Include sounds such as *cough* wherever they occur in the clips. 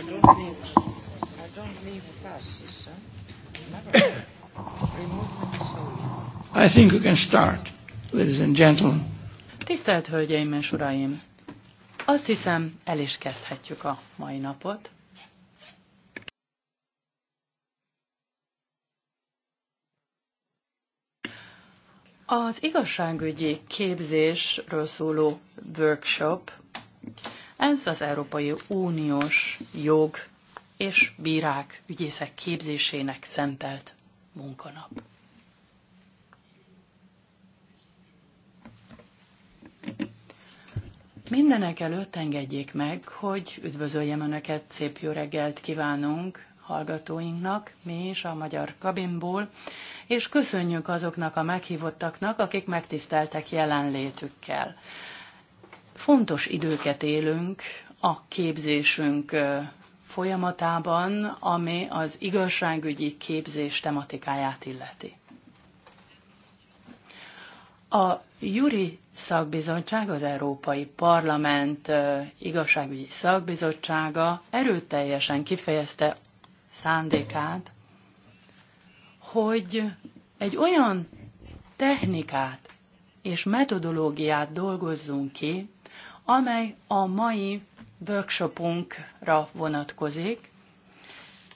I don't leave. I don't leave I think we can start, ladies and gentlemen. Tisztelt Hölgyeim és Uraim! Azt hiszem, el is kezdhetjük a mai napot. Az igazságügyi képzésről szóló workshop ez az Európai Uniós jog és bírák, ügyészek képzésének szentelt munkanap. Mindenek előtt engedjék meg, hogy üdvözöljem Önöket, szép jó reggelt kívánunk hallgatóinknak, mi is a Magyar Kabinból, és köszönjük azoknak a meghívottaknak, akik megtiszteltek jelenlétükkel. Fontos időket élünk a képzésünk folyamatában, ami az igazságügyi képzés tematikáját illeti. A Juri Szakbizottság, az Európai Parlament igazságügyi szakbizottsága erőteljesen kifejezte szándékát, hogy egy olyan technikát és metodológiát dolgozzunk ki, amely a mai workshopunkra vonatkozik,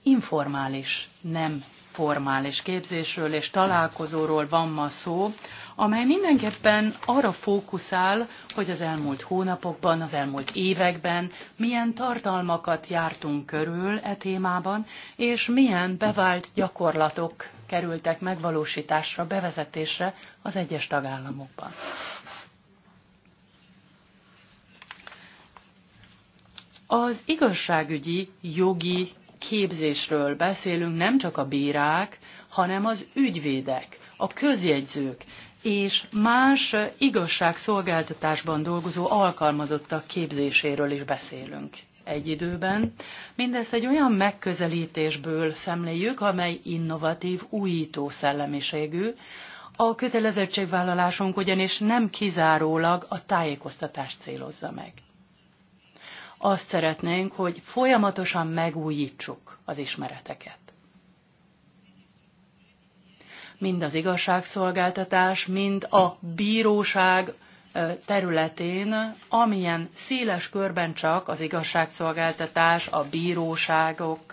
informális, nem formális képzésről és találkozóról van ma szó, amely mindenképpen arra fókuszál, hogy az elmúlt hónapokban, az elmúlt években milyen tartalmakat jártunk körül e témában, és milyen bevált gyakorlatok kerültek megvalósításra, bevezetésre az egyes tagállamokban. Az igazságügyi jogi képzésről beszélünk nem csak a bírák, hanem az ügyvédek, a közjegyzők és más igazságszolgáltatásban dolgozó alkalmazottak képzéséről is beszélünk egy időben. Mindezt egy olyan megközelítésből szemléljük, amely innovatív, újító szellemiségű. A kötelezettségvállalásunk ugyanis nem kizárólag a tájékoztatást célozza meg azt szeretnénk, hogy folyamatosan megújítsuk az ismereteket. Mind az igazságszolgáltatás, mind a bíróság területén, amilyen széles körben csak az igazságszolgáltatás, a bíróságok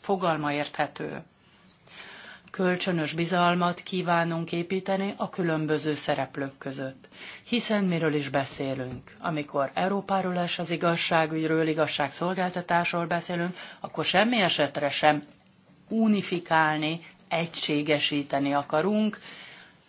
fogalma érthető kölcsönös bizalmat kívánunk építeni a különböző szereplők között. Hiszen miről is beszélünk? Amikor Európáról és az igazságügyről, igazságszolgáltatásról beszélünk, akkor semmi esetre sem unifikálni, egységesíteni akarunk.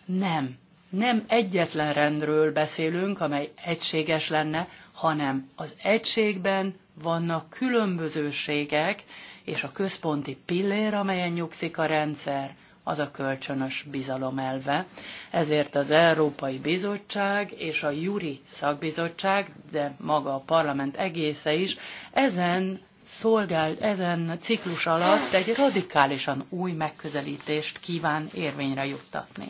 Nem. Nem egyetlen rendről beszélünk, amely egységes lenne, hanem az egységben vannak különbözőségek, és a központi pillér, amelyen nyugszik a rendszer, az a kölcsönös bizalom elve. Ezért az Európai Bizottság és a Juri Szakbizottság, de maga a parlament egésze is ezen szolgál, ezen ciklus alatt egy radikálisan új megközelítést kíván érvényre juttatni.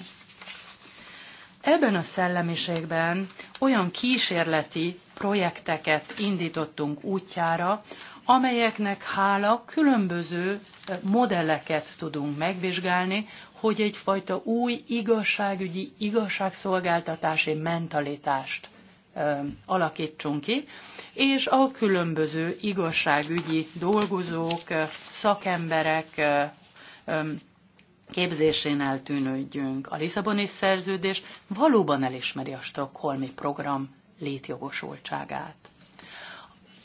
Ebben a szellemiségben olyan kísérleti projekteket indítottunk útjára, amelyeknek hála különböző eh, modelleket tudunk megvizsgálni, hogy egyfajta új igazságügyi, igazságszolgáltatási mentalitást ö, eh, alakítsunk ki, és a különböző igazságügyi dolgozók, eh, szakemberek ö, képzésén eltűnődjünk. A Lisszaboni szerződés valóban elismeri a Stockholmi program létjogosultságát.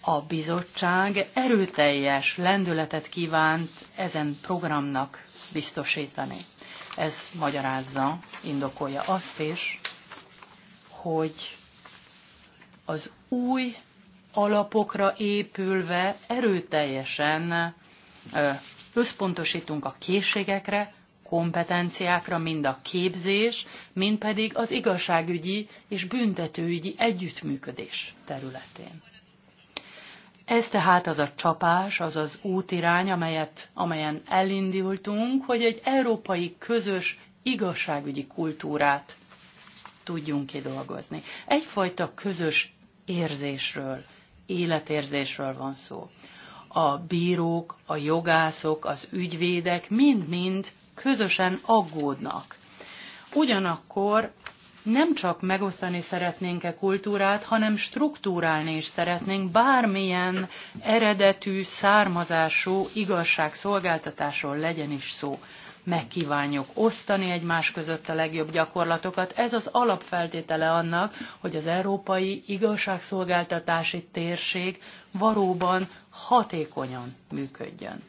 A bizottság erőteljes lendületet kívánt ezen programnak biztosítani. Ez magyarázza, indokolja azt is, hogy az új alapokra épülve erőteljesen összpontosítunk a készségekre, kompetenciákra, mind a képzés, mind pedig az igazságügyi és büntetőügyi együttműködés területén. Ez tehát az a csapás, az az útirány, amelyet, amelyen elindultunk, hogy egy európai közös igazságügyi kultúrát tudjunk kidolgozni. Egyfajta közös érzésről, életérzésről van szó. A bírók, a jogászok, az ügyvédek mind-mind közösen aggódnak. Ugyanakkor nem csak megosztani szeretnénk-e kultúrát, hanem struktúrálni is szeretnénk bármilyen eredetű, származású igazságszolgáltatásról legyen is szó megkívánjuk osztani egymás között a legjobb gyakorlatokat. Ez az alapfeltétele annak, hogy az európai igazságszolgáltatási térség valóban hatékonyan működjön.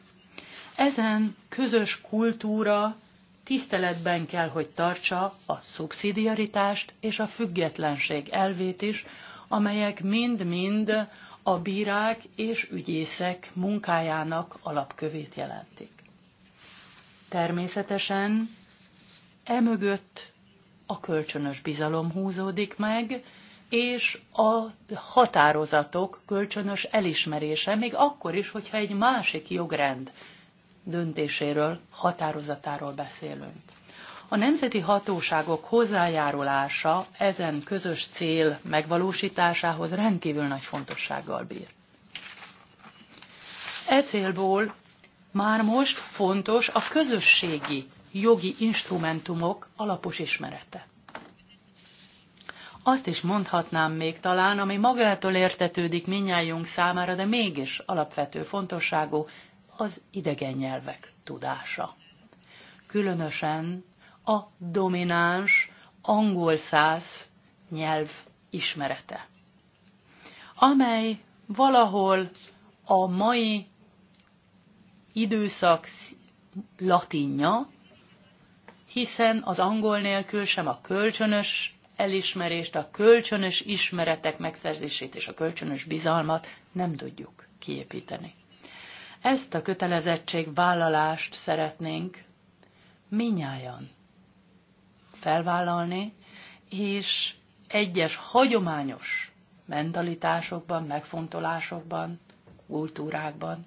Ezen közös kultúra tiszteletben kell, hogy tartsa a szubszidiaritást és a függetlenség elvét is, amelyek mind-mind a bírák és ügyészek munkájának alapkövét jelentik. Természetesen emögött a kölcsönös bizalom húzódik meg, és a határozatok kölcsönös elismerése, még akkor is, hogyha egy másik jogrend döntéséről, határozatáról beszélünk. A nemzeti hatóságok hozzájárulása ezen közös cél megvalósításához rendkívül nagy fontossággal bír. E célból már most fontos a közösségi jogi instrumentumok alapos ismerete. Azt is mondhatnám még talán, ami magától értetődik minnyájunk számára, de mégis alapvető fontosságú, az idegen nyelvek tudása. Különösen a domináns angol száz nyelv ismerete, amely valahol a mai időszak latinja, hiszen az angol nélkül sem a kölcsönös elismerést, a kölcsönös ismeretek megszerzését és a kölcsönös bizalmat nem tudjuk kiépíteni. Ezt a kötelezettségvállalást szeretnénk minnyáján felvállalni, és egyes hagyományos mentalitásokban, megfontolásokban, kultúrákban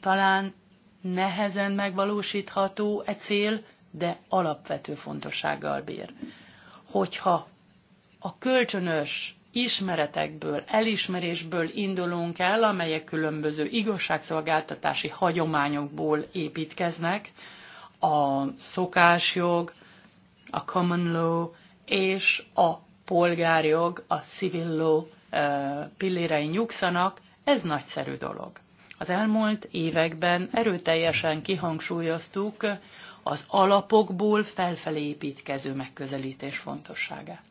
talán nehezen megvalósítható e cél, de alapvető fontossággal bír. Hogyha a kölcsönös ismeretekből, elismerésből indulunk el, amelyek különböző igazságszolgáltatási hagyományokból építkeznek, a szokásjog, a common law és a polgárjog, a civil law eh, pillérei nyugszanak, ez nagyszerű dolog. Az elmúlt években erőteljesen kihangsúlyoztuk az alapokból felfelé építkező megközelítés fontosságát.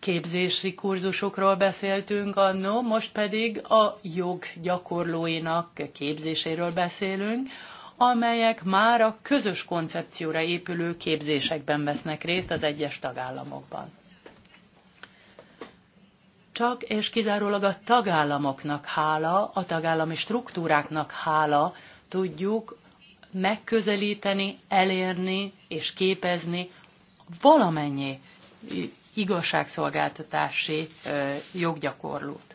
képzési kurzusokról beszéltünk annó, most pedig a jog gyakorlóinak képzéséről beszélünk, amelyek már a közös koncepcióra épülő képzésekben vesznek részt az egyes tagállamokban. Csak és kizárólag a tagállamoknak hála, a tagállami struktúráknak hála tudjuk megközelíteni, elérni és képezni valamennyi igazságszolgáltatási joggyakorlót.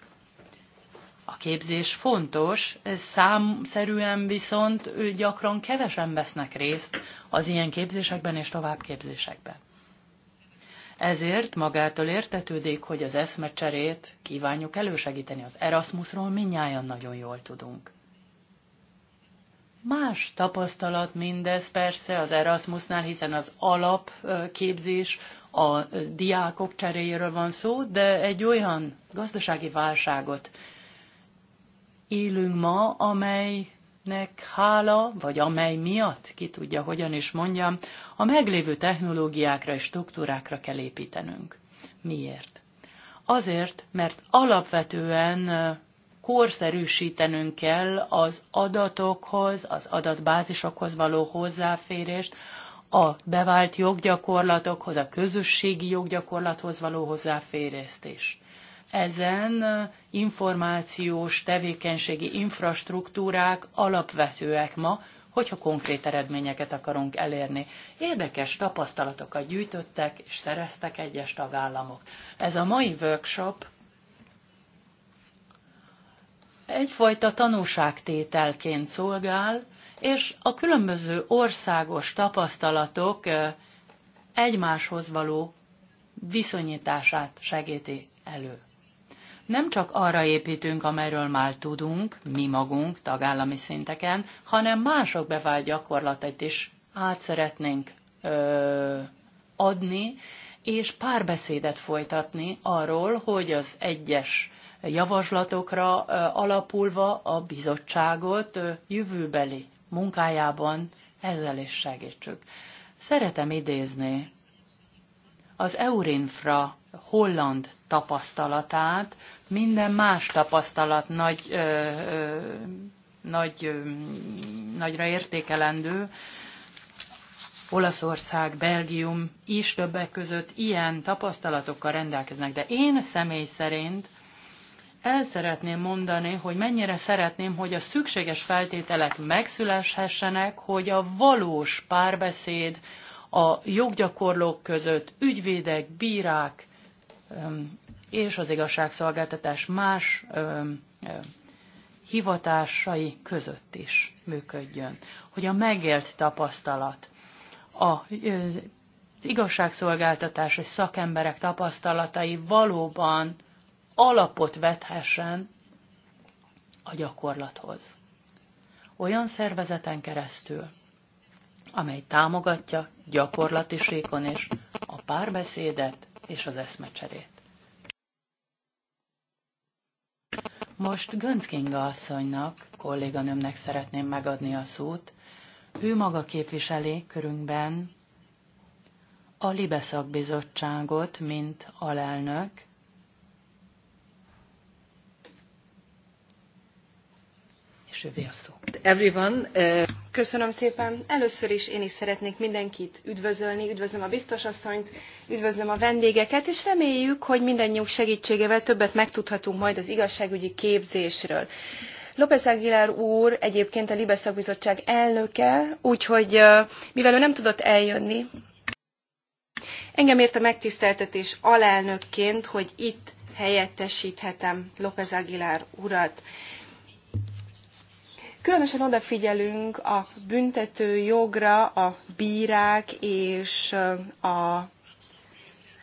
A képzés fontos, számszerűen viszont gyakran kevesen vesznek részt az ilyen képzésekben és továbbképzésekben. Ezért magától értetődik, hogy az eszmecserét kívánjuk elősegíteni az Erasmusról, minnyáján nagyon jól tudunk. Más tapasztalat mindez persze az Erasmusnál, hiszen az alapképzés, a diákok cseréjéről van szó, de egy olyan gazdasági válságot élünk ma, amelynek hála, vagy amely miatt, ki tudja, hogyan is mondjam, a meglévő technológiákra és struktúrákra kell építenünk. Miért? Azért, mert alapvetően korszerűsítenünk kell az adatokhoz, az adatbázisokhoz való hozzáférést, a bevált joggyakorlatokhoz, a közösségi joggyakorlathoz való hozzáférést is. Ezen információs tevékenységi infrastruktúrák alapvetőek ma, hogyha konkrét eredményeket akarunk elérni. Érdekes tapasztalatokat gyűjtöttek és szereztek egyes tagállamok. Ez a mai workshop egyfajta tanúságtételként szolgál, és a különböző országos tapasztalatok egymáshoz való viszonyítását segíti elő. Nem csak arra építünk, amelyről már tudunk, mi magunk, tagállami szinteken, hanem mások bevált gyakorlatait is át szeretnénk ö, adni, és párbeszédet folytatni arról, hogy az egyes javaslatokra alapulva a bizottságot jövőbeli munkájában ezzel is segítsük. Szeretem idézni az Eurinfra holland tapasztalatát, minden más tapasztalat nagy, ö, ö, nagy, ö, nagyra értékelendő. Olaszország, Belgium is többek között ilyen tapasztalatokkal rendelkeznek, de én személy szerint el szeretném mondani, hogy mennyire szeretném, hogy a szükséges feltételek megszüleshessenek, hogy a valós párbeszéd a joggyakorlók között, ügyvédek, bírák és az igazságszolgáltatás más hivatásai között is működjön. Hogy a megélt tapasztalat, a az igazságszolgáltatás és szakemberek tapasztalatai valóban alapot vethessen a gyakorlathoz. Olyan szervezeten keresztül, amely támogatja gyakorlati síkon is a párbeszédet és az eszmecserét. Most Gönc Kinga asszonynak, kolléganőmnek szeretném megadni a szót. Ő maga képviseli körünkben a Libeszak bizottságot, mint alelnök, Everyone, uh... Köszönöm szépen. Először is én is szeretnék mindenkit üdvözölni. Üdvözlöm a biztosasszonyt, üdvözlöm a vendégeket, és reméljük, hogy mindannyiunk segítségével többet megtudhatunk majd az igazságügyi képzésről. López Aguilar úr egyébként a Libeszak Bizottság elnöke, úgyhogy uh, mivel ő nem tudott eljönni, engem ért a megtiszteltetés alelnökként, hogy itt helyettesíthetem López Aguilar urat. Különösen odafigyelünk a büntető jogra, a bírák és a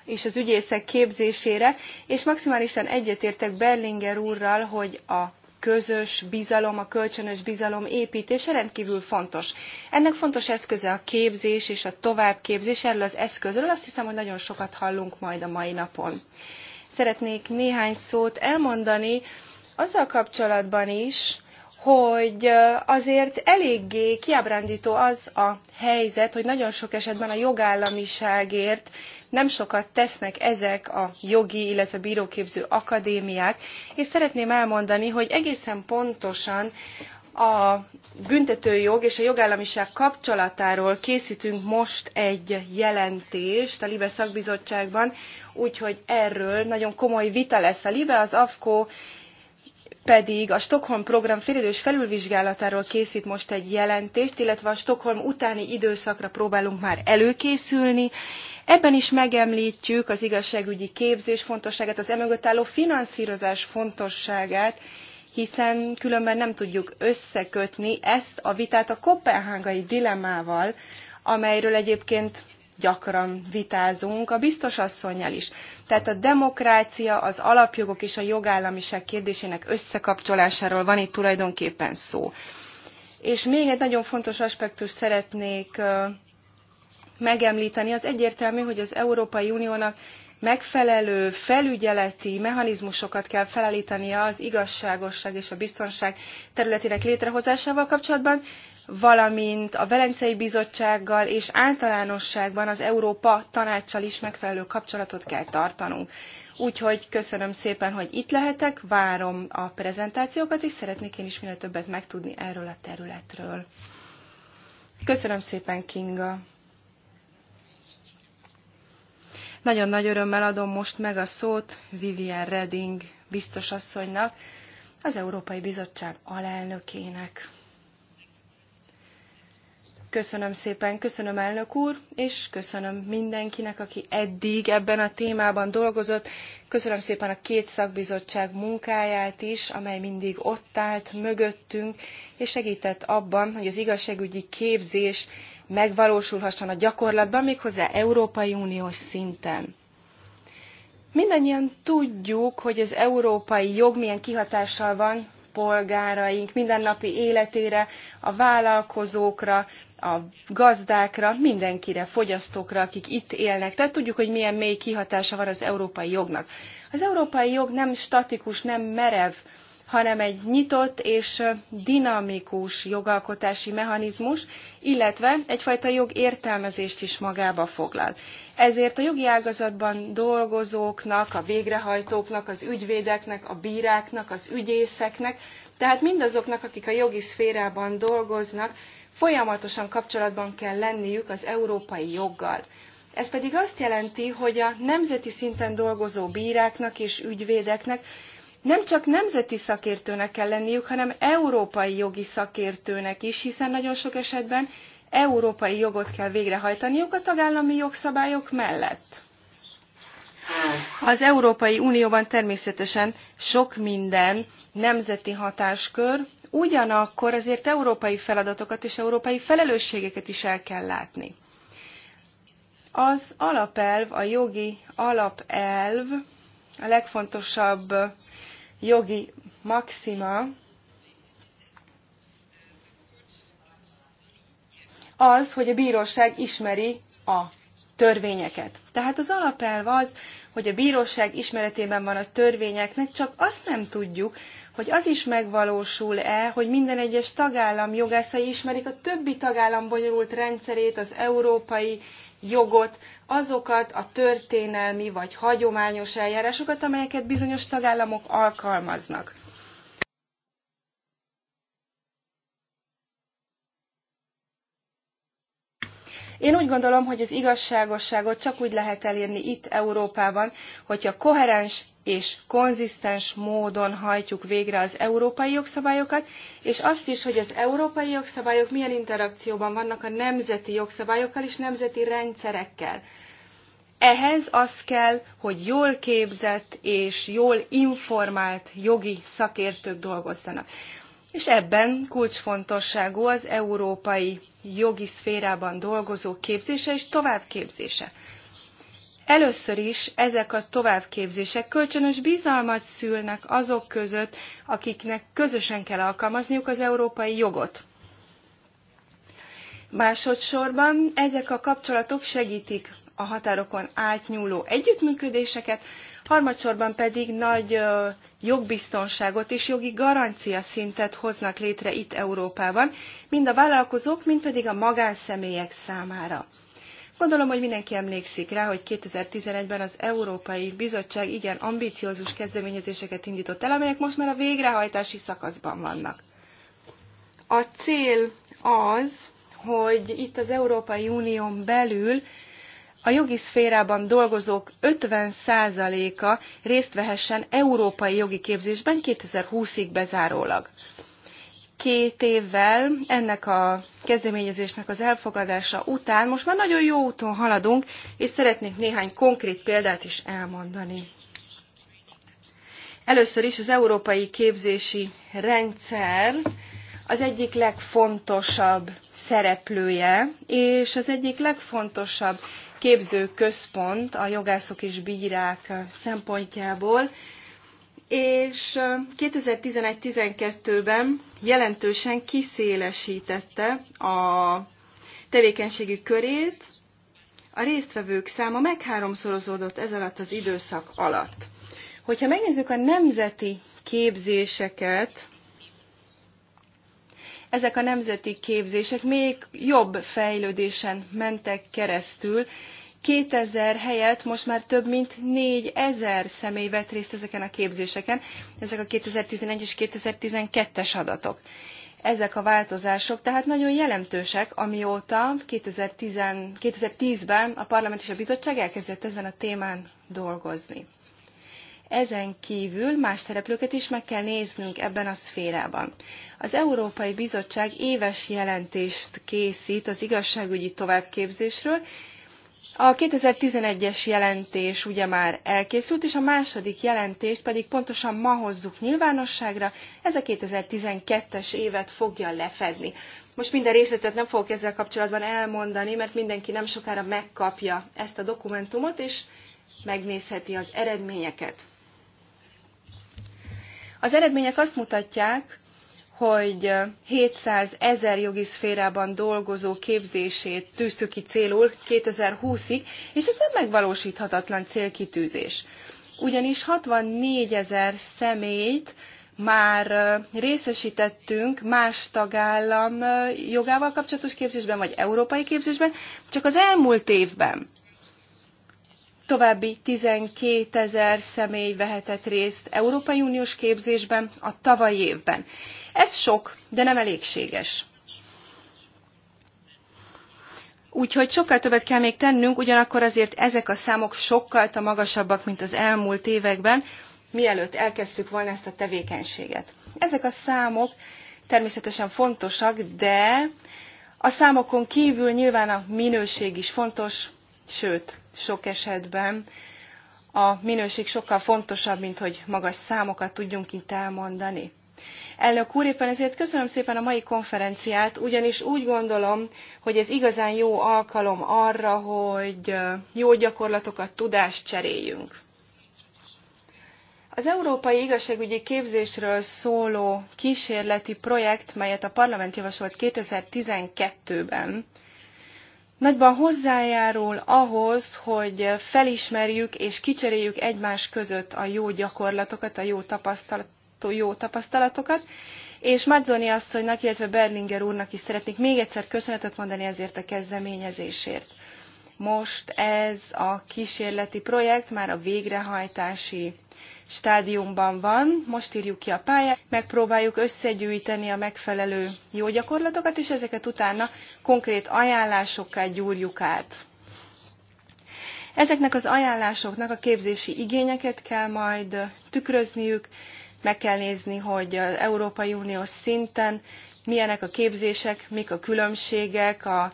és az ügyészek képzésére, és maximálisan egyetértek Berlinger úrral, hogy a közös bizalom, a kölcsönös bizalom építése rendkívül fontos. Ennek fontos eszköze a képzés és a továbbképzés. Erről az eszközről azt hiszem, hogy nagyon sokat hallunk majd a mai napon. Szeretnék néhány szót elmondani azzal kapcsolatban is, hogy azért eléggé kiábrándító az a helyzet, hogy nagyon sok esetben a jogállamiságért nem sokat tesznek ezek a jogi, illetve bíróképző akadémiák, és szeretném elmondani, hogy egészen pontosan a büntetőjog és a jogállamiság kapcsolatáról készítünk most egy jelentést a LIBE szakbizottságban, úgyhogy erről nagyon komoly vita lesz. A LIBE, az AFKO pedig a Stockholm program félidős felülvizsgálatáról készít most egy jelentést, illetve a Stockholm utáni időszakra próbálunk már előkészülni. Ebben is megemlítjük az igazságügyi képzés fontosságát, az emögött álló finanszírozás fontosságát, hiszen különben nem tudjuk összekötni ezt a vitát a kopenhágai dilemával, amelyről egyébként gyakran vitázunk, a biztos asszonynal is. Tehát a demokrácia, az alapjogok és a jogállamiság kérdésének összekapcsolásáról van itt tulajdonképpen szó. És még egy nagyon fontos aspektus szeretnék megemlíteni, az egyértelmű, hogy az Európai Uniónak megfelelő felügyeleti mechanizmusokat kell felállítania az igazságosság és a biztonság területének létrehozásával kapcsolatban, valamint a Velencei Bizottsággal és általánosságban az Európa Tanácssal is megfelelő kapcsolatot kell tartanunk. Úgyhogy köszönöm szépen, hogy itt lehetek, várom a prezentációkat, és szeretnék én is minél többet megtudni erről a területről. Köszönöm szépen, Kinga! Nagyon nagy örömmel adom most meg a szót Vivian Redding biztos asszonynak, az Európai Bizottság alelnökének. Köszönöm szépen, köszönöm elnök úr, és köszönöm mindenkinek, aki eddig ebben a témában dolgozott. Köszönöm szépen a két szakbizottság munkáját is, amely mindig ott állt mögöttünk, és segített abban, hogy az igazságügyi képzés megvalósulhasson a gyakorlatban, méghozzá Európai Uniós szinten. Mindannyian tudjuk, hogy az európai jog milyen kihatással van polgáraink mindennapi életére, a vállalkozókra, a gazdákra, mindenkire, fogyasztókra, akik itt élnek. Tehát tudjuk, hogy milyen mély kihatása van az európai jognak. Az európai jog nem statikus, nem merev, hanem egy nyitott és dinamikus jogalkotási mechanizmus, illetve egyfajta jogértelmezést is magába foglal. Ezért a jogi ágazatban dolgozóknak, a végrehajtóknak, az ügyvédeknek, a bíráknak, az ügyészeknek, tehát mindazoknak, akik a jogi szférában dolgoznak, folyamatosan kapcsolatban kell lenniük az európai joggal. Ez pedig azt jelenti, hogy a nemzeti szinten dolgozó bíráknak és ügyvédeknek nem csak nemzeti szakértőnek kell lenniük, hanem európai jogi szakértőnek is, hiszen nagyon sok esetben európai jogot kell végrehajtaniuk a tagállami jogszabályok mellett. Az Európai Unióban természetesen sok minden nemzeti hatáskör, ugyanakkor azért európai feladatokat és európai felelősségeket is el kell látni. Az alapelv, a jogi alapelv a legfontosabb jogi maxima az, hogy a bíróság ismeri a törvényeket. Tehát az alapelv az, hogy a bíróság ismeretében van a törvényeknek, csak azt nem tudjuk, hogy az is megvalósul-e, hogy minden egyes tagállam jogászai ismerik a többi tagállam bonyolult rendszerét, az európai jogot, azokat a történelmi vagy hagyományos eljárásokat, amelyeket bizonyos tagállamok alkalmaznak. Én úgy gondolom, hogy az igazságosságot csak úgy lehet elérni itt Európában, hogyha koherens és konzisztens módon hajtjuk végre az európai jogszabályokat, és azt is, hogy az európai jogszabályok milyen interakcióban vannak a nemzeti jogszabályokkal és nemzeti rendszerekkel. Ehhez az kell, hogy jól képzett és jól informált jogi szakértők dolgozzanak. És ebben kulcsfontosságú az európai jogi szférában dolgozó képzése és továbbképzése. Először is ezek a továbbképzések kölcsönös bizalmat szülnek azok között, akiknek közösen kell alkalmazniuk az európai jogot. Másodszorban ezek a kapcsolatok segítik a határokon átnyúló együttműködéseket, harmadsorban pedig nagy jogbiztonságot és jogi garancia szintet hoznak létre itt Európában, mind a vállalkozók, mind pedig a magánszemélyek számára. Gondolom, hogy mindenki emlékszik rá, hogy 2011-ben az Európai Bizottság igen ambiciózus kezdeményezéseket indított el, amelyek most már a végrehajtási szakaszban vannak. A cél az, hogy itt az Európai Unión belül a jogi szférában dolgozók 50%-a részt vehessen európai jogi képzésben 2020-ig bezárólag két évvel ennek a kezdeményezésnek az elfogadása után most már nagyon jó úton haladunk, és szeretnék néhány konkrét példát is elmondani. Először is az európai képzési rendszer az egyik legfontosabb szereplője, és az egyik legfontosabb képzőközpont a jogászok és bírák szempontjából, és 2011-12-ben jelentősen kiszélesítette a tevékenységi körét, a résztvevők száma megháromszorozódott ez alatt az időszak alatt. Hogyha megnézzük a nemzeti képzéseket, ezek a nemzeti képzések még jobb fejlődésen mentek keresztül, 2000 helyett most már több mint 4000 személy vett részt ezeken a képzéseken. Ezek a 2011 és 2012-es adatok. Ezek a változások tehát nagyon jelentősek, amióta 2010-ben a Parlament és a Bizottság elkezdett ezen a témán dolgozni. Ezen kívül más szereplőket is meg kell néznünk ebben a szférában. Az Európai Bizottság éves jelentést készít az igazságügyi továbbképzésről, a 2011-es jelentés ugye már elkészült, és a második jelentést pedig pontosan ma hozzuk nyilvánosságra, ez a 2012-es évet fogja lefedni. Most minden részletet nem fogok ezzel kapcsolatban elmondani, mert mindenki nem sokára megkapja ezt a dokumentumot, és megnézheti az eredményeket. Az eredmények azt mutatják, hogy 700 ezer jogi szférában dolgozó képzését tűztük ki célul 2020-ig, és ez nem megvalósíthatatlan célkitűzés. Ugyanis 64 ezer személyt már részesítettünk más tagállam jogával kapcsolatos képzésben, vagy európai képzésben, csak az elmúlt évben. További 12 személy vehetett részt Európai Uniós képzésben a tavalyi évben. Ez sok, de nem elégséges. Úgyhogy sokkal többet kell még tennünk, ugyanakkor azért ezek a számok sokkal a magasabbak, mint az elmúlt években, mielőtt elkezdtük volna ezt a tevékenységet. Ezek a számok természetesen fontosak, de a számokon kívül nyilván a minőség is fontos, sőt, sok esetben a minőség sokkal fontosabb, mint hogy magas számokat tudjunk itt elmondani. Elnök úr, éppen ezért köszönöm szépen a mai konferenciát, ugyanis úgy gondolom, hogy ez igazán jó alkalom arra, hogy jó gyakorlatokat, tudást cseréljünk. Az Európai Igazságügyi Képzésről szóló kísérleti projekt, melyet a parlament javasolt 2012-ben, nagyban hozzájárul ahhoz, hogy felismerjük és kicseréljük egymás között a jó gyakorlatokat, a jó, tapasztalat, jó tapasztalatokat, és Madzoni asszonynak, illetve Berlinger úrnak is szeretnék még egyszer köszönetet mondani ezért a kezdeményezésért. Most ez a kísérleti projekt már a végrehajtási stádiumban van, most írjuk ki a pályát, megpróbáljuk összegyűjteni a megfelelő jó gyakorlatokat, és ezeket utána konkrét ajánlásokkal gyúrjuk át. Ezeknek az ajánlásoknak a képzési igényeket kell majd tükrözniük, meg kell nézni, hogy az Európai Unió szinten milyenek a képzések, mik a különbségek, a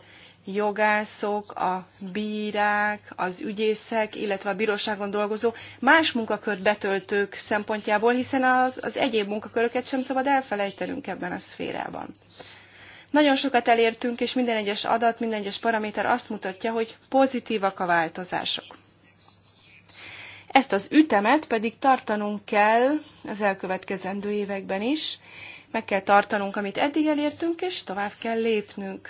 jogászok, a bírák, az ügyészek, illetve a bíróságon dolgozó más munkakört betöltők szempontjából, hiszen az, az egyéb munkaköröket sem szabad elfelejtenünk ebben a szférában. Nagyon sokat elértünk, és minden egyes adat, minden egyes paraméter azt mutatja, hogy pozitívak a változások. Ezt az ütemet pedig tartanunk kell az elkövetkezendő években is, meg kell tartanunk, amit eddig elértünk, és tovább kell lépnünk.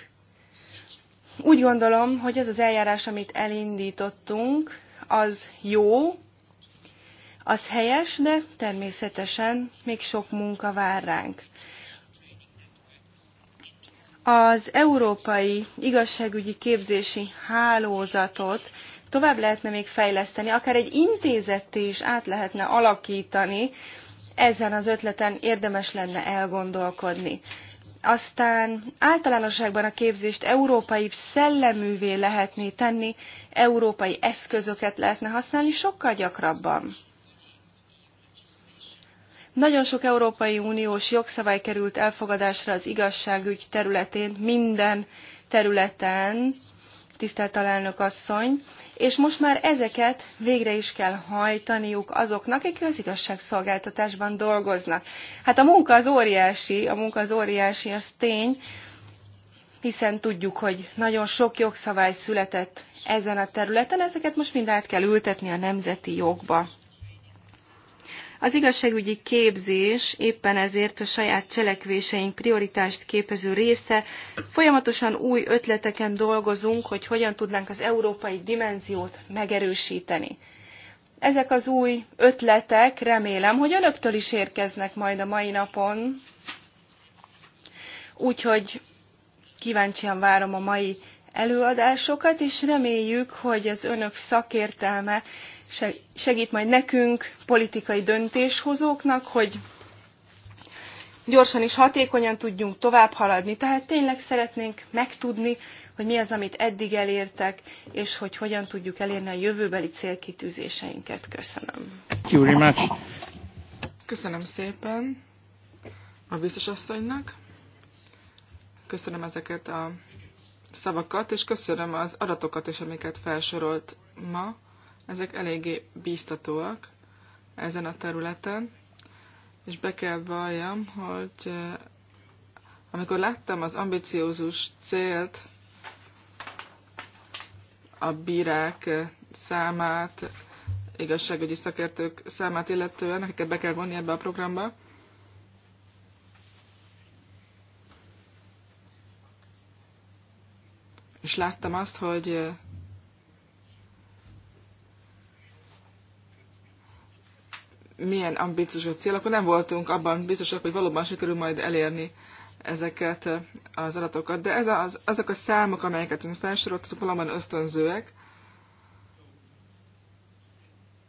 Úgy gondolom, hogy ez az eljárás, amit elindítottunk, az jó, az helyes, de természetesen még sok munka vár ránk. Az európai igazságügyi képzési hálózatot tovább lehetne még fejleszteni, akár egy intézetté is át lehetne alakítani, ezen az ötleten érdemes lenne elgondolkodni. Aztán általánosságban a képzést európai szelleművé lehetné tenni, európai eszközöket lehetne használni sokkal gyakrabban. Nagyon sok Európai Uniós jogszabály került elfogadásra az igazságügy területén, minden területen, tisztelt alelnök asszony, és most már ezeket végre is kell hajtaniuk azoknak, akik az igazságszolgáltatásban dolgoznak. Hát a munka az óriási, a munka az óriási, az tény, hiszen tudjuk, hogy nagyon sok jogszabály született ezen a területen, ezeket most mind át kell ültetni a nemzeti jogba. Az igazságügyi képzés éppen ezért a saját cselekvéseink prioritást képező része. Folyamatosan új ötleteken dolgozunk, hogy hogyan tudnánk az európai dimenziót megerősíteni. Ezek az új ötletek remélem, hogy önöktől is érkeznek majd a mai napon. Úgyhogy kíváncsian várom a mai előadásokat, és reméljük, hogy az önök szakértelme segít majd nekünk, politikai döntéshozóknak, hogy gyorsan és hatékonyan tudjunk tovább haladni. Tehát tényleg szeretnénk megtudni, hogy mi az, amit eddig elértek, és hogy hogyan tudjuk elérni a jövőbeli célkitűzéseinket. Köszönöm. Thank Köszönöm szépen a biztos asszonynak. Köszönöm ezeket a szavakat, és köszönöm az adatokat is, amiket felsorolt ma ezek eléggé bíztatóak ezen a területen, és be kell valljam, hogy eh, amikor láttam az ambiciózus célt, a bírák számát, igazságügyi szakértők számát illetően, akiket be kell vonni ebbe a programba, és láttam azt, hogy eh, milyen a cél, akkor nem voltunk abban biztosak, hogy valóban sikerül majd elérni ezeket az adatokat. De ez az, azok a számok, amelyeket ön felsorolt, azok valóban ösztönzőek.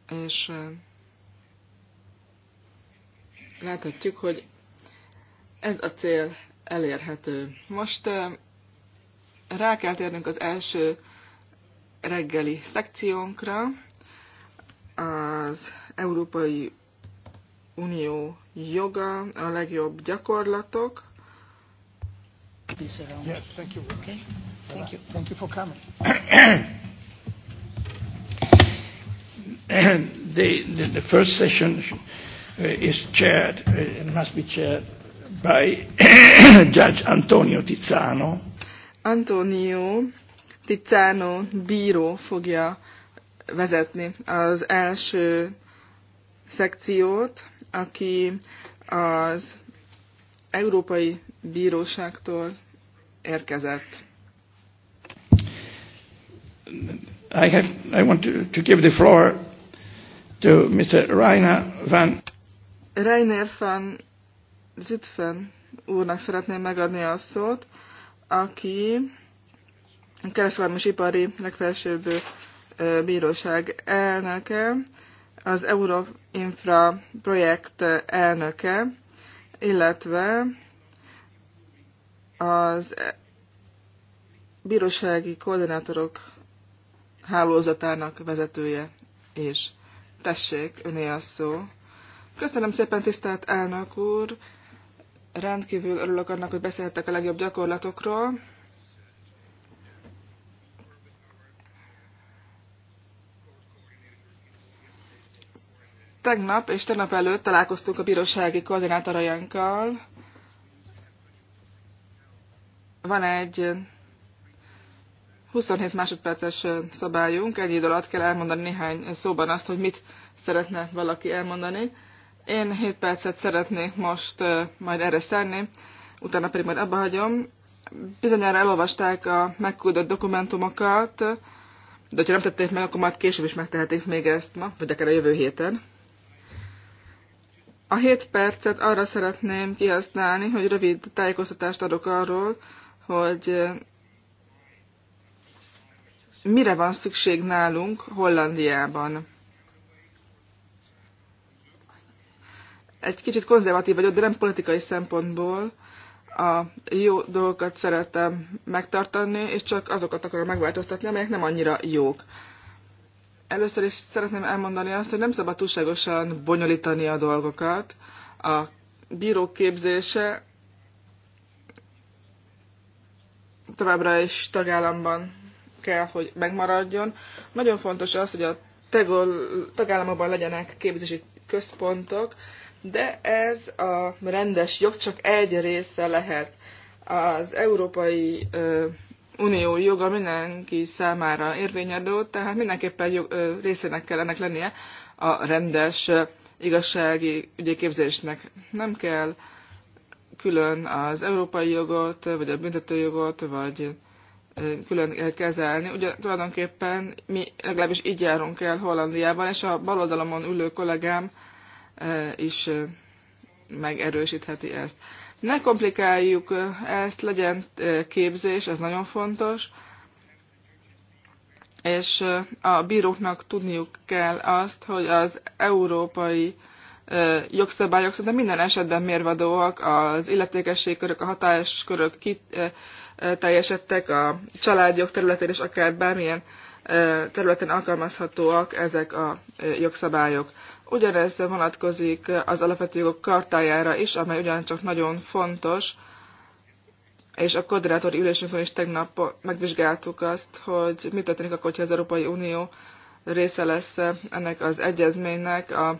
És láthatjuk, hogy ez a cél elérhető. Most rá kell térnünk az első reggeli szekciónkra az Európai Unió joga, a legjobb gyakorlatok. Yes, thank you. Thank you. Thank you for coming. *coughs* the, the, the first session is chaired and uh, must be chaired by *coughs* Judge Antonio Tizzano. Antonio Tizzano bíró fogja vezetni. Az első szekciót, aki az Európai Bíróságtól érkezett. I, have, I want to, to give the floor to Mr. Rainer van... Rainer van Zütfen úrnak szeretném megadni a szót, aki a kereskedelmi ipari legfelsőbb bíróság elnöke, az Euroinfra projekt elnöke, illetve az bírósági koordinátorok hálózatának vezetője és tessék, öné a szó. Köszönöm szépen, tisztelt elnök úr! Rendkívül örülök annak, hogy beszéltek a legjobb gyakorlatokról. Tegnap és tegnap előtt találkoztunk a bírósági koordinátorajánkkal. Van egy 27 másodperces szabályunk, egy idő alatt kell elmondani néhány szóban azt, hogy mit szeretne valaki elmondani. Én 7 percet szeretnék most majd erre szenni, utána pedig majd abba hagyom. Bizonyára elolvasták a megküldött dokumentumokat, de ha nem tették meg, akkor majd később is megtehetik még ezt ma, vagy akár a jövő héten. A hét percet arra szeretném kihasználni, hogy rövid tájékoztatást adok arról, hogy eh, mire van szükség nálunk Hollandiában. Egy kicsit konzervatív vagyok, de nem politikai szempontból. A jó dolgokat szeretem megtartani, és csak azokat akarom megváltoztatni, amelyek nem annyira jók. Először is szeretném elmondani azt, hogy nem szabad túlságosan bonyolítani a dolgokat. A bíró képzése továbbra is tagállamban kell, hogy megmaradjon. Nagyon fontos az, hogy a tagállamokban legyenek képzési központok, de ez a rendes jog csak egy része lehet. Az európai unió joga mindenki számára érvényadó, tehát mindenképpen jog, ö, részének kell ennek lennie a rendes igazsági ügyi képzésnek. Nem kell külön az európai jogot, vagy a büntetőjogot, vagy külön kell kezelni. Ugye tulajdonképpen mi legalábbis így járunk el Hollandiában, és a baloldalamon ülő kollégám is megerősítheti ezt. Ne komplikáljuk ezt, legyen képzés, ez nagyon fontos, és a bíróknak tudniuk kell azt, hogy az európai jogszabályok szerintem minden esetben mérvadóak, az illetékességkörök, a hatáskörök teljesedtek a családjog területén és akár bármilyen területen alkalmazhatóak ezek a jogszabályok. Ugyanez vonatkozik az alapvető jogok kartájára is, amely ugyancsak nagyon fontos, és a koordinátori ülésünkön is tegnap megvizsgáltuk azt, hogy mit történik akkor, hogyha az Európai Unió része lesz ennek az egyezménynek a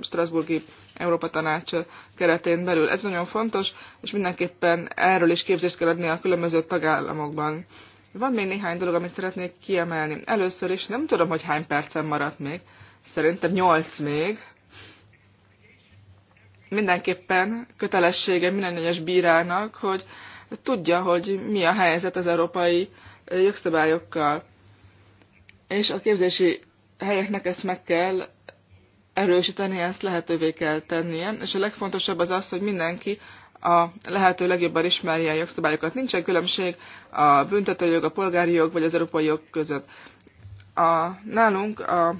Strasburgi Európa Tanács keretén belül. Ez nagyon fontos, és mindenképpen erről is képzést kell adni a különböző tagállamokban. Van még néhány dolog, amit szeretnék kiemelni. Először is nem tudom, hogy hány percen maradt még szerintem 8 még. Mindenképpen kötelessége minden egyes bírának, hogy tudja, hogy mi a helyzet az európai jogszabályokkal. És a képzési helyeknek ezt meg kell erősíteni, ezt lehetővé kell tennie, és a legfontosabb az az, hogy mindenki a lehető legjobban ismerje a jogszabályokat. Nincsen különbség a büntetőjog, a polgári jog vagy az európai jog között. A, nálunk a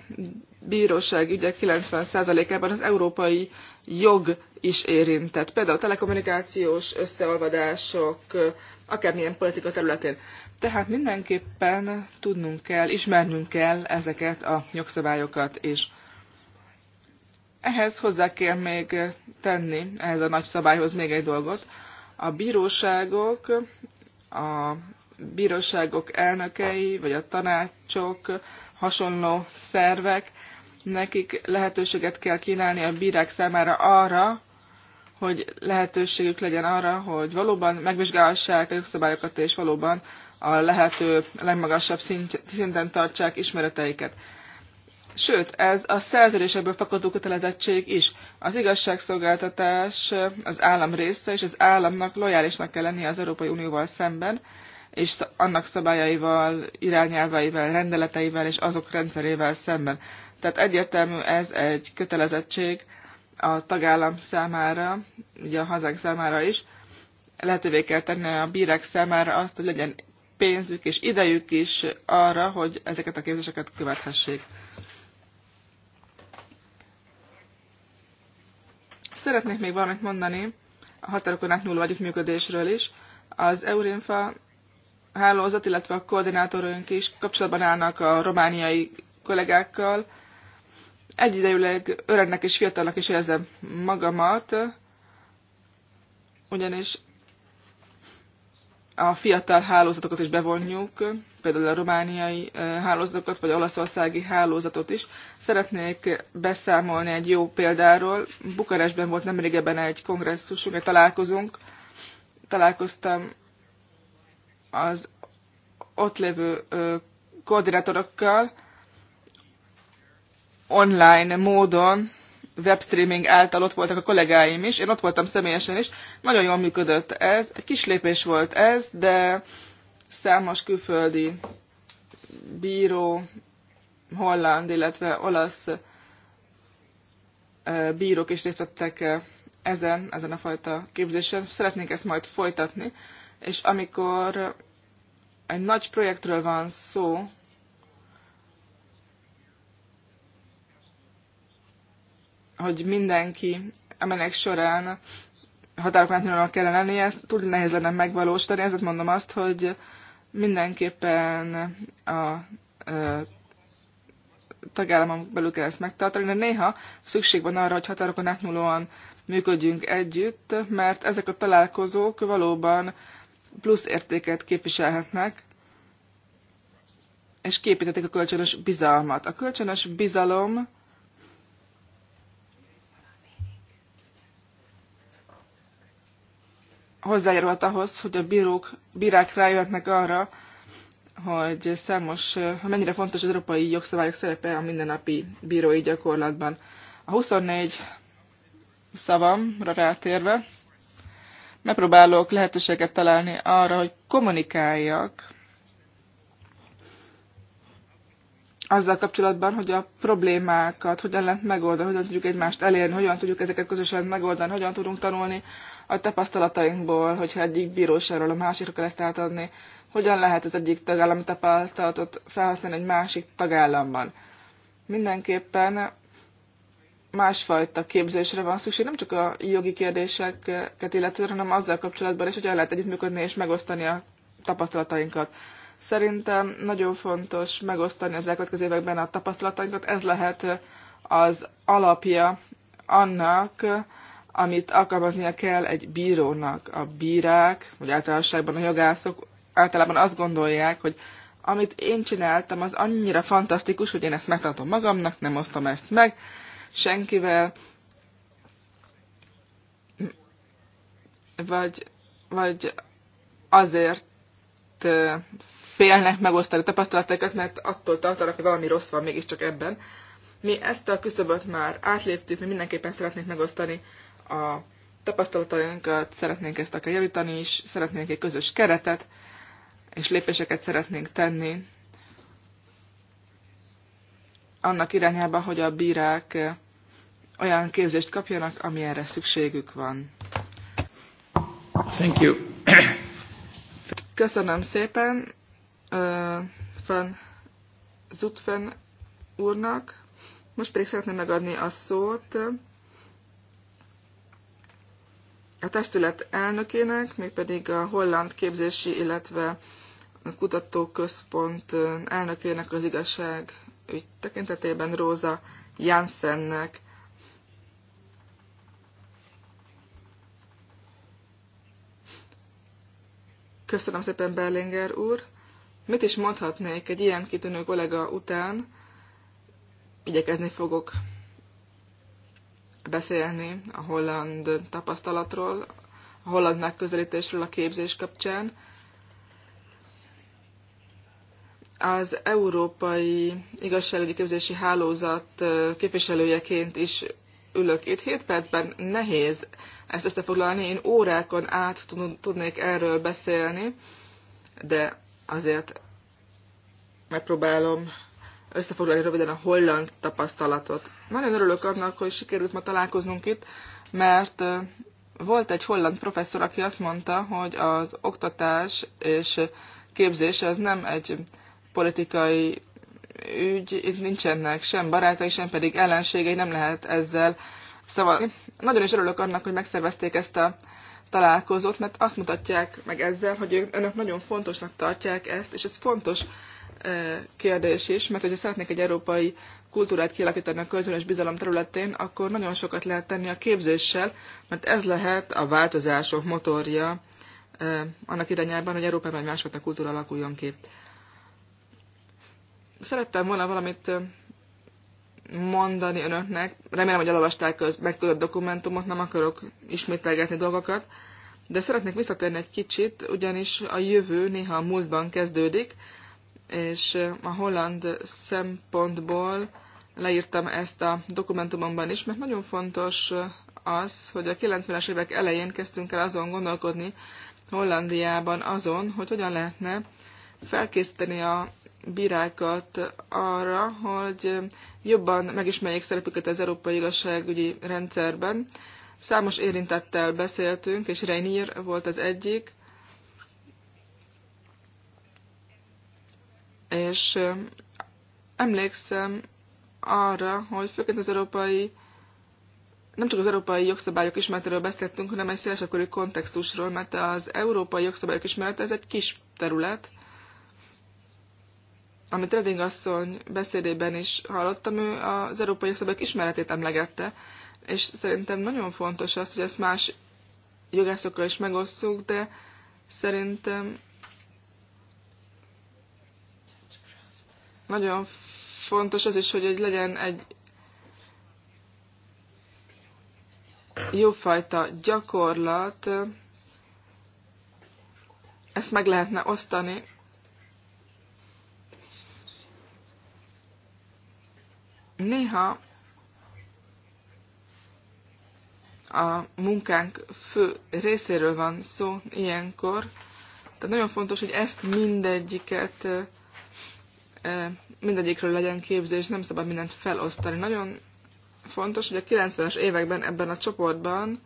bíróság ügyek 90%-ában az európai jog is érintett. Például telekommunikációs összeolvadások, akármilyen politika területén. Tehát mindenképpen tudnunk kell, ismernünk kell ezeket a jogszabályokat is. Ehhez hozzá kell még tenni, ehhez a nagy szabályhoz még egy dolgot. A bíróságok, a bíróságok elnökei, vagy a tanácsok, hasonló szervek nekik lehetőséget kell kínálni a bírák számára arra, hogy lehetőségük legyen arra, hogy valóban megvizsgálhassák a jogszabályokat, és valóban a lehető legmagasabb szinten tartsák ismereteiket. Sőt, ez a szerződésekből fakadó kötelezettség is. Az igazságszolgáltatás az állam része, és az államnak lojálisnak kell lennie az Európai Unióval szemben, és annak szabályaival, irányelveivel, rendeleteivel és azok rendszerével szemben. Tehát egyértelmű ez egy kötelezettség a tagállam számára, ugye a hazánk számára is. Lehetővé kell tenni a bírek számára azt, hogy legyen pénzük és idejük is arra, hogy ezeket a képzéseket követhessék. Szeretnék még valamit mondani a határokon átnyúló együttműködésről is. Az Eurinfa hálózat, illetve a koordinátorunk is kapcsolatban állnak a romániai kollégákkal, egyidejűleg öregnek és fiatalnak is érzem magamat, ugyanis a fiatal hálózatokat is bevonjuk, például a romániai eh, hálózatokat, vagy olaszországi hálózatot is. Szeretnék beszámolni egy jó példáról. Bukarestben volt nemrégebben egy kongresszusunk, egy találkozunk. Találkoztam az ott lévő eh, koordinátorokkal, online módon, webstreaming által ott voltak a kollégáim is, én ott voltam személyesen is, nagyon jól működött ez, egy kis lépés volt ez, de számos külföldi bíró, holland, illetve olasz eh, bírók is részt vettek eh, ezen, ezen a fajta képzésen. Szeretnénk ezt majd folytatni, és amikor egy nagy projektről van szó, hogy mindenki emelek során határok átnyúlóan kellene lenni, ezt túl nehéz lenne megvalósítani, ezért mondom azt, hogy mindenképpen a ö, tagállamon belül kell ezt megtartani, de néha szükség van arra, hogy határokon átnyúlóan működjünk együtt, mert ezek a találkozók valóban plusz értéket képviselhetnek, és képítetik a kölcsönös bizalmat. A kölcsönös bizalom Hozzájárult ahhoz, hogy a bírók, bírák rájöhetnek arra, hogy számos, mennyire fontos az európai jogszabályok szerepe a mindennapi bírói gyakorlatban. A 24 szavamra rátérve megpróbálok lehetőséget találni arra, hogy kommunikáljak azzal kapcsolatban, hogy a problémákat hogyan lehet megoldani, hogyan tudjuk egymást elérni, hogyan tudjuk ezeket közösen megoldani, hogyan tudunk tanulni a tapasztalatainkból, hogyha egyik bíróságról a másikra kell ezt átadni, hogyan lehet az egyik tagállami tapasztalatot felhasználni egy másik tagállamban. Mindenképpen másfajta képzésre van szükség, nem csak a jogi kérdéseket illetően, hanem azzal kapcsolatban is, hogy el lehet együttműködni és megosztani a tapasztalatainkat. Szerintem nagyon fontos megosztani az elkövetkező években a tapasztalatainkat. Ez lehet az alapja annak, amit alkalmaznia kell egy bírónak. A bírák, vagy általánosságban a jogászok általában azt gondolják, hogy amit én csináltam, az annyira fantasztikus, hogy én ezt megtartom magamnak, nem osztom ezt meg senkivel, vagy, vagy azért félnek megosztani tapasztalataikat, mert attól tartanak, hogy valami rossz van mégiscsak ebben. Mi ezt a küszöböt már átléptük, mi mindenképpen szeretnénk megosztani a tapasztalatainkat, szeretnénk ezt akár javítani is, szeretnénk egy közös keretet, és lépéseket szeretnénk tenni annak irányába, hogy a bírák olyan képzést kapjanak, ami erre szükségük van. Thank you. Köszönöm szépen. Van Zutfen úrnak. Most pedig szeretném megadni a szót a testület elnökének, mégpedig a Holland Képzési, illetve a Kutatóközpont elnökének az igazság ügy tekintetében Róza Janssennek. Köszönöm szépen, Berlinger úr! Mit is mondhatnék egy ilyen kitűnő kollega után? Igyekezni fogok beszélni a holland tapasztalatról, a holland megközelítésről a képzés kapcsán. Az Európai Igazságügyi Képzési Hálózat képviselőjeként is ülök itt. Hét percben nehéz ezt összefoglalni, én órákon át tudnék erről beszélni, de azért megpróbálom összefoglalni röviden a holland tapasztalatot. Nagyon örülök annak, hogy sikerült ma találkoznunk itt, mert volt egy holland professzor, aki azt mondta, hogy az oktatás és képzés az nem egy politikai ügy, itt nincsenek sem barátai, sem pedig ellenségei, nem lehet ezzel Szóval nagyon is örülök annak, hogy megszervezték ezt a találkozott, mert azt mutatják meg ezzel, hogy önök nagyon fontosnak tartják ezt, és ez fontos kérdés is, mert hogyha szeretnék egy európai kultúrát kialakítani a közönös bizalom területén, akkor nagyon sokat lehet tenni a képzéssel, mert ez lehet a változások motorja annak irányában, hogy Európában egy másfajta kultúra alakuljon ki. Szerettem volna valamit mondani önöknek. Remélem, hogy elolvasták az megtudott dokumentumot, nem akarok ismételgetni dolgokat. De szeretnék visszatérni egy kicsit, ugyanis a jövő néha a múltban kezdődik, és a holland szempontból leírtam ezt a dokumentumomban is, mert nagyon fontos az, hogy a 90-es évek elején kezdtünk el azon gondolkodni Hollandiában azon, hogy hogyan lehetne felkészíteni a bírákat arra, hogy jobban megismerjék szerepüket az európai igazságügyi rendszerben. Számos érintettel beszéltünk, és Reinier volt az egyik, és emlékszem arra, hogy főként az európai, nem csak az európai jogszabályok ismeretéről beszéltünk, hanem egy szélesebb körű kontextusról, mert az európai jogszabályok ismerete ez egy kis terület, amit Reding asszony beszédében is hallottam, ő az európai szabályok ismeretét emlegette, és szerintem nagyon fontos az, hogy ezt más jogászokkal is megosszuk, de szerintem nagyon fontos az is, hogy, hogy legyen egy jófajta gyakorlat, ezt meg lehetne osztani Néha a munkánk fő részéről van szó ilyenkor, tehát nagyon fontos, hogy ezt mindegyiket, mindegyikről legyen képzés, nem szabad mindent felosztani. Nagyon fontos, hogy a 90-es években ebben a csoportban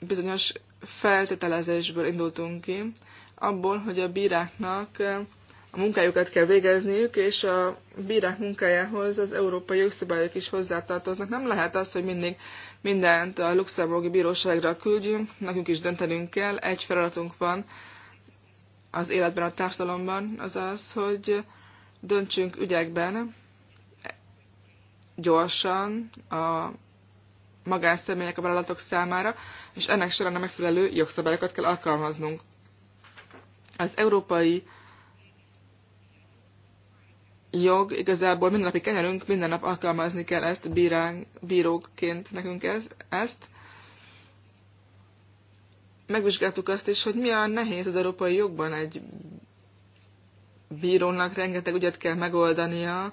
bizonyos feltételezésből indultunk ki, abból, hogy a bíráknak a munkájukat kell végezniük, és a bírák munkájához az európai jogszabályok is hozzátartoznak. Nem lehet az, hogy mindig mindent a luxemburgi bíróságra küldjünk, nekünk is döntenünk kell, egy feladatunk van az életben, a társadalomban, az az, hogy döntsünk ügyekben gyorsan a magánszemélyek, a vállalatok számára, és ennek során a megfelelő jogszabályokat kell alkalmaznunk. Az európai jog, igazából minden napi kenyerünk, minden nap alkalmazni kell ezt, bírán, bíróként nekünk ez, ezt. Megvizsgáltuk azt is, hogy mi a nehéz az európai jogban egy bírónak rengeteg ügyet kell megoldania,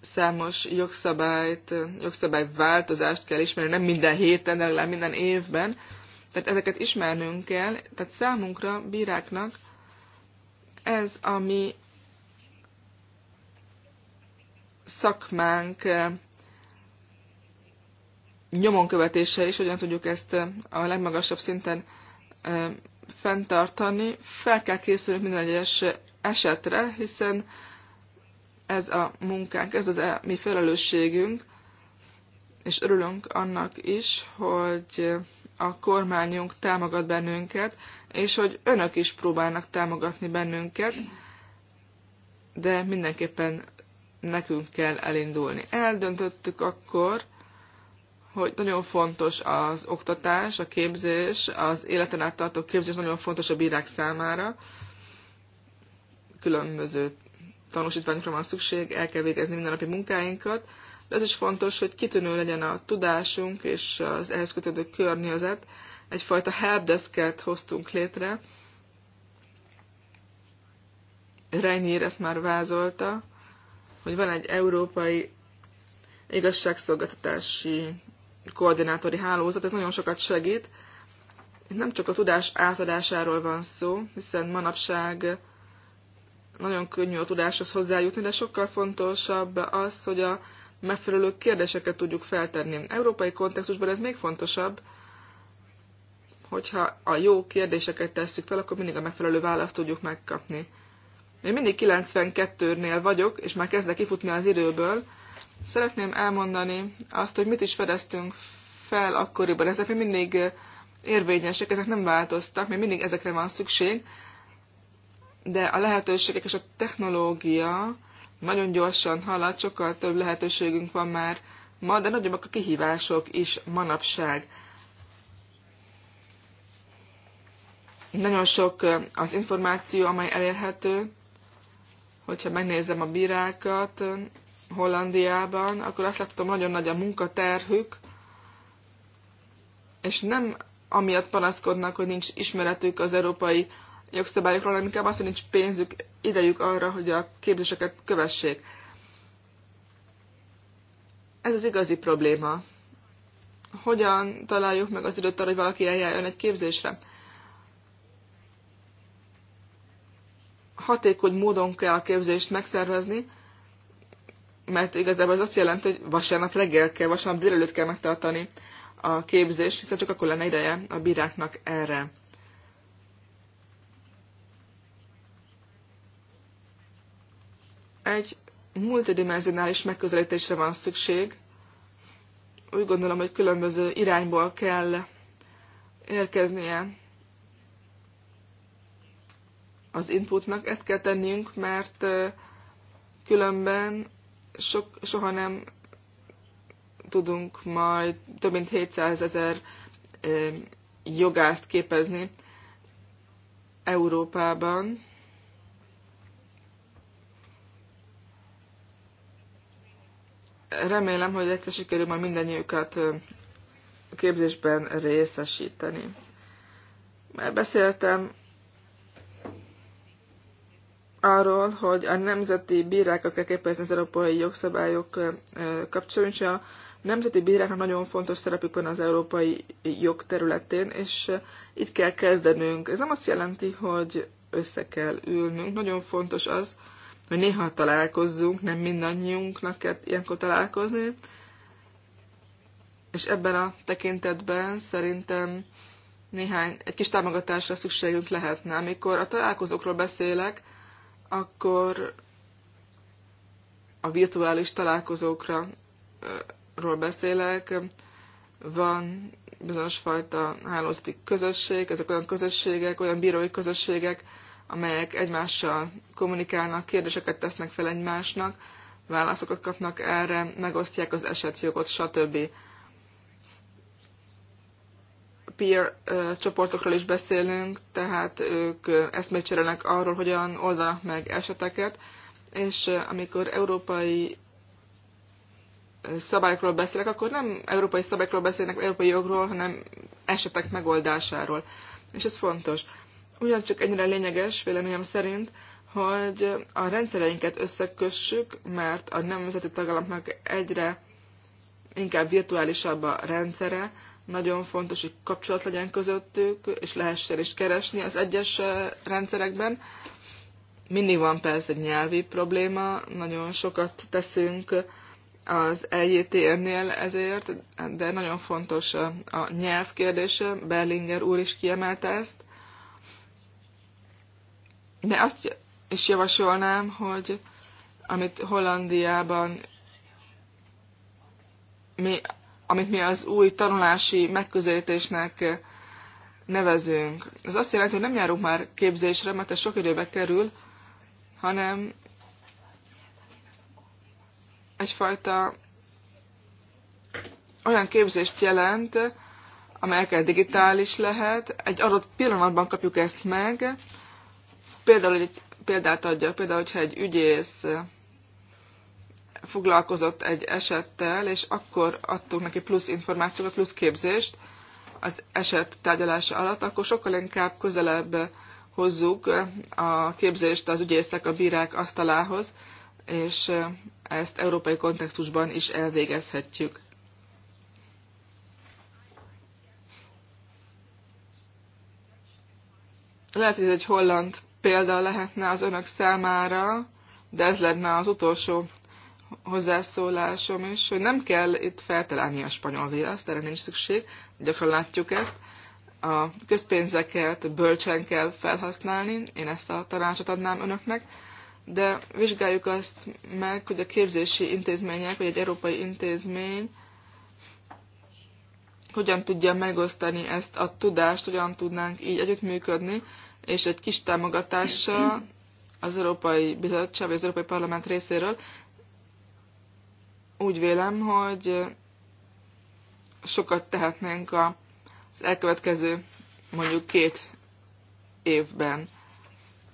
számos jogszabályt, jogszabályváltozást kell ismerni, nem minden héten, de legalább minden évben. Tehát ezeket ismernünk kell, tehát számunkra, bíráknak ez a mi szakmánk eh, nyomon követése is, hogyan tudjuk ezt eh, a legmagasabb szinten eh, fenntartani. Fel kell készülnünk minden egyes esetre, hiszen ez a munkánk, ez az a mi felelősségünk, és örülünk annak is, hogy a kormányunk támogat bennünket, és hogy önök is próbálnak támogatni bennünket, de mindenképpen nekünk kell elindulni. Eldöntöttük akkor, hogy nagyon fontos az oktatás, a képzés, az életen át tartó képzés nagyon fontos a bírák számára. Különböző tanúsítványokra van szükség, el kell végezni mindennapi munkáinkat, de ez is fontos, hogy kitűnő legyen a tudásunk és az ehhez kötődő környezet. Egyfajta helpdesket hoztunk létre. Reinier ezt már vázolta, hogy van egy európai igazságszolgáltatási koordinátori hálózat, ez nagyon sokat segít. nem csak a tudás átadásáról van szó, hiszen manapság nagyon könnyű a tudáshoz hozzájutni, de sokkal fontosabb az, hogy a megfelelő kérdéseket tudjuk feltenni. Európai kontextusban ez még fontosabb, hogyha a jó kérdéseket tesszük fel, akkor mindig a megfelelő választ tudjuk megkapni. Én mindig 92-nél vagyok, és már kezdek kifutni az időből. Szeretném elmondani azt, hogy mit is fedeztünk fel akkoriban. Ezek még mindig érvényesek, ezek nem változtak, még mindig ezekre van szükség, de a lehetőségek és a technológia nagyon gyorsan halad, sokkal több lehetőségünk van már ma, de nagyobbak a kihívások is manapság. Nagyon sok az információ, amely elérhető, hogyha megnézem a bírákat Hollandiában, akkor azt látom, nagyon nagy a munkaterhük, és nem amiatt panaszkodnak, hogy nincs ismeretük az európai jogszabályokról, hanem inkább azt, hogy nincs pénzük, idejük arra, hogy a képzéseket kövessék. Ez az igazi probléma. Hogyan találjuk meg az időt arra, hogy valaki eljárjon egy képzésre? Hatékony módon kell a képzést megszervezni, mert igazából ez azt jelenti, hogy vasárnap reggel kell, vasárnap délelőtt kell megtartani a képzést, hiszen csak akkor lenne ideje a bíráknak erre. egy multidimenzionális megközelítésre van szükség. Úgy gondolom, hogy különböző irányból kell érkeznie az inputnak. Ezt kell tennünk, mert különben sok, soha nem tudunk majd több mint 700 ezer jogást képezni Európában. remélem, hogy egyszer sikerül majd mindennyiukat képzésben részesíteni. Már beszéltem arról, hogy a nemzeti bírákat kell képezni az európai jogszabályok kapcsolatban, és a nemzeti bíráknak nagyon fontos szerepük van az európai jog területén, és itt kell kezdenünk. Ez nem azt jelenti, hogy össze kell ülnünk. Nagyon fontos az, hogy néha találkozzunk, nem mindannyiunknak kell ilyenkor találkozni, és ebben a tekintetben szerintem néhány, egy kis támogatásra szükségünk lehetne. Amikor a találkozókról beszélek, akkor a virtuális találkozókra ról beszélek, van bizonyos fajta hálózati közösség, ezek olyan közösségek, olyan bírói közösségek, amelyek egymással kommunikálnak, kérdéseket tesznek fel egymásnak, válaszokat kapnak erre, megosztják az esetjogot, stb. Peer csoportokról is beszélünk, tehát ők eszmécserelnek arról, hogyan oldanak meg eseteket, és amikor európai szabályokról beszélek, akkor nem európai szabályokról beszélnek, európai jogról, hanem esetek megoldásáról. És ez fontos ugyancsak ennyire lényeges, véleményem szerint, hogy a rendszereinket összekössük, mert a nemzeti tagállamnak egyre inkább virtuálisabb a rendszere, nagyon fontos, hogy kapcsolat legyen közöttük, és lehessen is keresni az egyes eh, rendszerekben. Mindig van persze egy nyelvi probléma, nagyon sokat teszünk az EJTN-nél ezért, de nagyon fontos eh, a nyelv kérdése, Berlinger úr is kiemelte ezt. De azt is javasolnám, hogy amit Hollandiában mi, amit mi az új tanulási megközelítésnek nevezünk. Ez azt jelenti, hogy nem járunk már képzésre, mert ez sok időbe kerül, hanem egyfajta olyan képzést jelent, amely digitális lehet. Egy adott pillanatban kapjuk ezt meg, Például egy példát adjak, például, hogyha egy ügyész foglalkozott egy esettel, és akkor adtunk neki plusz információkat, plusz képzést az eset tárgyalása alatt, akkor sokkal inkább közelebb hozzuk a képzést az ügyészek, a bírák asztalához, és ezt európai kontextusban is elvégezhetjük. Lehet, hogy ez egy holland példa lehetne az önök számára, de ez lenne az utolsó hozzászólásom is, hogy nem kell itt feltalálni a spanyol viaszt, erre nincs szükség, gyakran látjuk ezt. A közpénzeket bölcsen kell felhasználni, én ezt a tanácsot adnám önöknek, de vizsgáljuk azt meg, hogy a képzési intézmények, vagy egy európai intézmény hogyan tudja megosztani ezt a tudást, hogyan tudnánk így együttműködni, és egy kis támogatással az Európai Bizottság vagy az Európai Parlament részéről úgy vélem, hogy sokat tehetnénk az elkövetkező mondjuk két évben.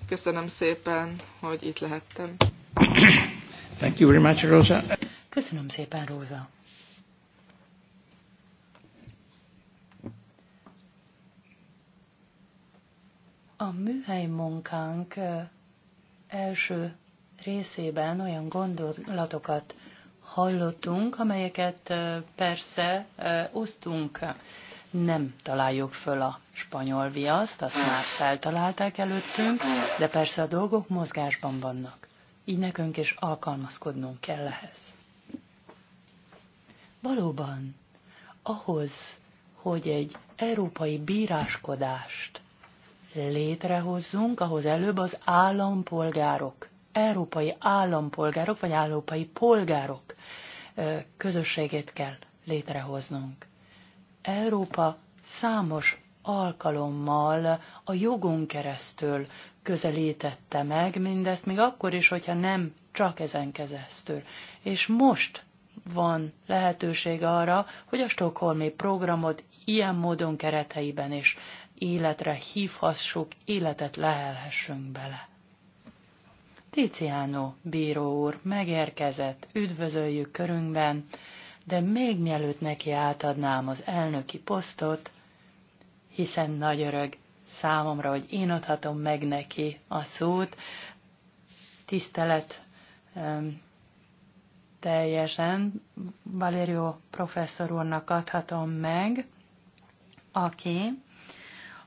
Köszönöm szépen, hogy itt lehettem. Thank you very much, Rosa. Köszönöm szépen, Róza. A műhely munkánk első részében olyan gondolatokat hallottunk, amelyeket persze osztunk. Nem találjuk föl a spanyol viaszt, azt már feltalálták előttünk, de persze a dolgok mozgásban vannak. Így nekünk is alkalmazkodnunk kell ehhez. Valóban, ahhoz, hogy egy európai bíráskodást létrehozzunk, ahhoz előbb az állampolgárok, európai állampolgárok vagy európai polgárok közösségét kell létrehoznunk. Európa számos alkalommal a jogon keresztül közelítette meg mindezt, még akkor is, hogyha nem csak ezen keresztül. És most van lehetőség arra, hogy a Stockholmi programot ilyen módon kereteiben is életre hívhassuk, életet lehelhessünk bele. Tiziano bíró úr megérkezett, üdvözöljük körünkben, de még mielőtt neki átadnám az elnöki posztot, hiszen nagy örög számomra, hogy én adhatom meg neki a szót, tisztelet um, teljesen Valerio professzor úrnak adhatom meg, aki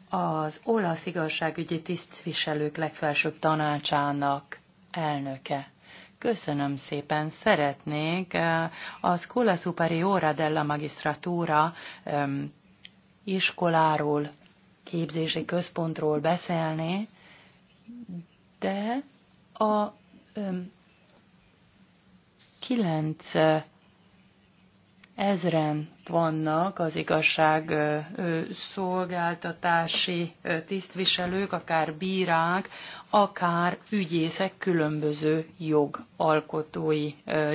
az olasz igazságügyi tisztviselők legfelsőbb tanácsának elnöke. Köszönöm szépen. Szeretnék eh, a Scuola Superiora della Magistratura iskoláról, képzési központról beszélni, de a kilenc eh, ezren vannak az igazság szolgáltatási tisztviselők, akár bírák, akár ügyészek különböző jogalkotói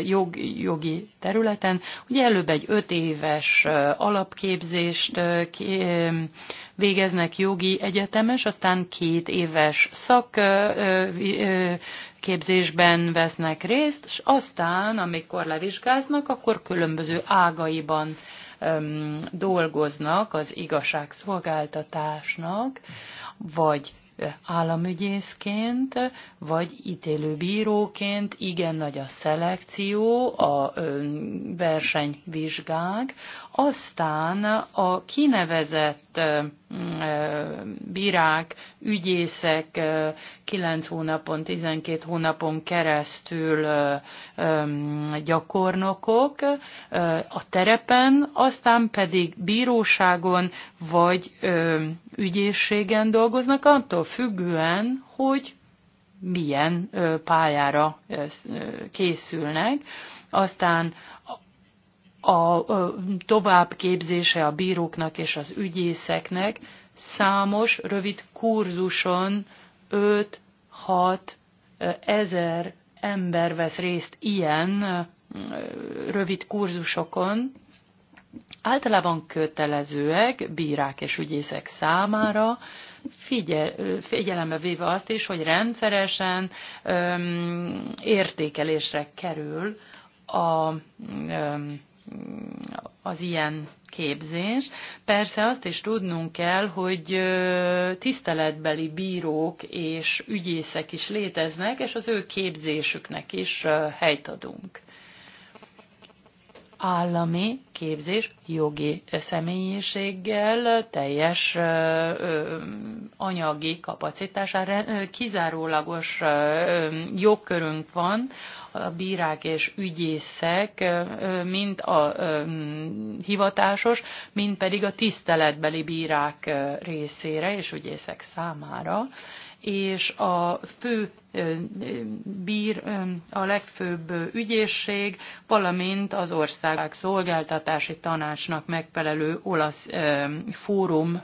jog, jogi területen. Ugye előbb egy öt éves alapképzést végeznek jogi egyetemes, aztán két éves szak képzésben vesznek részt, és aztán, amikor levizsgáznak, akkor különböző ágaiban öm, dolgoznak az igazságszolgáltatásnak, vagy államügyészként, vagy ítélőbíróként igen nagy a szelekció, a versenyvizsgák, aztán a kinevezett bírák, ügyészek 9 hónapon, 12 hónapon keresztül gyakornokok a terepen, aztán pedig bíróságon vagy ügyészségen dolgoznak, attól függően, hogy milyen pályára készülnek. Aztán a továbbképzése a bíróknak és az ügyészeknek számos rövid kurzuson 5-6 ezer ember vesz részt ilyen rövid kurzusokon. Általában kötelezőek bírák és ügyészek számára, figyel, figyelembe véve azt is, hogy rendszeresen öm, értékelésre kerül a öm, az ilyen képzés. Persze azt is tudnunk kell, hogy tiszteletbeli bírók és ügyészek is léteznek, és az ő képzésüknek is helyt adunk. Állami képzés jogi személyiséggel, teljes anyagi kapacitására, kizárólagos jogkörünk van a bírák és ügyészek, mind a hivatásos, mind pedig a tiszteletbeli bírák részére és ügyészek számára, és a fő bír, a legfőbb ügyészség, valamint az ország szolgáltatási tanácsnak megfelelő olasz fórum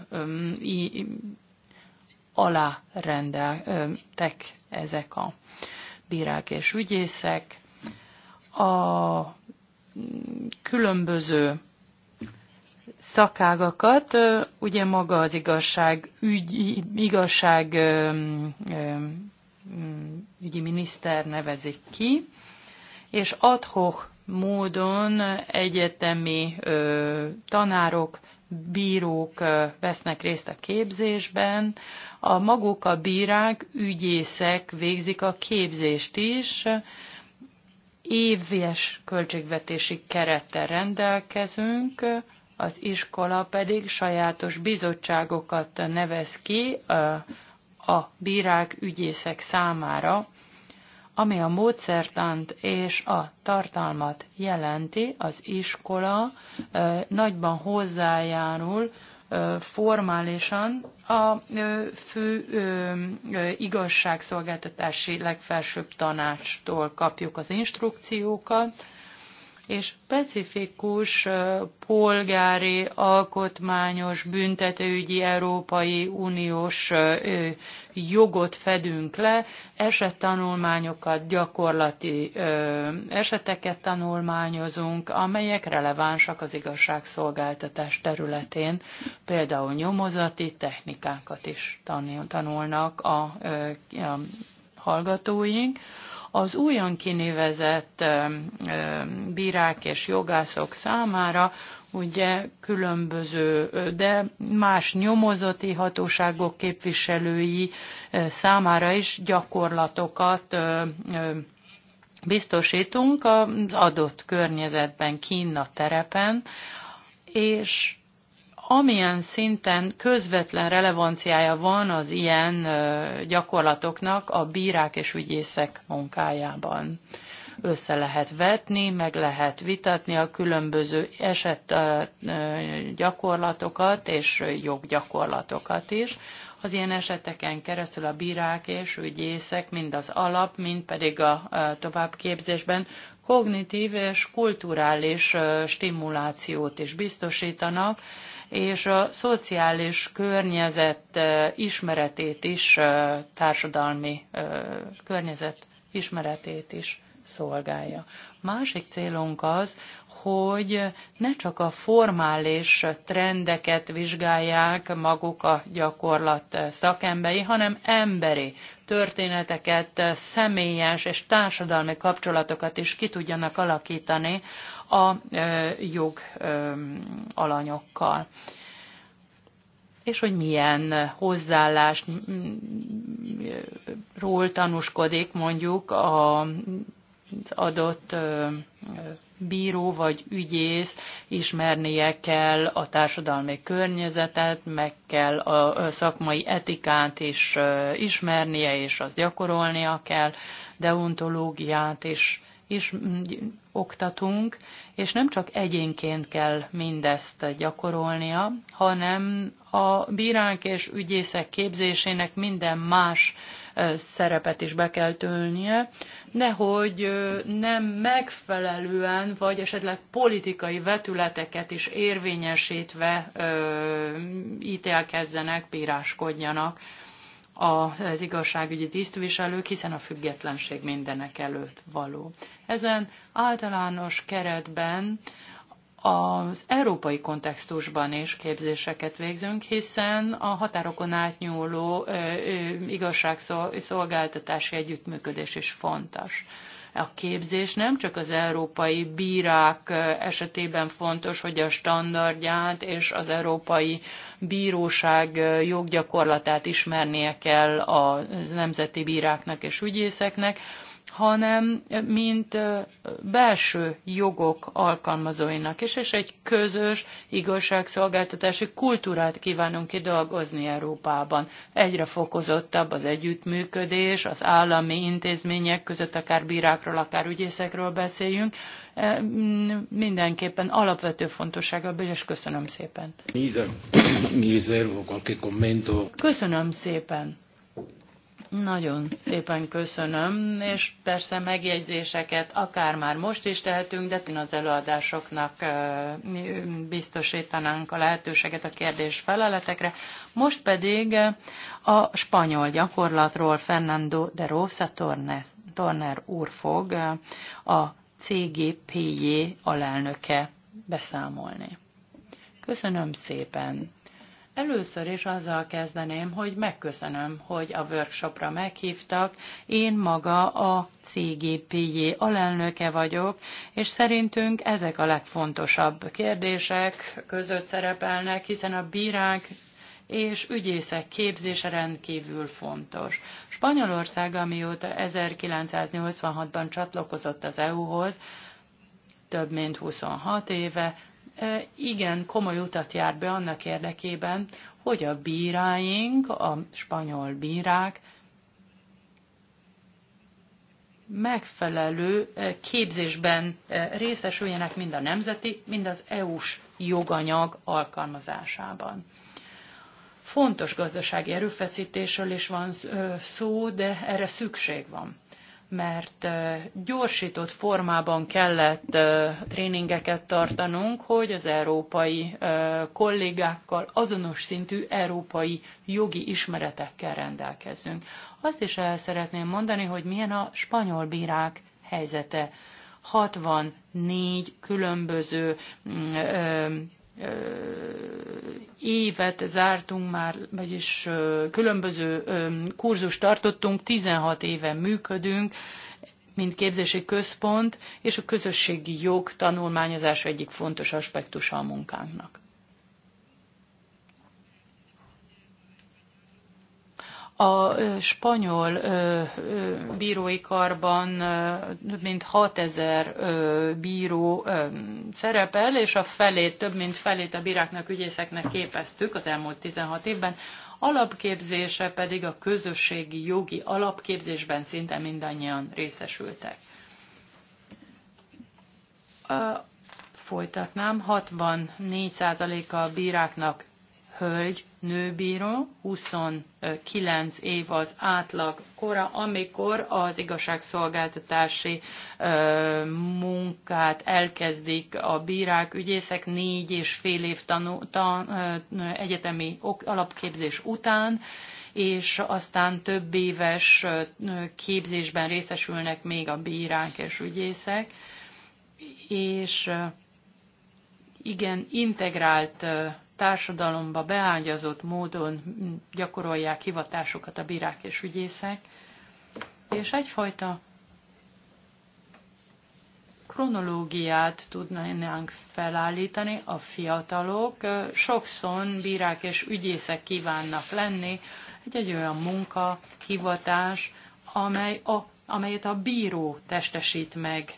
alá rendeltek ezek a bírák és ügyészek, a különböző szakágakat, ugye maga az igazság, ügy, igazság ügyi miniszter nevezik ki, és adhok módon egyetemi tanárok, bírók vesznek részt a képzésben, a maguk a bírák, ügyészek végzik a képzést is, éves költségvetési kerettel rendelkezünk, az iskola pedig sajátos bizottságokat nevez ki a bírák, ügyészek számára, ami a módszertant és a tartalmat jelenti, az iskola nagyban hozzájárul formálisan a fő igazságszolgáltatási legfelsőbb tanácstól kapjuk az instrukciókat, és specifikus polgári, alkotmányos, büntetőügyi Európai Uniós jogot fedünk le, esettanulmányokat, gyakorlati eseteket tanulmányozunk, amelyek relevánsak az igazságszolgáltatás területén, például nyomozati technikákat is tanulnak a hallgatóink az újon kinevezett bírák és jogászok számára, ugye különböző, de más nyomozati hatóságok képviselői számára is gyakorlatokat biztosítunk az adott környezetben, kín a terepen, és amilyen szinten közvetlen relevanciája van az ilyen gyakorlatoknak a bírák és ügyészek munkájában. Össze lehet vetni, meg lehet vitatni a különböző eset gyakorlatokat és joggyakorlatokat is. Az ilyen eseteken keresztül a bírák és ügyészek mind az alap, mind pedig a továbbképzésben kognitív és kulturális stimulációt is biztosítanak, és a szociális környezet ismeretét is, társadalmi környezet ismeretét is szolgálja. Másik célunk az, hogy ne csak a formális trendeket vizsgálják maguk a gyakorlat szakemberi, hanem emberi történeteket, személyes és társadalmi kapcsolatokat is ki tudjanak alakítani a jog alanyokkal és hogy milyen mm, mm, ról tanúskodik mondjuk a az adott bíró vagy ügyész ismernie kell a társadalmi környezetet, meg kell a szakmai etikát is ismernie, és azt gyakorolnia kell, deontológiát is, is oktatunk, és nem csak egyénként kell mindezt gyakorolnia, hanem a bírák és ügyészek képzésének minden más szerepet is be kell tölnie, nehogy nem megfelelően, vagy esetleg politikai vetületeket is érvényesítve ítélkezzenek, píráskodjanak az igazságügyi tisztviselők, hiszen a függetlenség mindenek előtt való. Ezen általános keretben az európai kontextusban is képzéseket végzünk, hiszen a határokon átnyúló igazságszolgáltatási együttműködés is fontos. A képzés nem csak az európai bírák esetében fontos, hogy a standardját és az európai bíróság joggyakorlatát ismernie kell a nemzeti bíráknak és ügyészeknek, hanem mint belső jogok alkalmazóinak is, és egy közös igazságszolgáltatási kultúrát kívánunk kidolgozni Európában. Egyre fokozottabb az együttműködés, az állami intézmények között, akár bírákról, akár ügyészekről beszéljünk. Mindenképpen alapvető fontossággal a és köszönöm szépen. Köszönöm szépen. Nagyon szépen köszönöm, és persze megjegyzéseket akár már most is tehetünk, de az előadásoknak biztosítanánk a lehetőséget a kérdés feleletekre. Most pedig a spanyol gyakorlatról Fernando de Rosa Torner úr fog a CGPJ alelnöke beszámolni. Köszönöm szépen! Először is azzal kezdeném, hogy megköszönöm, hogy a workshopra meghívtak. Én maga a CGPJ alelnöke vagyok, és szerintünk ezek a legfontosabb kérdések között szerepelnek, hiszen a bírák és ügyészek képzése rendkívül fontos. Spanyolország, amióta 1986-ban csatlakozott az EU-hoz, több mint 26 éve, E, igen komoly utat jár be annak érdekében, hogy a bíráink, a spanyol bírák megfelelő e, képzésben e, részesüljenek mind a nemzeti, mind az EU-s joganyag alkalmazásában. Fontos gazdasági erőfeszítésről is van szó, de erre szükség van mert gyorsított formában kellett tréningeket tartanunk, hogy az európai kollégákkal azonos szintű európai jogi ismeretekkel rendelkezzünk. Azt is el szeretném mondani, hogy milyen a spanyol bírák helyzete. 64 különböző mm, évet zártunk már, vagyis különböző kurzust tartottunk, 16 éven működünk, mint képzési központ, és a közösségi jog tanulmányozása egyik fontos aspektusa a munkánknak. A spanyol bírói karban több mint 6000 bíró szerepel, és a felét, több mint felét a bíráknak, ügyészeknek képeztük az elmúlt 16 évben, alapképzése pedig a közösségi jogi alapképzésben szinte mindannyian részesültek. Folytatnám, 64%-a a bíráknak hölgy nőbíró, 29 év az átlag kora, amikor az igazságszolgáltatási ö, munkát elkezdik a bírák, ügyészek négy és fél év tanú, tan, ö, egyetemi ok, alapképzés után, és aztán több éves képzésben részesülnek még a bírák és ügyészek, és igen, integrált társadalomba beágyazott módon gyakorolják hivatásokat a bírák és ügyészek, és egyfajta kronológiát tudnánk felállítani, a fiatalok sokszor bírák és ügyészek kívánnak lenni, egy, egy olyan munka, hivatás, amely a, amelyet a bíró testesít meg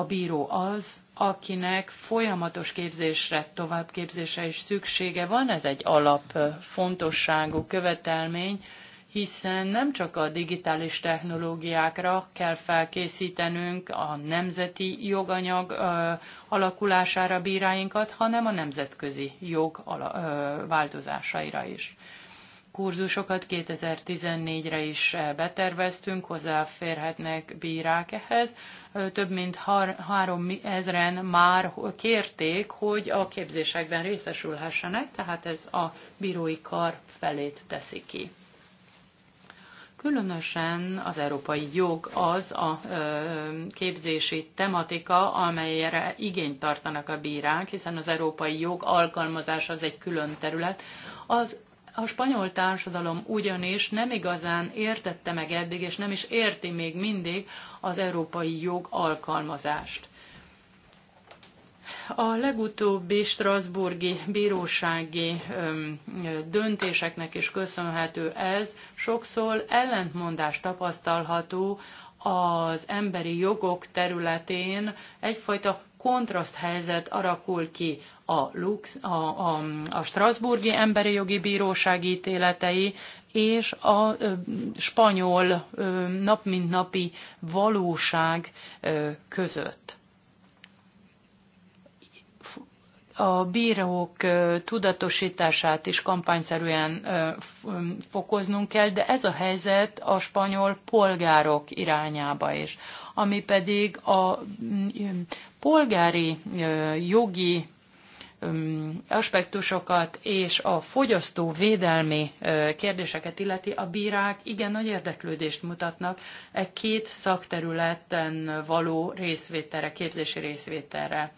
a bíró az, akinek folyamatos képzésre, továbbképzésre is szüksége van, ez egy alapfontosságú követelmény, hiszen nem csak a digitális technológiákra kell felkészítenünk a nemzeti joganyag alakulására bíráinkat, hanem a nemzetközi jog változásaira is kurzusokat 2014-re is eh, beterveztünk, hozzáférhetnek bírák ehhez. Több mint 3 ezeren már kérték, hogy a képzésekben részesülhessenek, tehát ez a bírói kar felét teszi ki. Különösen az európai jog az a képzési tematika, amelyre igényt tartanak a bírák, hiszen az európai jog alkalmazása az egy külön terület. Az a spanyol társadalom ugyanis nem igazán értette meg eddig, és nem is érti még mindig az európai jog alkalmazást. A legutóbbi Strasburgi bírósági döntéseknek is köszönhető ez, sokszor ellentmondás tapasztalható az emberi jogok területén egyfajta kontraszt helyzet alakul ki a, Lux, a, a, a Strasburgi Emberi Jogi Bíróság ítéletei és a ö, spanyol ö, nap mint napi valóság ö, között. a bírók tudatosítását is kampányszerűen fokoznunk kell, de ez a helyzet a spanyol polgárok irányába is, ami pedig a polgári jogi aspektusokat és a fogyasztó védelmi kérdéseket illeti, a bírák igen nagy érdeklődést mutatnak e két szakterületen való részvételre, képzési részvételre.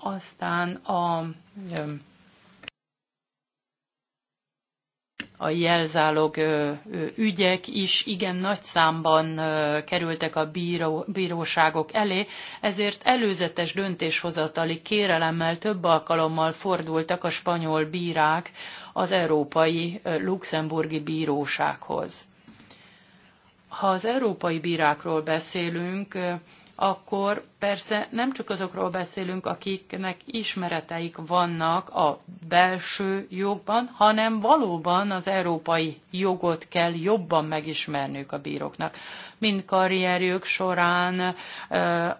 Aztán a a jelzálog ügyek is igen nagy számban kerültek a bíró, bíróságok elé, ezért előzetes döntéshozatali kérelemmel több alkalommal fordultak a spanyol bírák az Európai Luxemburgi Bírósághoz. Ha az európai bírákról beszélünk, akkor persze nem csak azokról beszélünk, akiknek ismereteik vannak a belső jogban, hanem valóban az európai jogot kell jobban megismernünk a bíróknak mind karrierjük során,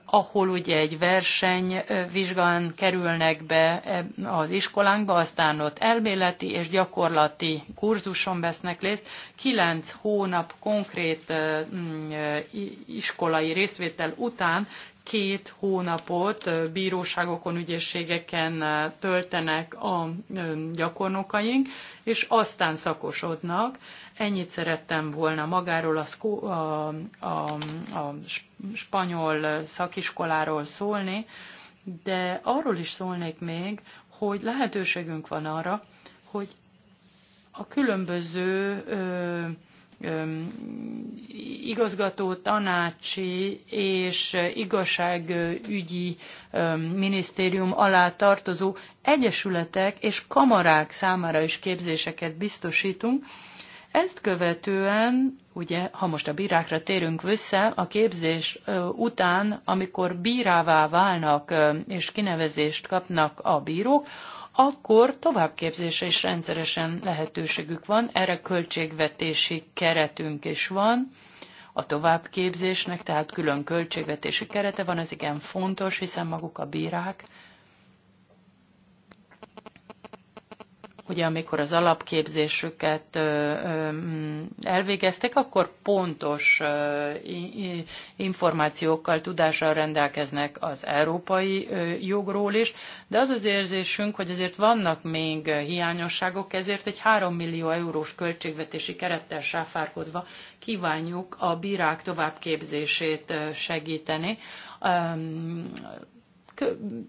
ahol ugye egy versenyvizsgán kerülnek be e, az iskolánkba, aztán ott elméleti és gyakorlati kurzuson vesznek részt. Kilenc hónap konkrét iskolai részvétel után két hónapot bíróságokon, ügyészségeken töltenek a gyakornokaink, és aztán szakosodnak. Ennyit szerettem volna magáról a, a, a, a spanyol szakiskoláról szólni, de arról is szólnék még, hogy lehetőségünk van arra, hogy a különböző ö, igazgató tanácsi és igazságügyi minisztérium alá tartozó egyesületek és kamarák számára is képzéseket biztosítunk. Ezt követően, ugye, ha most a bírákra térünk vissza, a képzés után, amikor bírává válnak és kinevezést kapnak a bírók, akkor továbbképzésre is rendszeresen lehetőségük van, erre költségvetési keretünk is van. A továbbképzésnek tehát külön költségvetési kerete van, ez igen fontos, hiszen maguk a bírák hogy amikor az alapképzésüket mm, elvégeztek, akkor pontos információkkal, tudással rendelkeznek az európai jogról is, de az az érzésünk, hogy azért vannak még hiányosságok, ezért egy 3 millió eurós költségvetési kerettel sáfárkodva kívánjuk a bírák továbbképzését segíteni.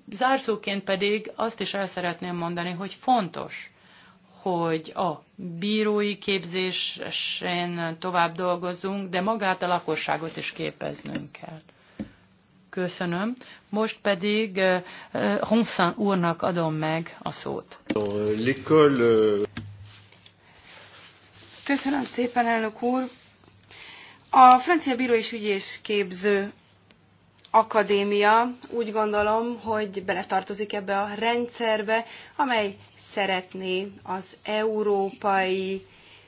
Zárszóként pedig azt is el szeretném mondani, hogy fontos, hogy a bírói képzésen tovább dolgozunk, de magát a lakosságot is képeznünk kell. Köszönöm. Most pedig eh, eh, Honszán úrnak adom meg a szót. Köszönöm szépen, elnök úr. A francia bíró és ügyész képző akadémia úgy gondolom, hogy beletartozik ebbe a rendszerbe, amely szeretné az európai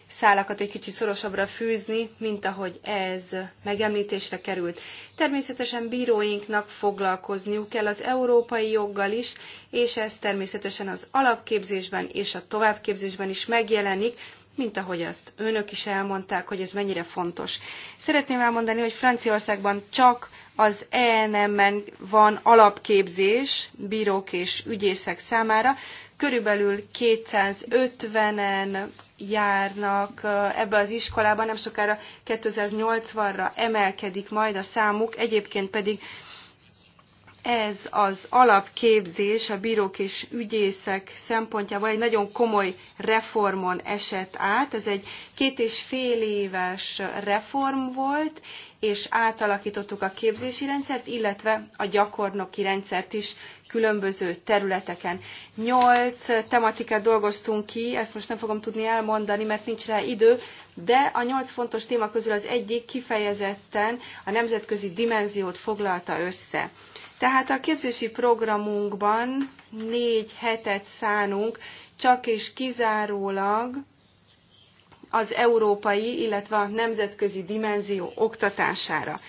szálakat egy kicsit szorosabbra fűzni, mint ahogy ez megemlítésre került. Természetesen bíróinknak foglalkozniuk kell az európai joggal is, és ez természetesen az alapképzésben és a továbbképzésben is megjelenik, mint ahogy azt önök is elmondták, hogy ez mennyire fontos. Szeretném elmondani, hogy Franciaországban csak az ENM-en van alapképzés bírók és ügyészek számára, körülbelül 250-en járnak eh, ebbe az iskolába, nem sokára 280-ra emelkedik majd a számuk, egyébként pedig ez az alapképzés a bírók és ügyészek szempontjából egy nagyon komoly reformon esett át. Ez egy két és fél éves reform volt, és átalakítottuk a képzési rendszert, illetve a gyakornoki rendszert is különböző területeken. Nyolc tematikát dolgoztunk ki, ezt most nem fogom tudni elmondani, mert nincs rá idő, de a nyolc fontos téma közül az egyik kifejezetten a nemzetközi dimenziót foglalta össze. Tehát a képzési programunkban négy hetet szánunk csak és kizárólag az európai, illetve a nemzetközi dimenzió oktatására.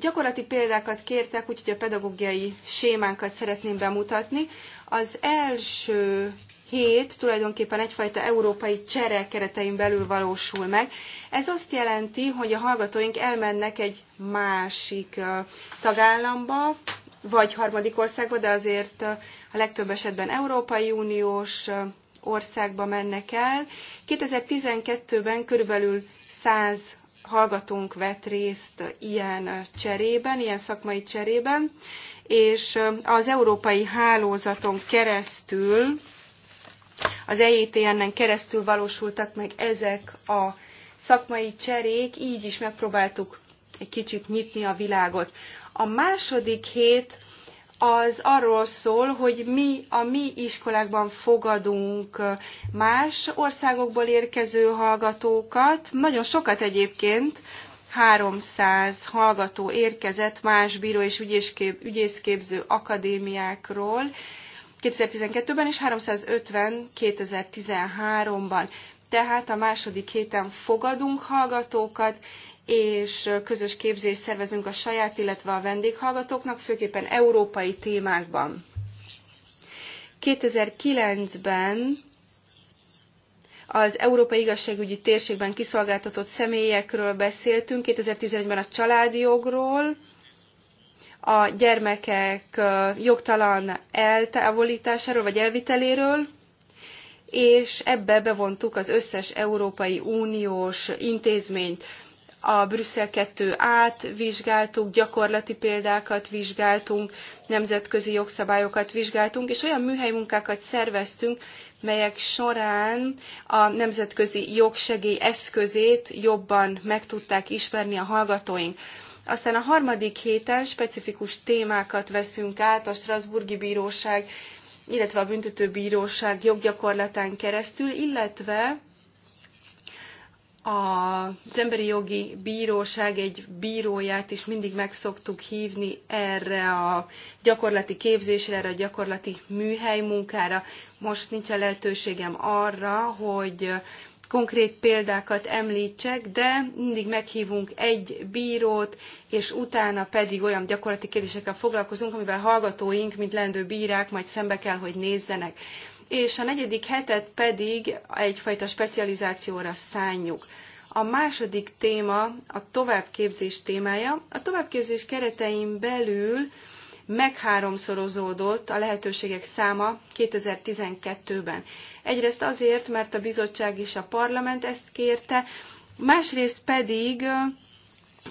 Gyakorlati példákat kértek, úgyhogy a pedagógiai sémánkat szeretném bemutatni. Az első hét tulajdonképpen egyfajta európai csere keretein belül valósul meg. Ez azt jelenti, hogy a hallgatóink elmennek egy másik tagállamba, vagy harmadik országba, de azért a legtöbb esetben Európai Uniós országba mennek el. 2012-ben körülbelül 100 hallgatónk vett részt ilyen cserében, ilyen szakmai cserében, és az európai hálózaton keresztül az eitn en keresztül valósultak meg ezek a szakmai cserék, így is megpróbáltuk egy kicsit nyitni a világot. A második hét az arról szól, hogy mi a mi iskolákban fogadunk más országokból érkező hallgatókat. Nagyon sokat egyébként, 300 hallgató érkezett más bíró és ügyészképző akadémiákról, 2012-ben és 350 2013-ban. Tehát a második héten fogadunk hallgatókat, és közös képzést szervezünk a saját, illetve a vendéghallgatóknak, főképpen európai témákban. 2009-ben az Európai Igazságügyi Térségben kiszolgáltatott személyekről beszéltünk, 2011-ben a családi jogról, a gyermekek jogtalan eltávolításáról vagy elviteléről, és ebbe bevontuk az összes Európai Uniós intézményt. A Brüsszel 2 át vizsgáltuk, gyakorlati példákat vizsgáltunk, nemzetközi jogszabályokat vizsgáltunk, és olyan műhelymunkákat szerveztünk, melyek során a nemzetközi jogsegély eszközét jobban meg tudták ismerni a hallgatóink aztán a harmadik héten specifikus témákat veszünk át a Strasburgi Bíróság, illetve a Büntetőbíróság joggyakorlatán keresztül, illetve az Emberi Jogi Bíróság egy bíróját is mindig meg szoktuk hívni erre a gyakorlati képzésre, erre a gyakorlati műhely munkára. Most nincs lehetőségem arra, hogy konkrét példákat említsek, de mindig meghívunk egy bírót, és utána pedig olyan gyakorlati kérdésekkel foglalkozunk, amivel hallgatóink, mint lendő bírák majd szembe kell, hogy nézzenek. És a negyedik hetet pedig egyfajta specializációra szánjuk. A második téma a továbbképzés témája. A továbbképzés keretein belül megháromszorozódott a lehetőségek száma 2012-ben. Egyrészt azért, mert a bizottság és a parlament ezt kérte, másrészt pedig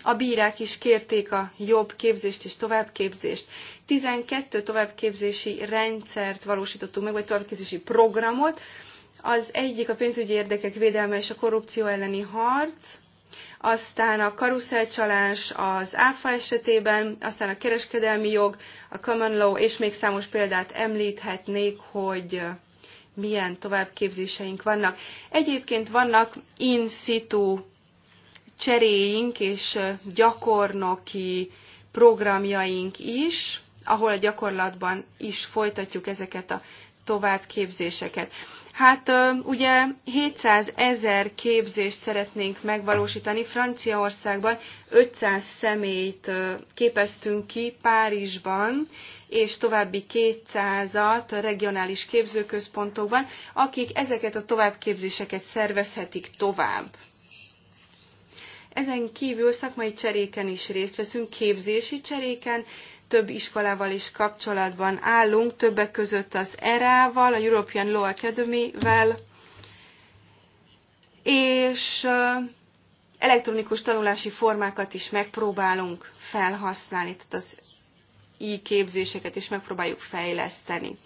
a bírák is kérték a jobb képzést és továbbképzést. 12 továbbképzési rendszert valósítottunk meg, vagy továbbképzési programot. Az egyik a pénzügyi érdekek védelme és a korrupció elleni harc, aztán a karuszelcsalás az áfa esetében, aztán a kereskedelmi jog, a common law, és még számos példát említhetnék, hogy milyen továbbképzéseink vannak. Egyébként vannak in situ cseréink és gyakornoki programjaink is, ahol a gyakorlatban is folytatjuk ezeket a továbbképzéseket. Hát ugye 700 ezer képzést szeretnénk megvalósítani Franciaországban, 500 személyt képeztünk ki Párizsban, és további 200-at regionális képzőközpontokban, akik ezeket a továbbképzéseket szervezhetik tovább. Ezen kívül szakmai cseréken is részt veszünk, képzési cseréken, több iskolával is kapcsolatban állunk, többek között az ERA-val, a European Law Academy-vel, és elektronikus tanulási formákat is megpróbálunk felhasználni, tehát az i-képzéseket is megpróbáljuk fejleszteni.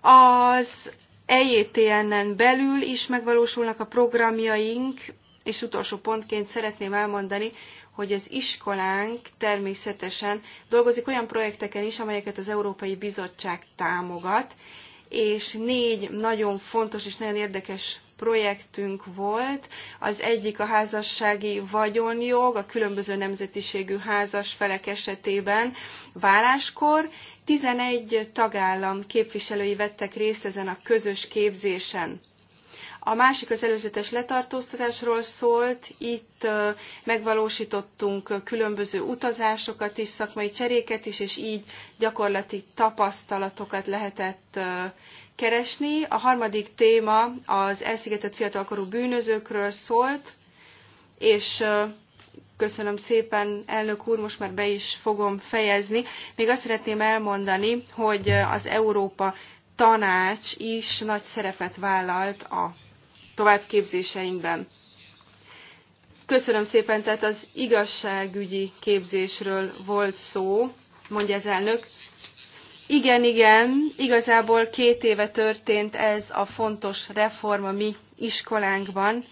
Az EJTN-en belül is megvalósulnak a programjaink, és utolsó pontként szeretném elmondani, hogy az iskolánk természetesen dolgozik olyan projekteken is, amelyeket az Európai Bizottság támogat, és négy nagyon fontos és nagyon érdekes projektünk volt. Az egyik a házassági vagyonjog a különböző nemzetiségű házas felek esetében váláskor. 11 tagállam képviselői vettek részt ezen a közös képzésen. A másik az előzetes letartóztatásról szólt, itt megvalósítottunk különböző utazásokat is, szakmai cseréket is, és így gyakorlati tapasztalatokat lehetett keresni. A harmadik téma az elszigetett fiatalkorú bűnözőkről szólt, és köszönöm szépen, elnök úr, most már be is fogom fejezni. Még azt szeretném elmondani, hogy az Európa tanács is nagy szerepet vállalt a továbbképzéseinkben. Köszönöm szépen, tehát az igazságügyi képzésről volt szó, mondja az elnök. Igen, igen, igazából két éve történt ez a fontos reform a mi iskolánkban,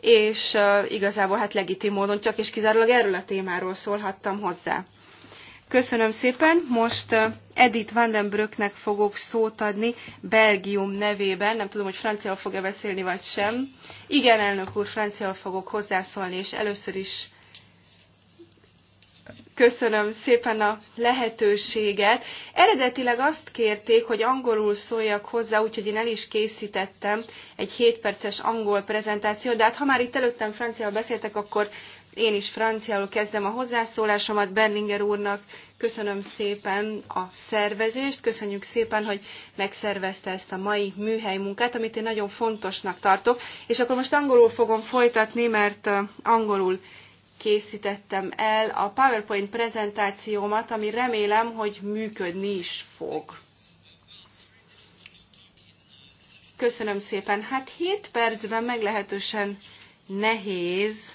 és igazából hát legitim módon csak és kizárólag erről a témáról szólhattam hozzá. Köszönöm szépen. Most Edith Vandenbrücknek fogok szót adni Belgium nevében. Nem tudom, hogy franciaul fog-e beszélni, vagy sem. Igen, elnök úr, franciaul fogok hozzászólni, és először is köszönöm szépen a lehetőséget. Eredetileg azt kérték, hogy angolul szóljak hozzá, úgyhogy én el is készítettem egy 7 perces angol prezentációt, de hát ha már itt előttem franciául beszéltek, akkor én is franciául kezdem a hozzászólásomat Berlinger úrnak. Köszönöm szépen a szervezést, köszönjük szépen, hogy megszervezte ezt a mai műhely munkát, amit én nagyon fontosnak tartok. És akkor most angolul fogom folytatni, mert angolul készítettem el a PowerPoint prezentációmat, ami remélem, hogy működni is fog. Köszönöm szépen. Hát 7 percben meglehetősen nehéz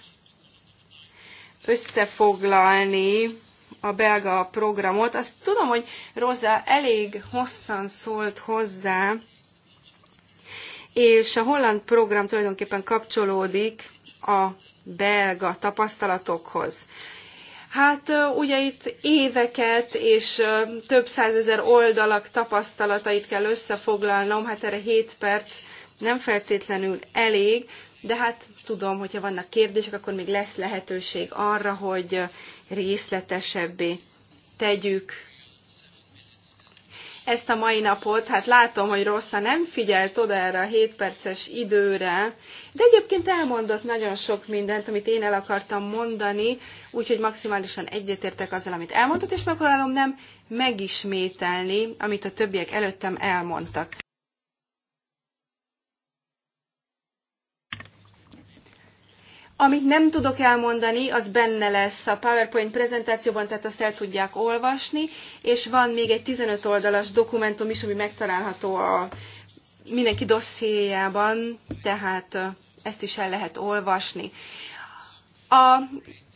összefoglalni a belga programot. Azt tudom, hogy Rosa elég hosszan szólt hozzá, és a holland program tulajdonképpen kapcsolódik a belga tapasztalatokhoz. Hát ugye itt éveket és több százezer oldalak tapasztalatait kell összefoglalnom, hát erre 7 perc nem feltétlenül elég, de hát tudom, hogyha vannak kérdések, akkor még lesz lehetőség arra, hogy részletesebbé tegyük ezt a mai napot. Hát látom, hogy Rossza nem figyelt oda erre a 7 perces időre, de egyébként elmondott nagyon sok mindent, amit én el akartam mondani, úgyhogy maximálisan egyetértek azzal, amit elmondott, és megpróbálom nem megismételni, amit a többiek előttem elmondtak. Amit nem tudok elmondani, az benne lesz a PowerPoint prezentációban, tehát azt el tudják olvasni, és van még egy 15 oldalas dokumentum is, ami megtalálható a mindenki dossziéjában, tehát ezt is el lehet olvasni. A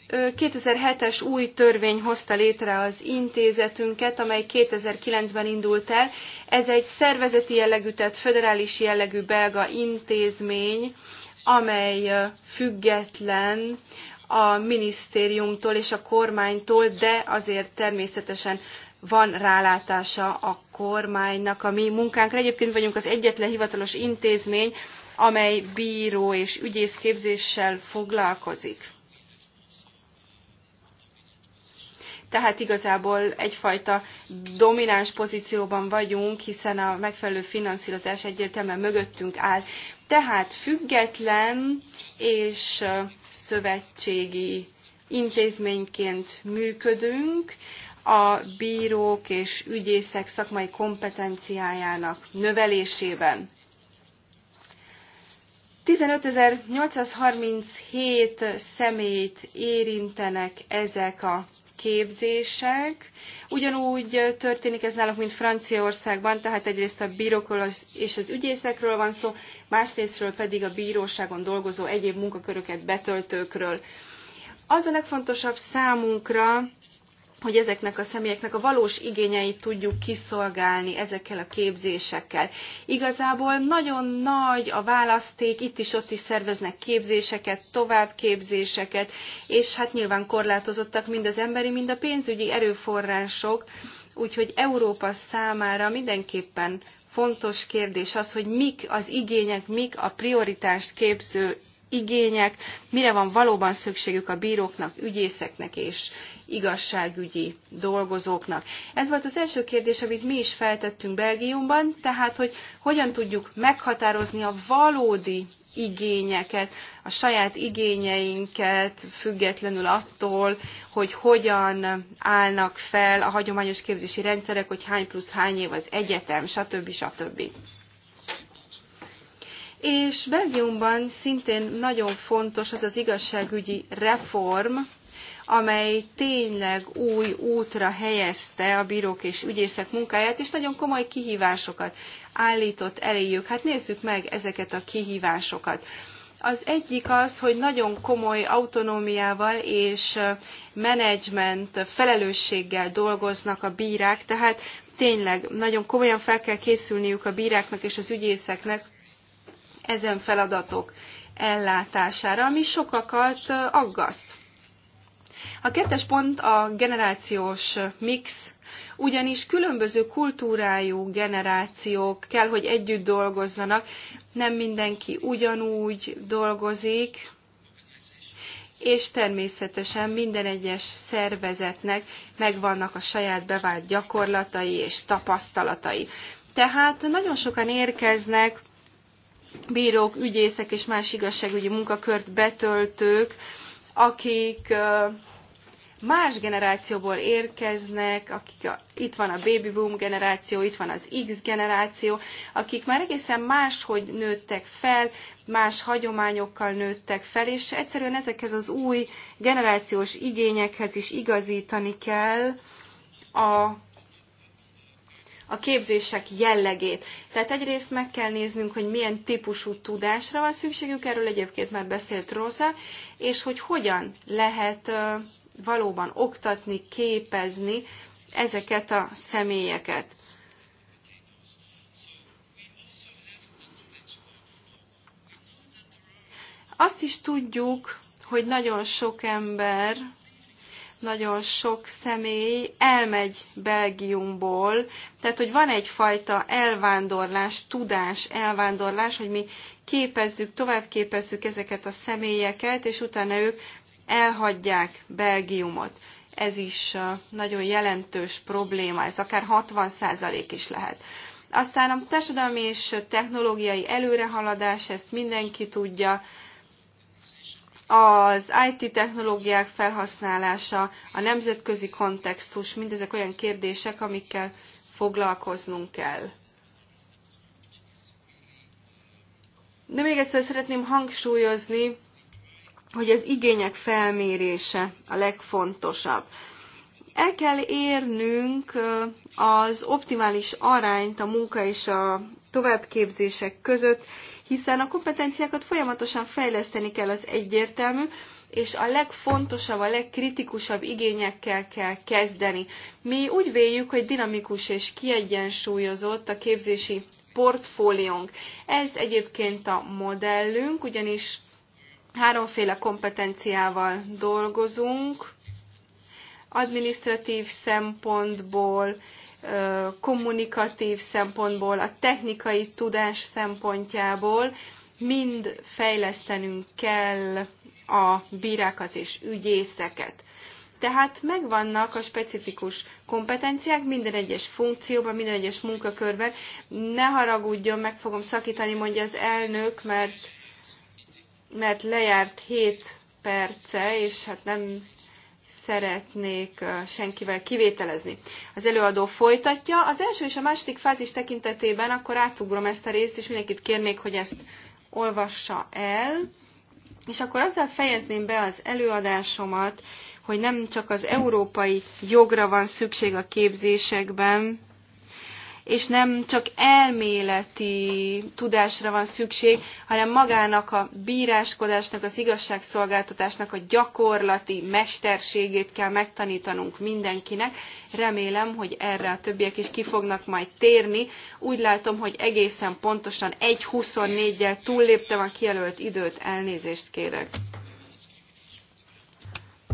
2007-es új törvény hozta létre az intézetünket, amely 2009-ben indult el. Ez egy szervezeti jellegű, tehát föderális jellegű belga intézmény, amely független a minisztériumtól és a kormánytól, de azért természetesen van rálátása a kormánynak a mi munkánkra. Egyébként vagyunk az egyetlen hivatalos intézmény, amely bíró és ügyész képzéssel foglalkozik. tehát igazából egyfajta domináns pozícióban vagyunk, hiszen a megfelelő finanszírozás egyértelműen mögöttünk áll. Tehát független és szövetségi intézményként működünk, a bírók és ügyészek szakmai kompetenciájának növelésében. 15.837 személyt érintenek ezek a képzések. Ugyanúgy történik ez náluk, mint Franciaországban, tehát egyrészt a bírókról és az ügyészekről van szó, másrésztről pedig a bíróságon dolgozó egyéb munkaköröket betöltőkről. Az a legfontosabb számunkra, hogy ezeknek a személyeknek a valós igényeit tudjuk kiszolgálni ezekkel a képzésekkel. Igazából nagyon nagy a választék, itt is ott is szerveznek képzéseket, továbbképzéseket, és hát nyilván korlátozottak mind az emberi, mind a pénzügyi erőforrások, úgyhogy Európa számára mindenképpen fontos kérdés az, hogy mik az igények, mik a prioritást képző igények, mire van valóban szükségük a bíróknak, ügyészeknek és igazságügyi dolgozóknak. Ez volt az első kérdés, amit mi is feltettünk Belgiumban, tehát hogy hogyan tudjuk meghatározni a valódi igényeket, a saját igényeinket, függetlenül attól, hogy hogyan állnak fel a hagyományos képzési rendszerek, hogy hány plusz hány év az egyetem, stb. stb. stb. És Belgiumban szintén nagyon fontos az az igazságügyi reform, amely tényleg új útra helyezte a bírók és ügyészek munkáját, és nagyon komoly kihívásokat állított eléjük. Hát nézzük meg ezeket a kihívásokat. Az egyik az, hogy nagyon komoly autonómiával és menedzsment felelősséggel dolgoznak a bírák, tehát tényleg nagyon komolyan fel kell készülniük a bíráknak és az ügyészeknek ezen feladatok ellátására, ami sokakat aggaszt. A kettes pont a generációs mix, ugyanis különböző kultúrájú generációk kell, hogy együtt dolgozzanak, nem mindenki ugyanúgy dolgozik, és természetesen minden egyes szervezetnek megvannak a saját bevált gyakorlatai és tapasztalatai. Tehát nagyon sokan érkeznek bírók, ügyészek és más igazságügyi munkakört betöltők, akik más generációból érkeznek, akik a, itt van a baby boom generáció, itt van az X generáció, akik már egészen máshogy nőttek fel, más hagyományokkal nőttek fel, és egyszerűen ezekhez az új generációs igényekhez is igazítani kell a a képzések jellegét. Tehát egyrészt meg kell néznünk, hogy milyen típusú tudásra van szükségük, erről egyébként már beszélt Rosa, és hogy hogyan lehet valóban oktatni, képezni ezeket a személyeket. Azt is tudjuk, hogy nagyon sok ember nagyon sok személy elmegy Belgiumból, tehát hogy van egyfajta elvándorlás, tudás elvándorlás, hogy mi képezzük, tovább képezzük ezeket a személyeket, és utána ők elhagyják Belgiumot. Ez is nagyon jelentős probléma, ez akár 60% is lehet. Aztán a társadalmi és technológiai előrehaladás, ezt mindenki tudja, az IT technológiák felhasználása, a nemzetközi kontextus, mindezek olyan kérdések, amikkel foglalkoznunk kell. De még egyszer szeretném hangsúlyozni, hogy az igények felmérése a legfontosabb. El kell érnünk az optimális arányt a munka és a továbbképzések között, hiszen a kompetenciákat folyamatosan fejleszteni kell az egyértelmű, és a legfontosabb, a legkritikusabb igényekkel kell kezdeni. Mi úgy véljük, hogy dinamikus és kiegyensúlyozott a képzési portfóliónk. Ez egyébként a modellünk, ugyanis háromféle kompetenciával dolgozunk, administratív szempontból, kommunikatív szempontból, a technikai tudás szempontjából mind fejlesztenünk kell a bírákat és ügyészeket. Tehát megvannak a specifikus kompetenciák minden egyes funkcióban, minden egyes munkakörben. Ne haragudjon, meg fogom szakítani, mondja az elnök, mert, mert lejárt 7 perce, és hát nem szeretnék senkivel kivételezni. Az előadó folytatja. Az első és a második fázis tekintetében akkor átugrom ezt a részt, és mindenkit kérnék, hogy ezt olvassa el. És akkor azzal fejezném be az előadásomat, hogy nem csak az európai jogra van szükség a képzésekben, és nem csak elméleti tudásra van szükség, hanem magának a bíráskodásnak, az igazságszolgáltatásnak a gyakorlati mesterségét kell megtanítanunk mindenkinek. Remélem, hogy erre a többiek is ki fognak majd térni. Úgy látom, hogy egészen pontosan 1.24-jel túlléptem a kijelölt időt, elnézést kérek.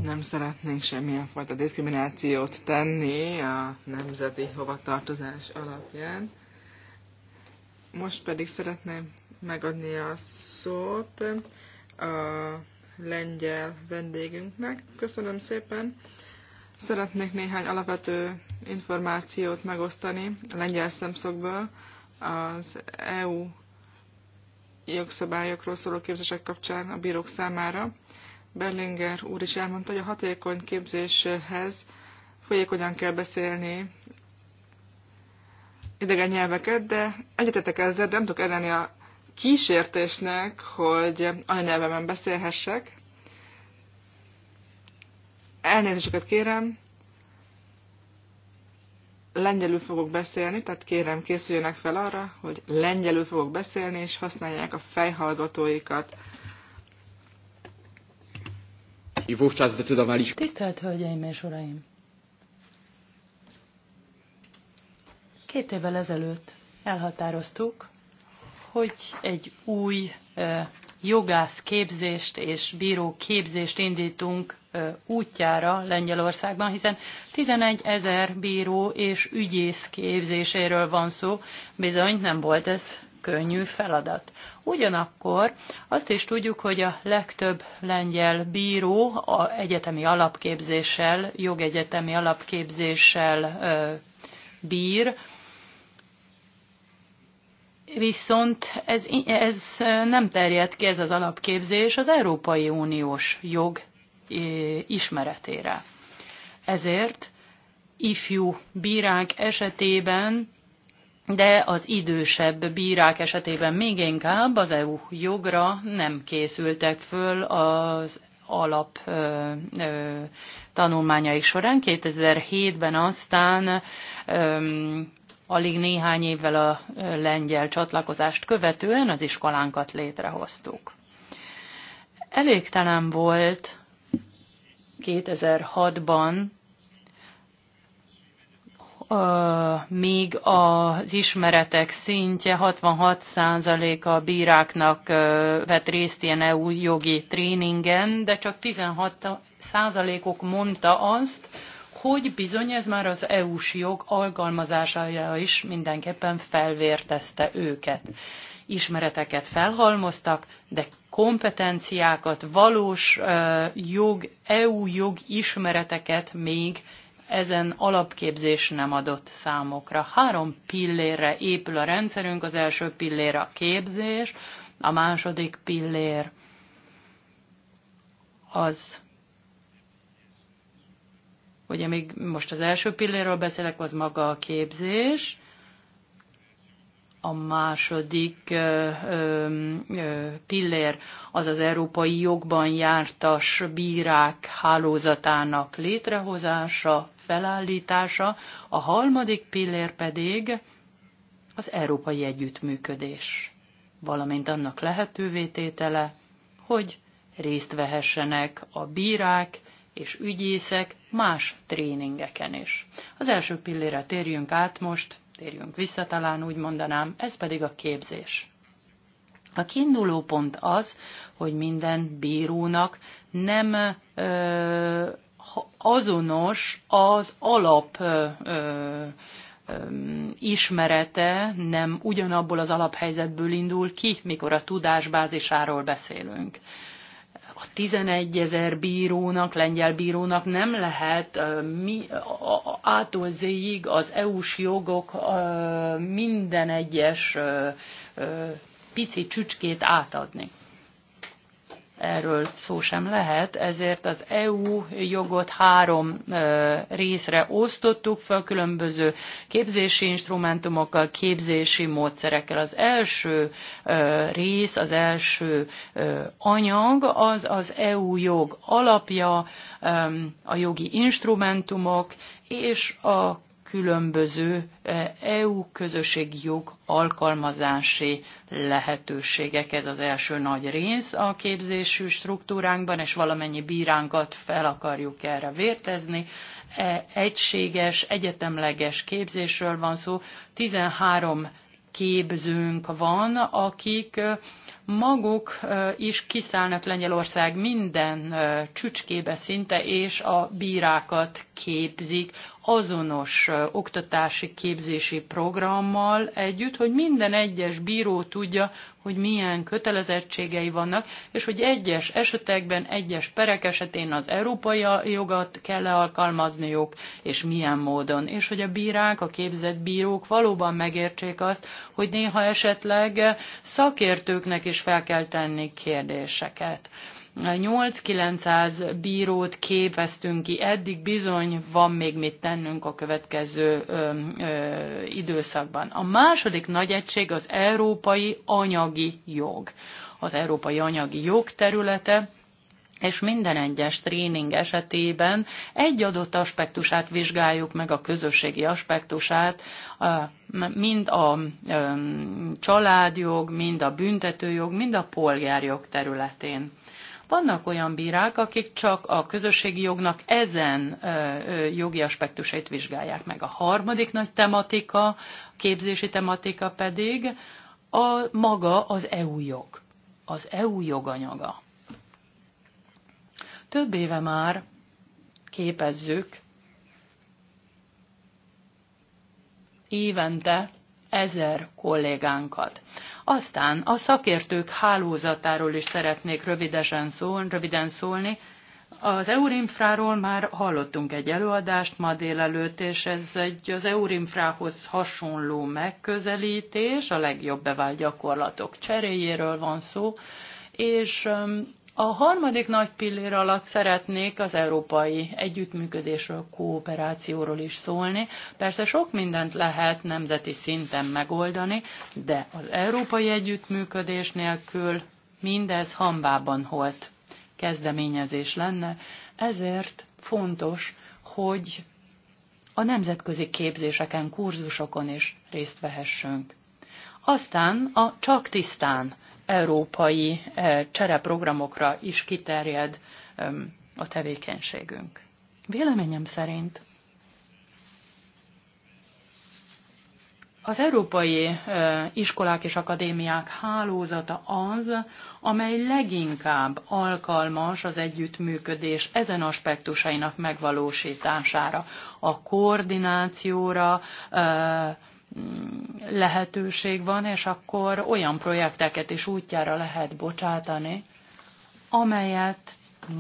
Nem szeretnénk semmilyen fajta diszkriminációt tenni a nemzeti hovatartozás alapján. Most pedig szeretném megadni a szót a lengyel vendégünknek. Köszönöm szépen! Szeretnék néhány alapvető információt megosztani a lengyel szemszokból az EU jogszabályokról szóló képzések kapcsán a bírók számára. Berlinger úr is elmondta, hogy a hatékony képzéshez folyékonyan kell beszélni idegen nyelveket, de egyetetek ezzel, de nem tudok elleni a kísértésnek, hogy anyanyelvemen beszélhessek. Elnézéseket kérem, lengyelül fogok beszélni, tehát kérem készüljenek fel arra, hogy lengyelül fogok beszélni, és használják a fejhallgatóikat. I wówczas zdecydowaliśmy... Tisztelt Hölgyeim és Uraim! Két évvel ezelőtt elhatároztuk, hogy egy új jogász képzést és bíró képzést indítunk útjára Lengyelországban, hiszen 11 ezer bíró és ügyész képzéséről van szó. Bizony nem volt ez könnyű feladat. Ugyanakkor azt is tudjuk, hogy a legtöbb lengyel bíró a egyetemi alapképzéssel, jogegyetemi alapképzéssel bír, Viszont ez, ez nem terjed ki, ez az alapképzés az Európai Uniós jog ismeretére. Ezért ifjú bírák esetében de az idősebb bírák esetében még inkább az EU jogra nem készültek föl az alap ö, ö, tanulmányaik során. 2007-ben aztán ö, alig néhány évvel a lengyel csatlakozást követően az iskolánkat létrehoztuk. Elégtelen volt 2006-ban míg az ismeretek szintje 66%-a bíráknak vett részt ilyen EU jogi tréningen, de csak 16%-ok mondta azt, hogy bizony ez már az EU-s jog alkalmazására is mindenképpen felvértezte őket. Ismereteket felhalmoztak, de kompetenciákat, valós jog, EU jog ismereteket még ezen alapképzés nem adott számokra. Három pillérre épül a rendszerünk, az első pillér a képzés, a második pillér az, ugye még most az első pilléről beszélek, az maga a képzés, a második ö, ö, pillér az az európai jogban jártas bírák hálózatának létrehozása, felállítása, a harmadik pillér pedig az európai együttműködés, valamint annak lehetővé tétele, hogy részt vehessenek a bírák és ügyészek más tréningeken is. Az első pillére térjünk át most, térjünk vissza talán úgy mondanám, ez pedig a képzés. A kiinduló pont az, hogy minden bírónak nem ö, azonos az alap ö, ö, ismerete nem ugyanabból az alaphelyzetből indul ki, mikor a tudásbázisáról beszélünk. A 11 ezer bírónak, lengyel bírónak nem lehet mi, ától az EU-s jogok minden egyes pici csücskét átadni erről szó sem lehet, ezért az EU jogot három részre osztottuk fel, különböző képzési instrumentumokkal, képzési módszerekkel. Az első rész, az első anyag az az EU jog alapja, a jogi instrumentumok és a különböző eh, EU közösségi jog alkalmazási lehetőségek. Ez az első nagy rész a képzésű struktúránkban, és valamennyi bíránkat fel akarjuk erre vértezni. E, egységes, egyetemleges képzésről van szó. 13 képzőnk van, akik eh, maguk eh, is kiszállnak Lengyelország minden csücskébe szinte, és a bírákat képzik azonos oktatási képzési programmal együtt, hogy minden egyes bíró tudja, hogy milyen kötelezettségei vannak, és hogy egyes esetekben, egyes perek esetén az európai jogat kell alkalmazniuk, és milyen módon. És hogy a bírák, a képzett bírók valóban megértsék azt, hogy néha esetleg szakértőknek is fel kell tenni kérdéseket 8-900 bírót képeztünk ki, eddig bizony van még mit tennünk a következő ö, ö, időszakban. A második nagy egység az európai anyagi jog. Az európai anyagi jog területe, és minden egyes tréning esetében egy adott aspektusát vizsgáljuk meg, a közösségi aspektusát, mind a családjog, mind a büntetőjog, mind a polgárjog területén. Vannak olyan bírák, akik csak a közösségi jognak ezen jogi aspektusait vizsgálják meg. A harmadik nagy tematika, a képzési tematika pedig a maga az EU jog, az EU joganyaga. Több éve már képezzük évente ezer kollégánkat. Aztán a szakértők hálózatáról is szeretnék rövidesen szólni, röviden szólni. Az Eurinfráról már hallottunk egy előadást ma délelőtt, és ez egy az Eurinfrához hasonló megközelítés, a legjobb bevált gyakorlatok cseréjéről van szó, és a harmadik nagy pillér alatt szeretnék az európai együttműködésről, kooperációról is szólni. Persze sok mindent lehet nemzeti szinten megoldani, de az európai együttműködés nélkül mindez hambában holt kezdeményezés lenne, ezért fontos, hogy a nemzetközi képzéseken, kurzusokon is részt vehessünk. Aztán a csak tisztán európai eh, csereprogramokra is kiterjed a tevékenységünk. Véleményem szerint Az európai eh, iskolák és akadémiák hálózata az, amely leginkább alkalmas az együttműködés ezen aspektusainak megvalósítására, a koordinációra, eh, lehetőség van, és akkor olyan projekteket is útjára lehet bocsátani, amelyet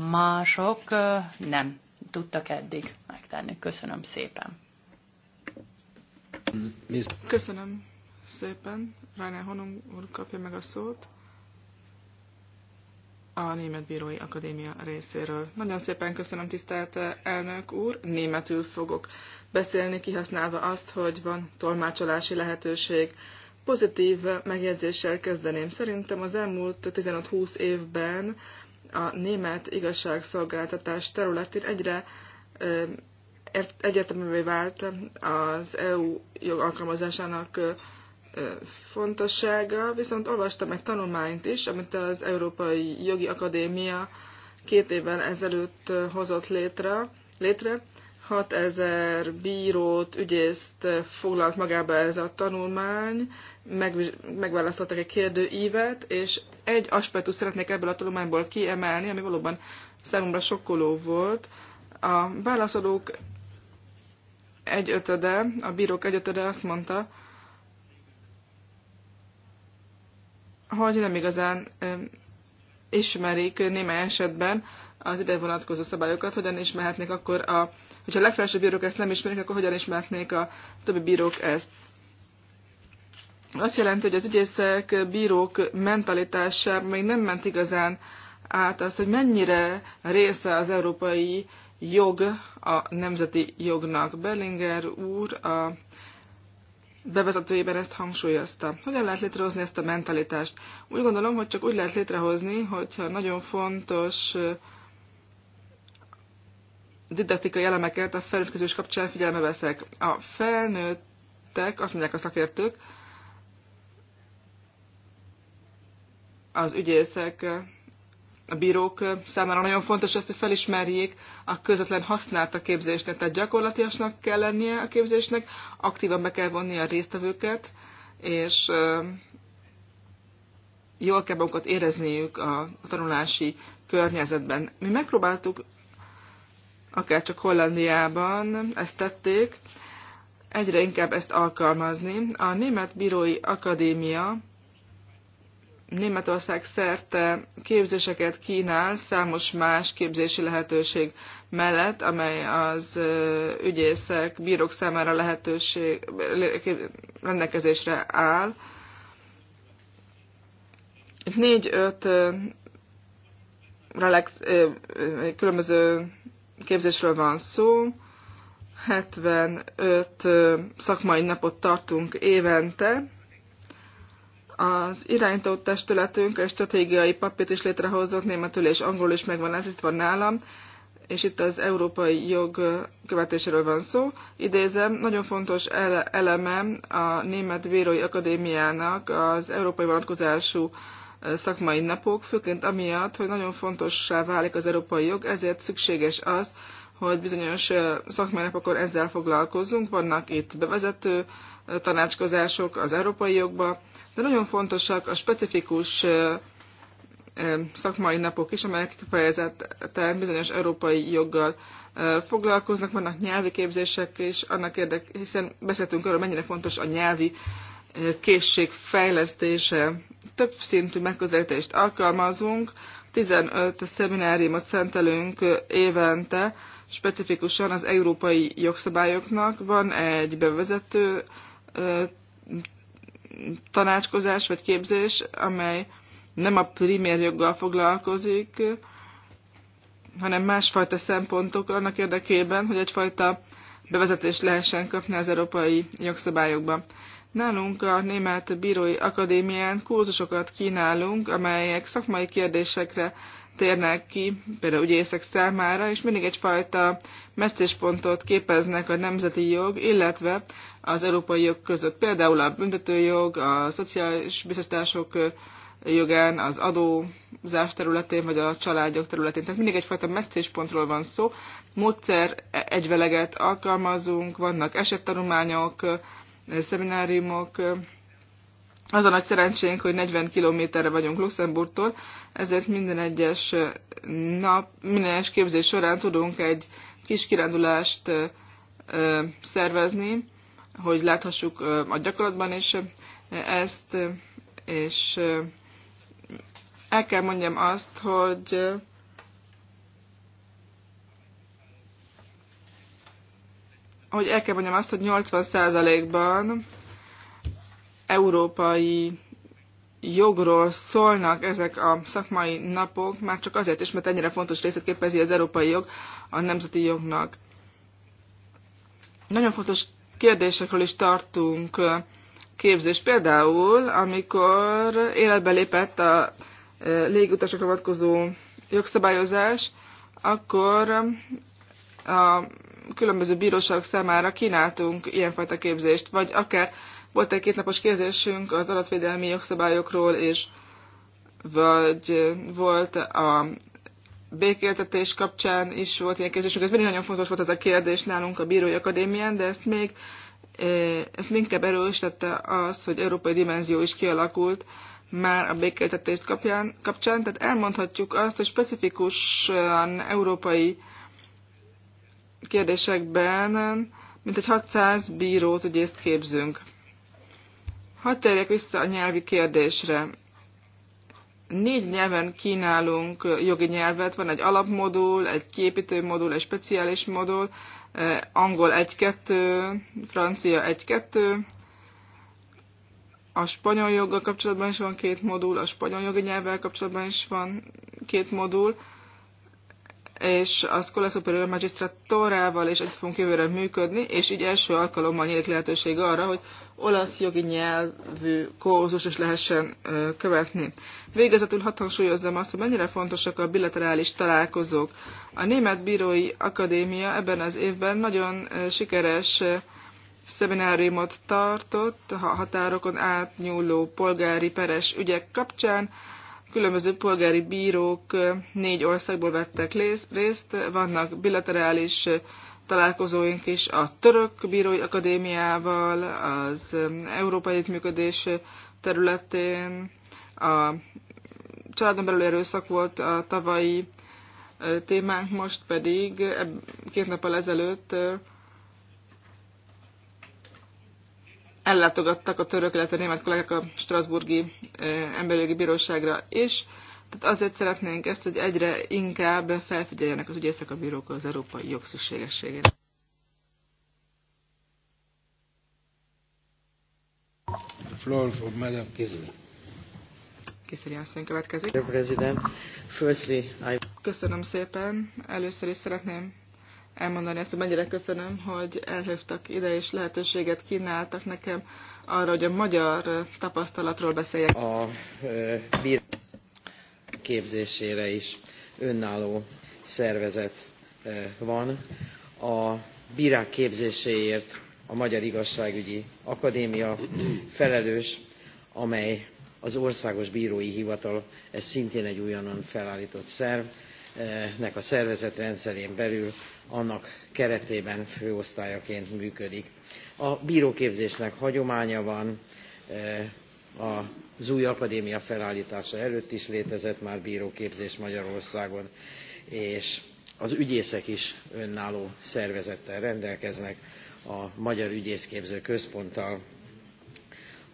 mások nem tudtak eddig megtenni. Köszönöm szépen. Köszönöm szépen. Rainer Honung úr kapja meg a szót a Német Bírói Akadémia részéről. Nagyon szépen köszönöm, tisztelt elnök úr. Németül fogok beszélni, kihasználva azt, hogy van tolmácsolási lehetőség. Pozitív megjegyzéssel kezdeném. Szerintem az elmúlt 15-20 évben a német igazságszolgáltatás területén egyre egyértelművé vált az EU jog alkalmazásának fontossága, viszont olvastam egy tanulmányt is, amit az Európai Jogi Akadémia két évvel ezelőtt hozott létre, létre 6000 bírót, ügyészt foglalt magába ez a tanulmány, megválasztottak egy kérdőívet, és egy aspektus szeretnék ebből a tanulmányból kiemelni, ami valóban számomra sokkoló volt. A válaszolók egyötöde, a bírók egyötöde azt mondta, hogy nem igazán ismerik némely esetben az ide vonatkozó szabályokat, hogyan ismerhetnék akkor a Hogyha a legfelsőbb bírók ezt nem ismerik, akkor hogyan ismernék a többi bírók ezt? Azt jelenti, hogy az ügyészek, bírók mentalitása még nem ment igazán át az, hogy mennyire része az európai jog a nemzeti jognak. Bellinger úr a bevezetőjében ezt hangsúlyozta. Hogyan lehet létrehozni ezt a mentalitást? Úgy gondolom, hogy csak úgy lehet létrehozni, hogyha nagyon fontos didaktikai elemeket a felütközés kapcsán figyelme veszek. A felnőttek, azt mondják a szakértők, az ügyészek, a bírók számára nagyon fontos ezt, hogy felismerjék a közvetlen használt a képzésnek. Tehát gyakorlatiasnak kell lennie a képzésnek, aktívan be kell vonni a résztvevőket, és jól kell magukat érezniük a tanulási környezetben. Mi megpróbáltuk akár csak Hollandiában ezt tették, egyre inkább ezt alkalmazni. A Német Bírói Akadémia Németország szerte képzéseket kínál számos más képzési lehetőség mellett, amely az ügyészek, bírók számára lehetőség, rendelkezésre áll. Négy-öt relax, különböző képzésről van szó. 75 szakmai napot tartunk évente. Az irányító testületünk egy stratégiai papírt is létrehozott, németül és angolul is megvan, ez itt van nálam, és itt az európai jog követéséről van szó. Idézem, nagyon fontos eleme a Német Vérói Akadémiának az európai vonatkozású szakmai napok, főként amiatt, hogy nagyon fontossá válik az európai jog, ezért szükséges az, hogy bizonyos szakmai napokon ezzel foglalkozzunk. Vannak itt bevezető tanácskozások az európai jogba, de nagyon fontosak a specifikus szakmai napok is, amelyek kifejezetten bizonyos európai joggal foglalkoznak, vannak nyelvi képzések is, annak érdek, hiszen beszéltünk arról, mennyire fontos a nyelvi készség fejlesztése. Több szintű megközelítést alkalmazunk, 15 szemináriumot szentelünk évente, specifikusan az európai jogszabályoknak. Van egy bevezető tanácskozás vagy képzés, amely nem a primér joggal foglalkozik, hanem másfajta szempontok annak érdekében, hogy egyfajta bevezetést lehessen kapni az európai jogszabályokba. Nálunk a Német Bírói Akadémián kurzusokat kínálunk, amelyek szakmai kérdésekre térnek ki, például ügyészek számára, és mindig egyfajta meccéspontot képeznek a nemzeti jog, illetve az európai jog között. Például a büntetőjog, a szociális biztosítások jogán, az adózás területén, vagy a családjog területén. Tehát mindig egyfajta meccéspontról van szó. Módszer e- egyveleget alkalmazunk, vannak esettanulmányok, szemináriumok. Az a nagy szerencsénk, hogy 40 kilométerre vagyunk Luxemburgtól, ezért minden egyes nap, minden egyes képzés során tudunk egy kis kirándulást szervezni, hogy láthassuk a gyakorlatban is ezt, és el kell mondjam azt, hogy hogy el kell mondjam azt, hogy 80%-ban európai jogról szólnak ezek a szakmai napok, már csak azért is, mert ennyire fontos részét képezi az európai jog a nemzeti jognak. Nagyon fontos kérdésekről is tartunk képzés. Például, amikor életbe lépett a e, légutasokra vonatkozó jogszabályozás, akkor a különböző bíróságok számára kínáltunk ilyenfajta képzést, vagy akár volt egy kétnapos képzésünk az adatvédelmi jogszabályokról, és vagy volt a békéltetés kapcsán is volt ilyen képzésünk. Ez mindig nagyon fontos volt ez a kérdés nálunk a Bírói Akadémián, de ezt még eh, ezt inkább erősítette az, hogy európai dimenzió is kialakult már a békéltetést kapján, kapcsán, tehát elmondhatjuk azt, hogy specifikusan európai kérdésekben mint egy 600 bírót ezt képzünk. Hadd térjek vissza a nyelvi kérdésre. Négy nyelven kínálunk jogi nyelvet, van egy alapmodul, egy képítő modul, egy speciális modul, eh, angol 1-2, francia 1-2, a spanyol joggal kapcsolatban is van két modul, a spanyol jogi nyelvvel kapcsolatban is van két modul, és a Scuola Superior Magistratorával is együtt fogunk jövőre működni, és így első alkalommal nyílik lehetőség arra, hogy olasz jogi nyelvű kózus is lehessen követni. Végezetül hat hangsúlyozzam azt, hogy mennyire fontosak a bilaterális találkozók. A Német Bírói Akadémia ebben az évben nagyon sikeres szemináriumot tartott a határokon átnyúló polgári peres ügyek kapcsán, különböző polgári bírók négy országból vettek részt, vannak bilaterális találkozóink is a Török Bírói Akadémiával, az Európai Együttműködés területén, a családon belül erőszak volt a tavalyi témánk, most pedig két nappal ezelőtt ellátogattak a török, illetve a német kollégák a Strasburgi Emberjogi Bíróságra is. Tehát azért szeretnénk ezt, hogy egyre inkább felfigyeljenek az ügyészek a bírók az európai jog szükségességére. Floor for Madame Kisley. Kiszeri asszony következik. President, firstly, I... Köszönöm szépen. Először is szeretném elmondani azt, hogy mennyire köszönöm, hogy elhívtak ide, és lehetőséget kínáltak nekem arra, hogy a magyar tapasztalatról beszéljek. A bír képzésére is önálló szervezet van. A bírák képzéséért a Magyar Igazságügyi Akadémia felelős, amely az Országos Bírói Hivatal, ez szintén egy újonnan felállított szerv, nek a szervezetrendszerén belül annak keretében főosztályaként működik. A bíróképzésnek hagyománya van, e, az új akadémia felállítása előtt is létezett már bíróképzés Magyarországon, és az ügyészek is önálló szervezettel rendelkeznek, a Magyar Ügyészképző Központtal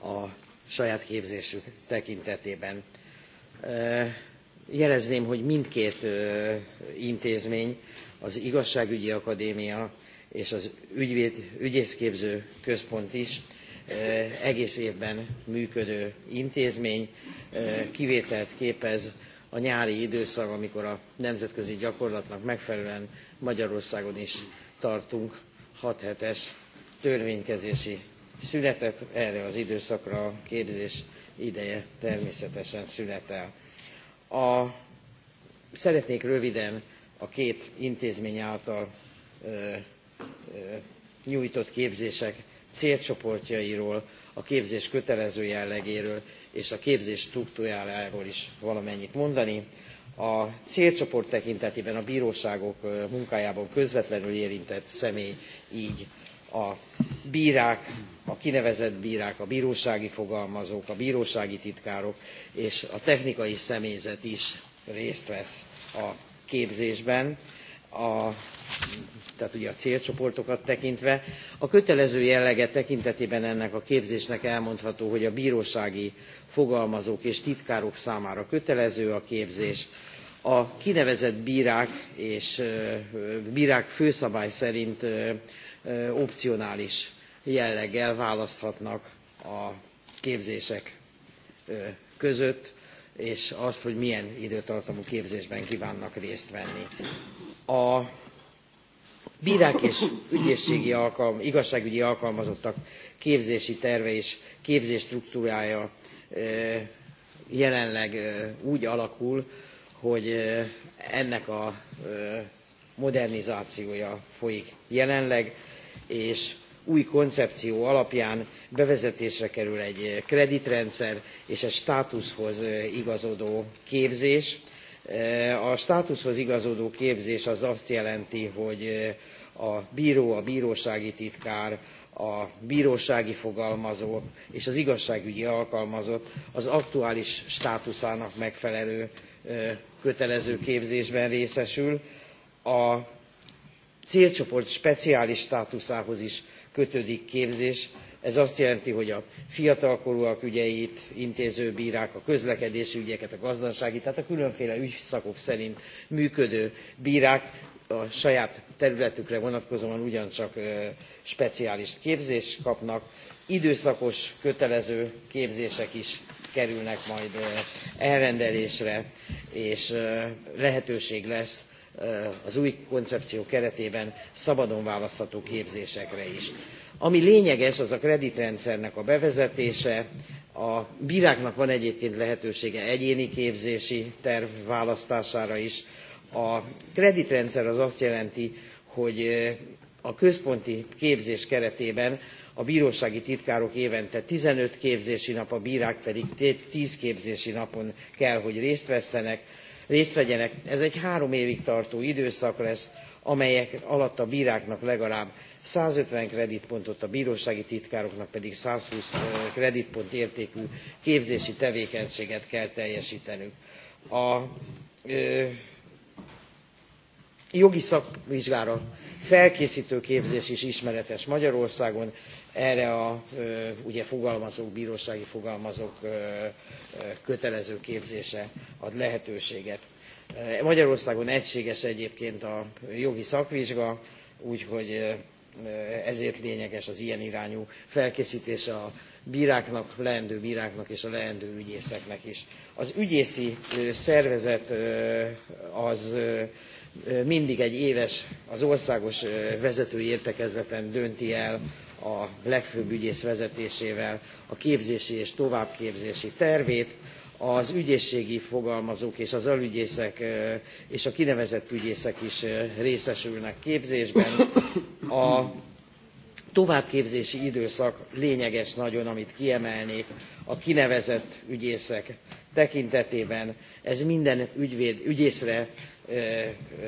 a saját képzésük tekintetében. E, jelezném, hogy mindkét intézmény, az Igazságügyi Akadémia és az ügyvéd, ügyészképző központ is egész évben működő intézmény, kivételt képez a nyári időszak, amikor a nemzetközi gyakorlatnak megfelelően Magyarországon is tartunk 6 hetes törvénykezési született, erre az időszakra a képzés ideje természetesen születel. A, szeretnék röviden a két intézmény által ö, ö, nyújtott képzések célcsoportjairól, a képzés kötelező jellegéről és a képzés struktúrájáról is valamennyit mondani. A célcsoport tekintetében a bíróságok munkájában közvetlenül érintett személy így a bírák, a kinevezett bírák, a bírósági fogalmazók, a bírósági titkárok és a technikai személyzet is részt vesz a képzésben, a, tehát ugye a célcsoportokat tekintve. A kötelező jellege tekintetében ennek a képzésnek elmondható, hogy a bírósági fogalmazók és titkárok számára kötelező a képzés, a kinevezett bírák és bírák főszabály szerint opcionális jelleggel választhatnak a képzések között, és azt, hogy milyen időtartamú képzésben kívánnak részt venni. A bírák és ügyészségi alkalm, igazságügyi alkalmazottak képzési terve és képzés struktúrája jelenleg úgy alakul, hogy ennek a modernizációja folyik jelenleg és új koncepció alapján bevezetésre kerül egy kreditrendszer és egy státuszhoz igazodó képzés. A státuszhoz igazodó képzés az azt jelenti, hogy a bíró, a bírósági titkár, a bírósági fogalmazó és az igazságügyi alkalmazott az aktuális státuszának megfelelő kötelező képzésben részesül. A célcsoport speciális státuszához is kötődik képzés ez azt jelenti hogy a fiatalkorúak ügyeit intéző brák a közlekedési ügyeket a gazdasági tehát a különféle ügyszakok szerint működő brák a saját területükre vonatkozóan ugyancsak speciális képzést kapnak időszakos kötelező képzések is kerülnek majd elrendelésre és lehetőség lesz Eh, az új koncepció keretében szabadon választható képzésekre is. Ami lényeges, az a kreditrendszernek a bevezetése, a bíráknak van egyébként lehetősége egyéni képzési terv választására is. A kreditrendszer az azt jelenti, hogy eh, a központi képzés keretében a bírósági titkárok évente 15 képzési nap, a bírák pedig 10 képzési napon kell, hogy részt vesszenek részt vegyenek. Ez egy három évig tartó időszak lesz, amelyek alatt a bíráknak legalább 150 kreditpontot, a bírósági titkároknak pedig 120 kreditpont értékű képzési tevékenységet kell teljesítenünk. A ö, jogi szakvizsgára felkészítő képzés is ismeretes Magyarországon, erre a ugye fogalmazók, bírósági fogalmazók kötelező képzése ad lehetőséget. Magyarországon egységes egyébként a jogi szakvizsga, úgyhogy ezért lényeges az ilyen irányú felkészítés a bíráknak, leendő bíráknak és a leendő ügyészeknek is. Az ügyészi szervezet az mindig egy éves, az országos vezetői értekezleten dönti el a legfőbb ügyész vezetésével a képzési és továbbképzési tervét, az ügyészségi fogalmazók és az alügyészek és a kinevezett ügyészek is részesülnek képzésben. A továbbképzési időszak lényeges nagyon, amit kiemelnék, a kinevezett ügyészek tekintetében ez minden ügyvéd, ügyészre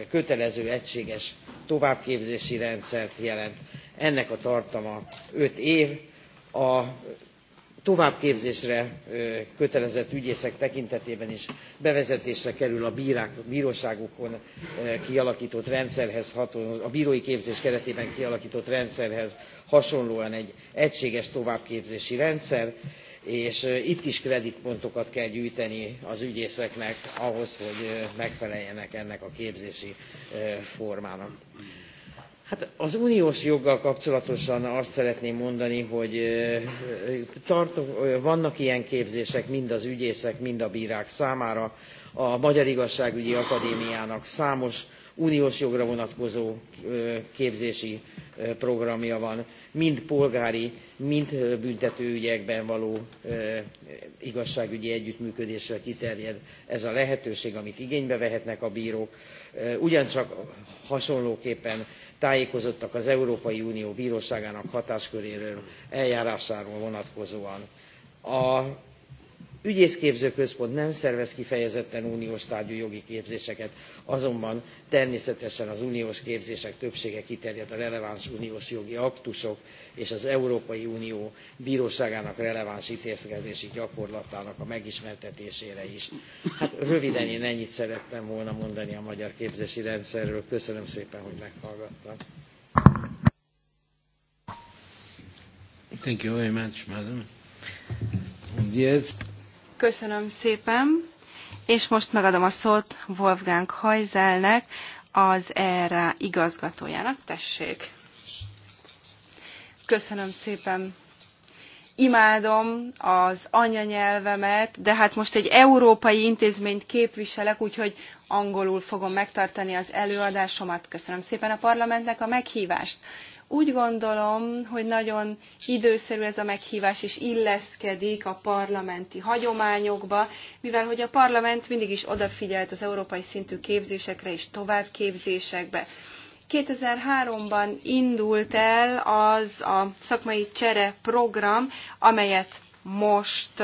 kötelező egységes továbbképzési rendszert jelent. Ennek a tartama 5 év. A továbbképzésre kötelezett ügyészek tekintetében is bevezetésre kerül a bírák, bíróságokon kialakított rendszerhez, a bírói képzés keretében kialakított rendszerhez hasonlóan egy egységes továbbképzési rendszer és itt is kreditpontokat kell gyűjteni az ügyészeknek ahhoz, hogy megfeleljenek ennek a képzési formának. Hát az uniós joggal kapcsolatosan azt szeretném mondani, hogy tartok, vannak ilyen képzések mind az ügyészek, mind a bírák számára. A Magyar Igazságügyi Akadémiának számos uniós jogra vonatkozó képzési programja van mind polgári, mind büntetőügyekben való igazságügyi együttműködésre kiterjed ez a lehetőség, amit igénybe vehetnek a bírók. Ugyancsak hasonlóképpen tájékozottak az Európai Unió Bíróságának hatásköréről, eljárásáról vonatkozóan. A ügyészképző központ nem szervez kifejezetten uniós tárgyú jogi képzéseket azonban természetesen az uniós képzések többsége kiterjed a releváns uniós jogi aktusok és az európai unió bróságának releváns intézkedési gyakorlatának a megismertetésére is. hát röviden én ennyit szerettem volna mondani a magyar képzési rendszerről. köszönöm szépen hogy meghallgattam. Thank you very much, madam. yes. Köszönöm szépen, és most megadom a szót Wolfgang Hajzelnek, az ERA igazgatójának. Tessék! Köszönöm szépen! imádom az anyanyelvemet, de hát most egy európai intézményt képviselek, úgyhogy angolul fogom megtartani az előadásomat. Köszönöm szépen a parlamentnek a meghívást. Úgy gondolom, hogy nagyon időszerű ez a meghívás, és illeszkedik a parlamenti hagyományokba, mivel hogy a parlament mindig is odafigyelt az európai szintű képzésekre és továbbképzésekbe. 2003-ban indult el az a szakmai csere program, amelyet most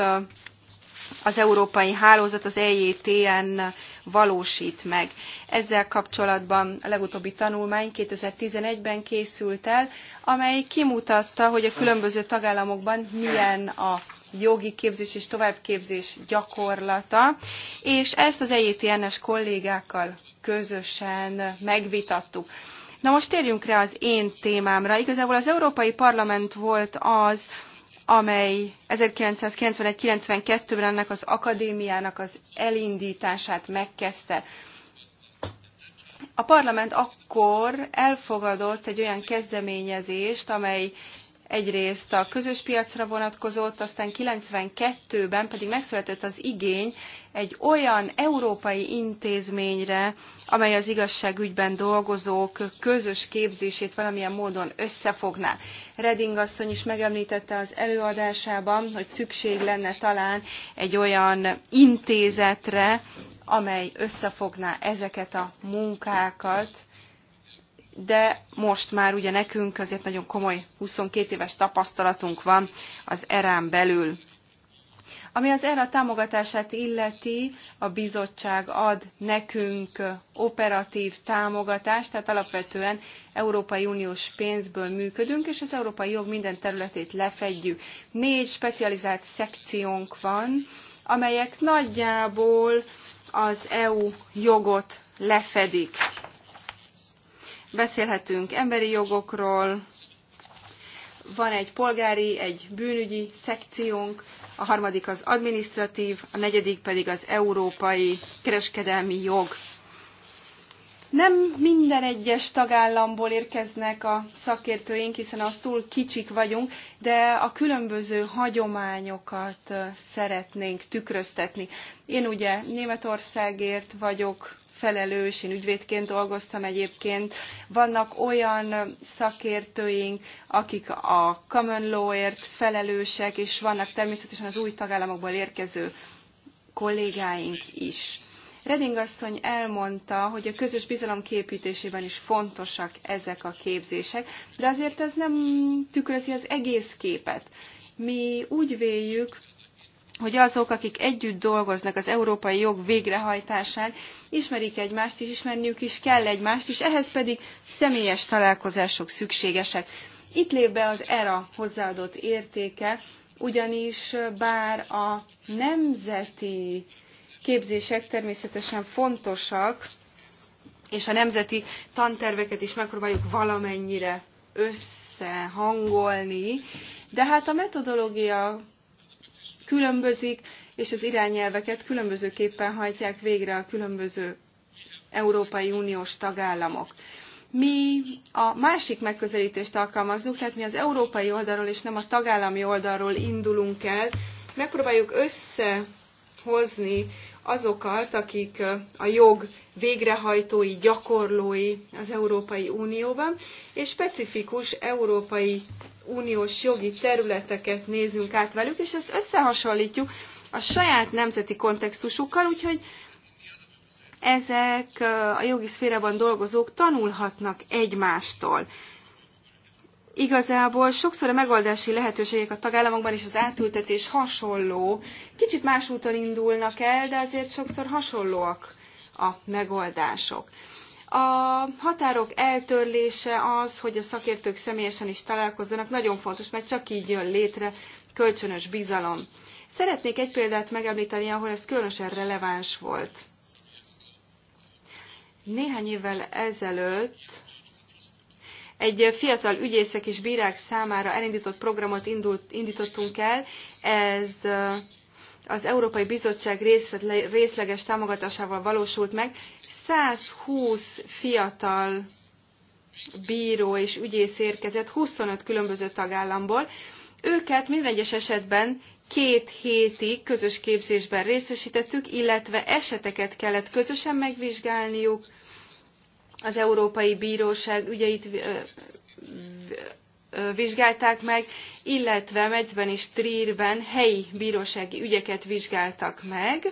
az Európai Hálózat, az EJTN valósít meg. Ezzel kapcsolatban a legutóbbi tanulmány 2011-ben készült el, amely kimutatta, hogy a különböző tagállamokban milyen a jogi képzés és továbbképzés gyakorlata, és ezt az EJTNS kollégákkal közösen megvitattuk. Na most térjünk rá az én témámra. Igazából az Európai Parlament volt az, amely ninety two ben ennek az akadémiának az elindtását megkezdte. A parlament akkor elfogadott egy olyan kezdeményezést, amely egyrészt a közös piacra vonatkozott, aztán 92-ben pedig megszületett az igény egy olyan európai intézményre, amely az igazságügyben dolgozók közös képzését valamilyen módon összefogná. Reding asszony is megemlítette az előadásában, hogy szükség lenne talán egy olyan intézetre, amely összefogná ezeket a munkákat, de most már ugye nekünk azért nagyon komoly 22 éves tapasztalatunk van az erán belül. Ami az ERA támogatását illeti, a bizottság ad nekünk operatív támogatást, tehát alapvetően Európai Uniós pénzből működünk, és az európai jog minden területét lefedjük. Négy specializált szekciónk van, amelyek nagyjából az EU jogot lefedik beszélhetünk emberi jogokról, van egy polgári, egy bűnügyi szekciónk, a harmadik az administratív, a negyedik pedig az európai kereskedelmi jog. Nem minden egyes tagállamból érkeznek a szakértőink, hiszen az túl kicsik vagyunk, de a különböző hagyományokat szeretnénk tükröztetni. Én ugye Németországért vagyok felelős, én ügyvédként dolgoztam egyébként. Vannak olyan szakértőink, akik a common lawért felelősek, és vannak természetesen az új tagállamokból érkező kollégáink is. Reding asszony elmondta, hogy a közös bizalom képítésében is fontosak ezek a képzések, de azért ez nem tükrözi az egész képet. Mi úgy véljük, hogy azok, akik együtt dolgoznak az európai jog végrehajtásán, ismerik egymást, és ismerniük is kell egymást, és ehhez pedig személyes találkozások szükségesek. Itt lép be az ERA hozzáadott értéke, ugyanis bár a nemzeti képzések természetesen fontosak, és a nemzeti tanterveket is megpróbáljuk valamennyire összehangolni, de hát a metodológia különbözik, és az irányelveket különbözőképpen hajtják végre a különböző Európai Uniós tagállamok. Mi a másik megközelítést alkalmazzuk, tehát mi az európai oldalról és nem a tagállami oldalról indulunk el. Megpróbáljuk összehozni azokat, akik a jog végrehajtói, gyakorlói az Európai Unióban, és specifikus európai uniós jogi területeket nézünk át velük, és ezt összehasonlítjuk a saját nemzeti kontextusukkal, úgyhogy ezek a jogi szférában dolgozók tanulhatnak egymástól. Igazából sokszor a megoldási lehetőségek a tagállamokban és az átültetés hasonló. Kicsit más úton indulnak el, de azért sokszor hasonlóak a megoldások. A határok eltörlése az, hogy a szakértők személyesen is találkozzanak, nagyon fontos, mert csak így jön létre kölcsönös bizalom. Szeretnék egy példát megemlíteni, ahol ez különösen releváns volt. Néhány évvel ezelőtt egy fiatal ügyészek és bírák számára elindított programot indult, indítottunk el. Ez az Európai Bizottság részleges támogatásával valósult meg. 120 fiatal bíró és ügyész érkezett 25 különböző tagállamból. Őket minden egyes esetben két hétig közös képzésben részesítettük, illetve eseteket kellett közösen megvizsgálniuk, az Európai Bíróság ügyeit vizsgálták meg, illetve Metzben és Trierben helyi bírósági ügyeket vizsgáltak meg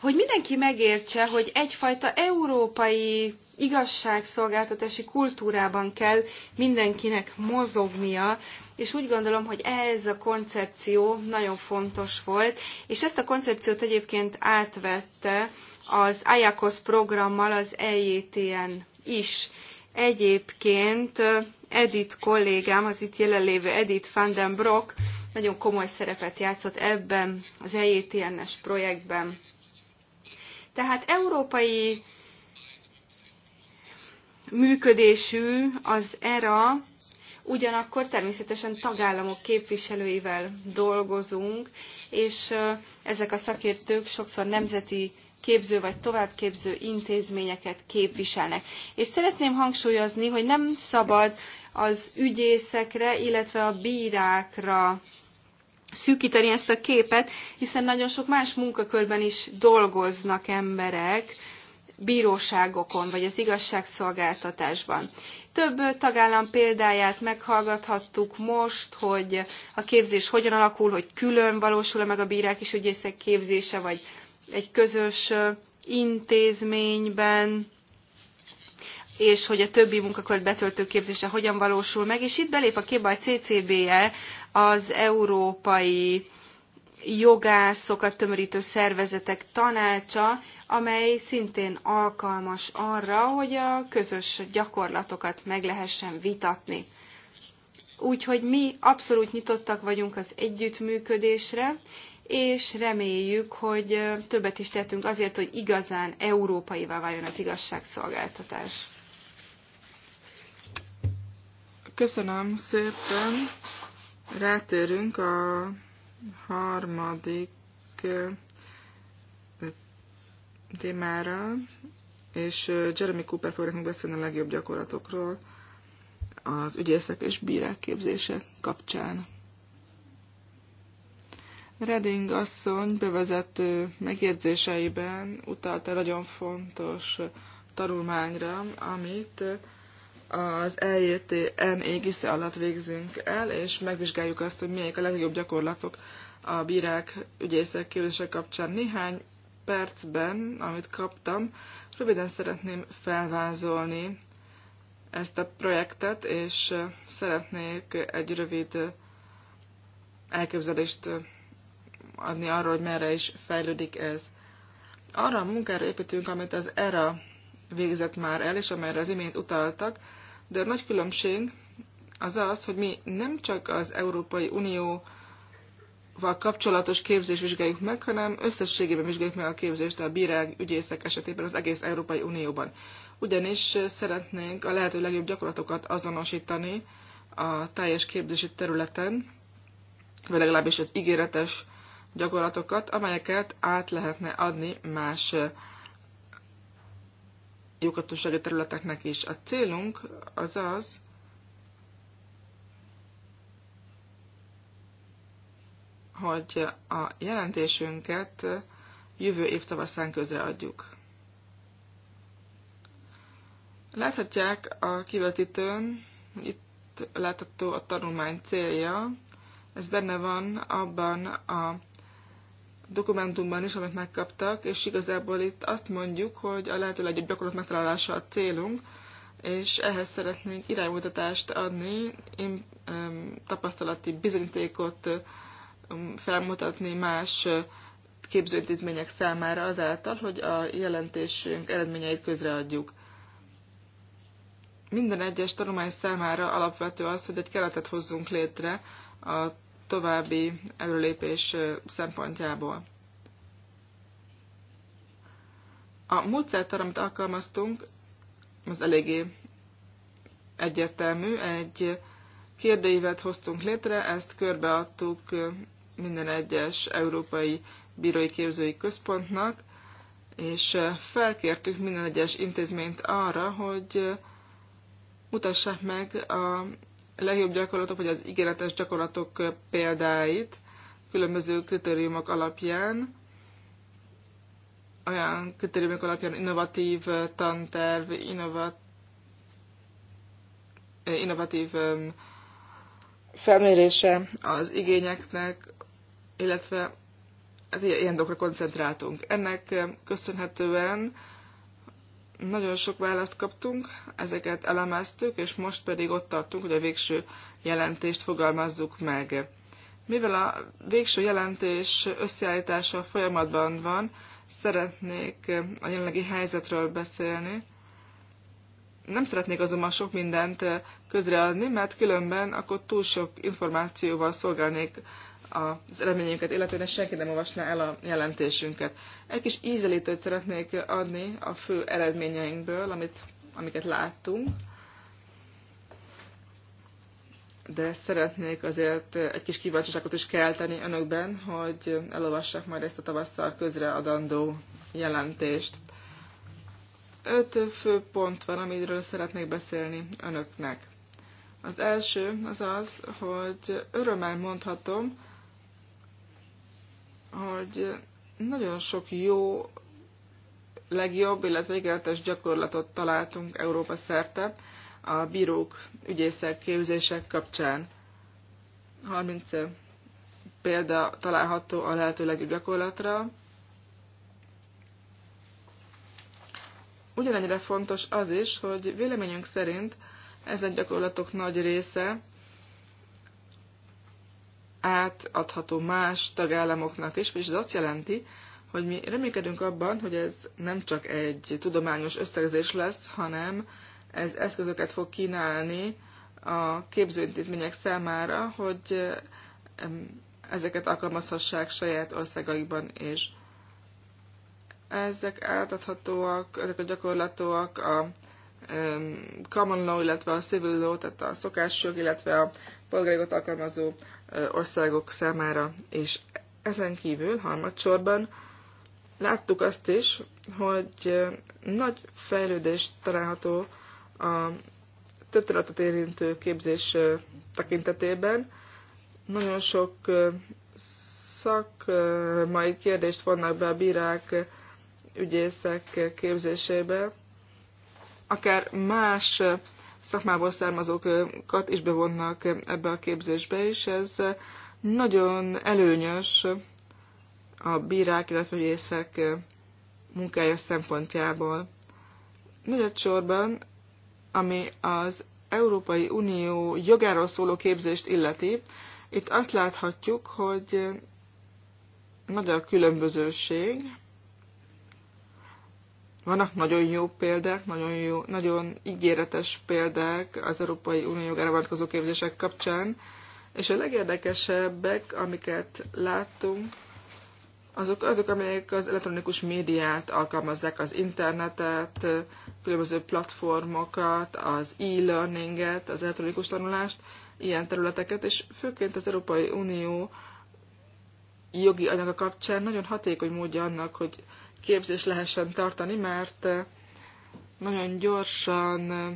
hogy mindenki megértse, hogy egyfajta európai igazságszolgáltatási kultúrában kell mindenkinek mozognia, és úgy gondolom, hogy ez a koncepció nagyon fontos volt, és ezt a koncepciót egyébként átvette az IACOS programmal az EJTN is. Egyébként Edith kollégám, az itt jelenlévő Edith van den Brock nagyon komoly szerepet játszott ebben az EJTN-es projektben. Tehát európai működésű az ERA, ugyanakkor természetesen tagállamok képviselőivel dolgozunk, és ezek a szakértők sokszor nemzeti képző vagy továbbképző intézményeket képviselnek. És szeretném hangsúlyozni, hogy nem szabad az ügyészekre, illetve a bírákra szűkíteni ezt a képet, hiszen nagyon sok más munkakörben is dolgoznak emberek, bíróságokon vagy az igazságszolgáltatásban. Több tagállam példáját meghallgathattuk most, hogy a képzés hogyan alakul, hogy külön valósul-e meg a bírák és ügyészek képzése, vagy egy közös intézményben, és hogy a többi munkakört betöltő képzése hogyan valósul meg, és itt belép a képbe a CCBE, az Európai Jogászokat Tömörítő Szervezetek Tanácsa, amely szintén alkalmas arra, hogy a közös gyakorlatokat meg lehessen vitatni. Úgyhogy mi abszolút nyitottak vagyunk az együttműködésre, és reméljük, hogy többet is tettünk azért, hogy igazán európaivá váljon az igazságszolgáltatás. Köszönöm szépen. Rátérünk a harmadik témára, és Jeremy Cooper fog nekünk beszélni a legjobb gyakorlatokról az ügyészek és bírák képzése kapcsán. Reding asszony bevezető megjegyzéseiben utalt egy nagyon fontos tanulmányra, amit az EJTN égisze alatt végzünk el, és megvizsgáljuk azt, hogy melyek a legjobb gyakorlatok a bírák, ügyészek kérdése kapcsán. Néhány percben, amit kaptam, röviden szeretném felvázolni ezt a projektet, és szeretnék egy rövid elképzelést adni arról, hogy merre is fejlődik ez. Arra a munkára építünk, amit az ERA végzett már el, és amelyre az imént utaltak, de a nagy különbség az az, hogy mi nem csak az Európai Unióval kapcsolatos képzés vizsgáljuk meg, hanem összességében vizsgáljuk meg a képzést a bírák, ügyészek esetében az egész Európai Unióban. Ugyanis szeretnénk a lehető legjobb gyakorlatokat azonosítani a teljes képzési területen, vagy legalábbis az ígéretes gyakorlatokat, amelyeket át lehetne adni más jogatósági területeknek is. A célunk az az, hogy a jelentésünket jövő év tavaszán közreadjuk. Láthatják a kivetítőn, itt látható a tanulmány célja, ez benne van abban a dokumentumban is, amit megkaptak, és igazából itt azt mondjuk, hogy a lehető legjobb gyakorlat megtalálása a célunk, és ehhez szeretnénk iránymutatást adni, én, tapasztalati bizonyítékot felmutatni más képzőintézmények számára azáltal, hogy a jelentésünk eredményeit közreadjuk. Minden egyes tanulmány számára alapvető az, hogy egy keretet hozzunk létre a további előlépés szempontjából. A módszertan, amit alkalmaztunk, az eléggé egyértelmű. Egy kérdőívet hoztunk létre, ezt körbeadtuk minden egyes európai bírói képzői központnak, és felkértük minden egyes intézményt arra, hogy mutassák meg a legjobb gyakorlatok, vagy az ígéretes gyakorlatok példáit különböző kritériumok alapján, olyan kritériumok alapján innovatív tanterv, innovat, innovatív felmérése az igényeknek, illetve hát ilyen dolgokra koncentráltunk. Ennek köszönhetően nagyon sok választ kaptunk, ezeket elemeztük, és most pedig ott tartunk, hogy a végső jelentést fogalmazzuk meg. Mivel a végső jelentés összeállítása folyamatban van, szeretnék a jelenlegi helyzetről beszélni. Nem szeretnék azonban sok mindent közreadni, mert különben akkor túl sok információval szolgálnék az eredményünket, illetően senki nem olvasná el a jelentésünket. Egy kis ízelítőt szeretnék adni a fő eredményeinkből, amit, amiket láttunk, de szeretnék azért egy kis kíváncsiságot is kelteni önökben, hogy elolvassák majd ezt a tavasszal közreadandó jelentést. Öt fő pont van, amiről szeretnék beszélni önöknek. Az első az az, hogy örömmel mondhatom, hogy nagyon sok jó, legjobb, illetve ígéretes gyakorlatot találtunk Európa szerte a bírók, ügyészek, képzések kapcsán. 30 példa található a lehető legjobb gyakorlatra. Ugyanennyire fontos az is, hogy véleményünk szerint ezen gyakorlatok nagy része átadható más tagállamoknak is, és ez azt jelenti, hogy mi reménykedünk abban, hogy ez nem csak egy tudományos összegzés lesz, hanem ez eszközöket fog kínálni a képzőintézmények számára, hogy ezeket alkalmazhassák saját országaikban, és ezek átadhatóak, ezek a gyakorlatok a common law, illetve a civil law, tehát a szokásjog, illetve a polgárjogot alkalmazó országok számára. És ezen kívül harmadsorban láttuk azt is, hogy nagy fejlődés található a több területet érintő képzés tekintetében. Nagyon sok szakmai kérdést vannak be a bírák, ügyészek képzésébe, akár más szakmából származókat is bevonnak ebbe a képzésbe, és ez nagyon előnyös a bírák, illetve ügyészek munkája szempontjából. Negyedsorban, ami az Európai Unió jogáról szóló képzést illeti, itt azt láthatjuk, hogy nagy a különbözőség, vannak nagyon jó példák, nagyon, jó, nagyon ígéretes példák az Európai Unió jogára vonatkozó képzések kapcsán, és a legérdekesebbek, amiket láttunk, azok, azok, amelyek az elektronikus médiát alkalmazzák, az internetet, különböző platformokat, az e-learninget, az elektronikus tanulást, ilyen területeket, és főként az Európai Unió jogi anyaga kapcsán nagyon hatékony módja annak, hogy képzés lehessen tartani, mert eh, nagyon gyorsan eh,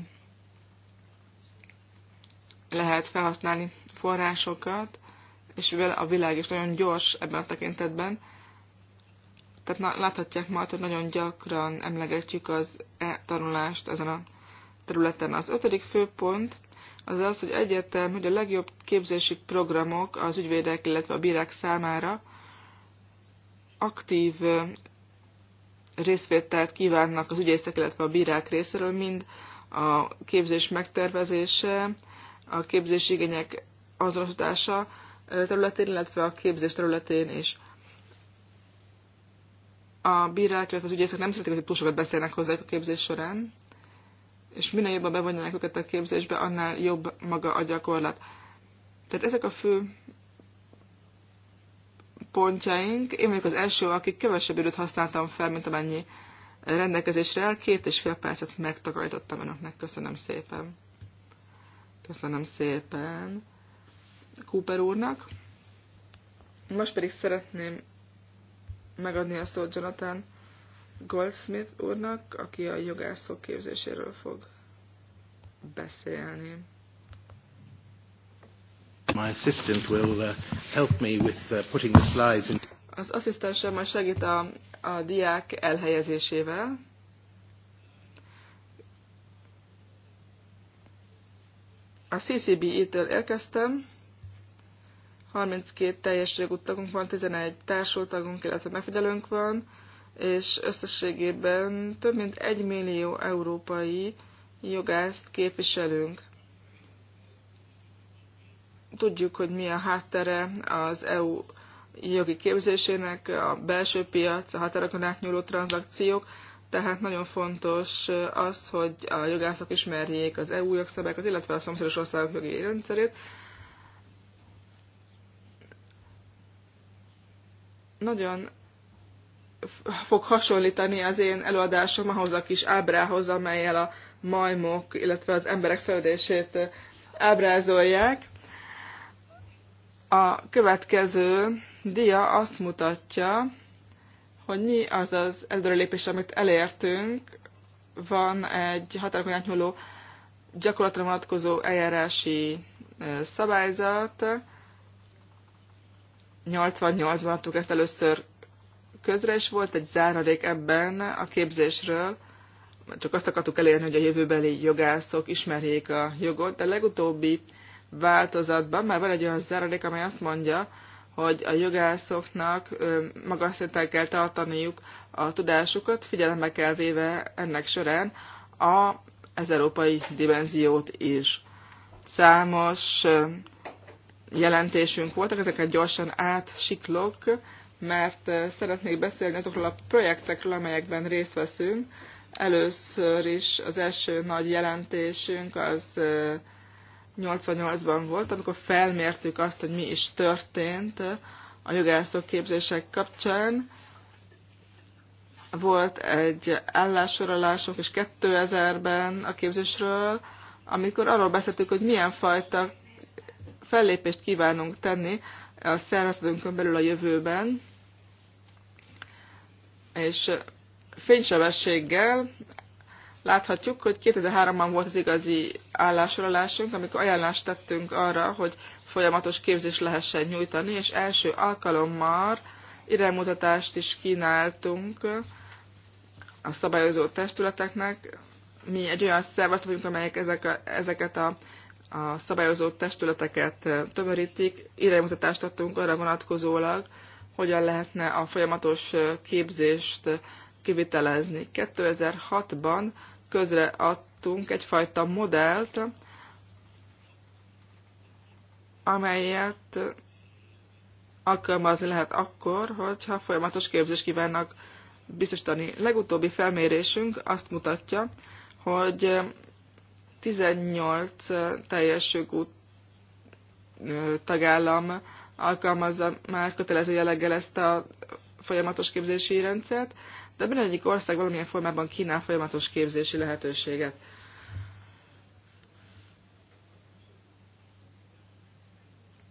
lehet felhasználni forrásokat, és mivel a világ is nagyon gyors ebben a tekintetben, tehát láthatják majd, hogy nagyon gyakran emlegetjük az e tanulást ezen a területen. Az ötödik főpont az az, hogy egyértelmű, hogy a legjobb képzési programok az ügyvédek, illetve a bírák számára aktív eh, részvételt kívánnak az ügyészek, illetve a bírák részéről, mind a képzés megtervezése, a képzési igények azonosítása eh, területén, illetve a képzés területén is. A bírák, illetve az ügyészek nem szeretik, hogy túl sokat beszélnek hozzá a képzés során, és minél jobban bevonják őket a képzésbe, annál jobb maga a gyakorlat. Tehát ezek a fő pontjaink. Én vagyok az első, aki kevesebb időt használtam fel, mint amennyi rendelkezésre áll. Két és fél percet megtakarítottam önöknek. Köszönöm szépen. Köszönöm szépen Cooper úrnak. Most pedig szeretném megadni a szót Jonathan Goldsmith úrnak, aki a jogászok képzéséről fog beszélni. My assistant will uh, help me with uh, putting the slides in. Az asszisztensem majd segít a, a diák elhelyezésével. A CCBI-től érkeztem. 32 teljes jogú tagunk van, 11 társultagunk, illetve megfigyelőnk van, és összességében több mint 1 millió európai jogászt képviselünk. Tudjuk, hogy mi a háttere az EU jogi képzésének, a belső piac, a határokon átnyúló tranzakciók, tehát nagyon fontos az, hogy a jogászok ismerjék az EU jogszabályokat, illetve a szomszédos országok jogi rendszerét. Nagyon fog hasonlítani az én előadásom ahhoz a kis ábrához, amelyel a majmok, illetve az emberek fejlődését ábrázolják. A következő dia azt mutatja, hogy mi az az előrelépés, amit elértünk. Van egy határokon átnyúló gyakorlatra vonatkozó eljárási szabályzat. 88-ban adtuk ezt először közre, és volt egy záradék ebben a képzésről. Csak azt akartuk elérni, hogy a jövőbeli jogászok ismerjék a jogot, de legutóbbi változatban mert van egy olyan záradék, amely azt mondja, hogy a jogászoknak magas szinten kell tartaniuk a tudásukat, figyelembe kell véve ennek során a, az európai dimenziót is. Számos jelentésünk voltak, ezeket gyorsan átsiklok, mert szeretnék beszélni azokról a projektekről, amelyekben részt veszünk. Először is az első nagy jelentésünk az 88-ban volt, amikor felmértük azt, hogy mi is történt a jogászok képzések kapcsán. Volt egy állássorolásunk és 2000-ben a képzésről, amikor arról beszéltük, hogy milyen fajta fellépést kívánunk tenni a szervezetünkön belül a jövőben, és fénysebességgel láthatjuk, hogy 2003-ban volt az igazi állásolásunk, amikor ajánlást tettünk arra, hogy folyamatos képzés lehessen nyújtani, és első alkalommal iránymutatást is kínáltunk a szabályozó testületeknek. Mi egy olyan szervezet vagyunk, amelyek ezek a, ezeket a, a szabályozó testületeket tömörítik. Iránymutatást adtunk arra vonatkozólag, hogyan lehetne a folyamatos képzést kivitelezni. 2006-ban közre adtunk egyfajta modellt, amelyet alkalmazni lehet akkor, hogyha folyamatos képzést kívánnak biztosítani. Legutóbbi felmérésünk azt mutatja, hogy 18 teljes jogú tagállam alkalmazza már kötelező jelleggel ezt a folyamatos képzési rendszert, de egyik ország valamilyen formában kínál folyamatos képzési lehetőséget.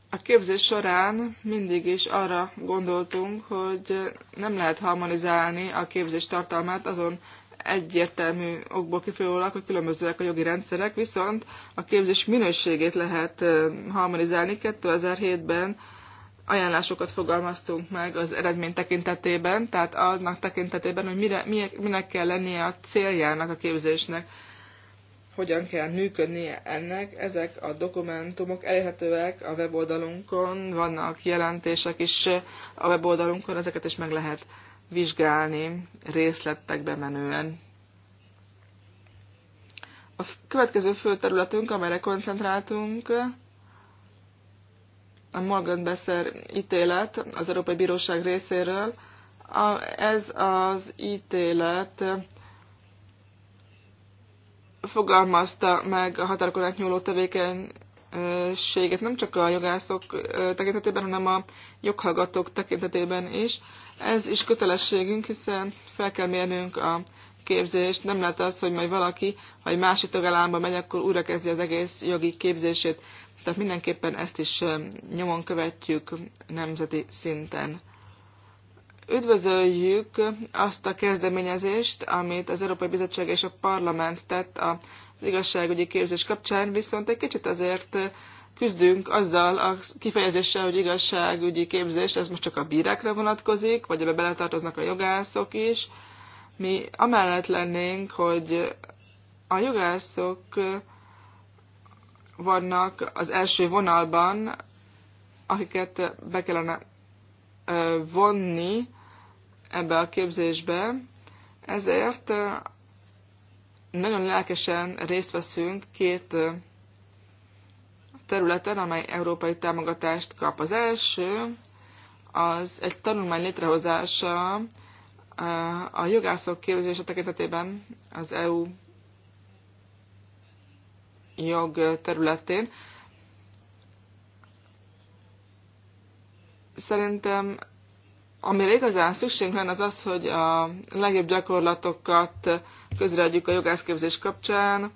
A képzés során mindig is arra gondoltunk, hogy nem lehet harmonizálni a képzés tartalmát azon egyértelmű okból kifolyólag, hogy különbözőek a jogi rendszerek, viszont a képzés minőségét lehet harmonizálni. 2007-ben ajánlásokat fogalmaztunk meg az eredmény tekintetében, tehát annak tekintetében, hogy mire, minek kell lennie a céljának a képzésnek, hogyan kell működnie ennek. Ezek a dokumentumok elérhetőek a weboldalunkon, vannak jelentések is a weboldalunkon, ezeket is meg lehet vizsgálni részletekbe menően. A következő fő területünk, amelyre koncentráltunk, a Besser ítélet az Európai Bíróság részéről. A, ez az ítélet fogalmazta meg a határokon átnyúló tevékenységet nem csak a jogászok tekintetében, hanem a joghallgatók tekintetében is. Ez is kötelességünk, hiszen fel kell mérnünk a képzést, nem lehet az, hogy majd valaki, ha egy másik tagállamba megy, akkor újra kezdi az egész jogi képzését. Tehát mindenképpen ezt is nyomon követjük nemzeti szinten. Üdvözöljük azt a kezdeményezést, amit az Európai Bizottság és a Parlament tett az igazságügyi képzés kapcsán, viszont egy kicsit azért küzdünk azzal a kifejezéssel, hogy igazságügyi képzés, ez most csak a bírákra vonatkozik, vagy ebbe beletartoznak a jogászok is, mi amellett lennénk, hogy a jogászok vannak az első vonalban, akiket be kellene vonni ebbe a képzésbe. Ezért nagyon lelkesen részt veszünk két területen, amely európai támogatást kap. Az első az egy tanulmány létrehozása a jogászok képzése tekintetében az EU jog területén. Szerintem amire igazán szükségünk lenne az az, hogy a legjobb gyakorlatokat közreadjuk a jogászképzés kapcsán.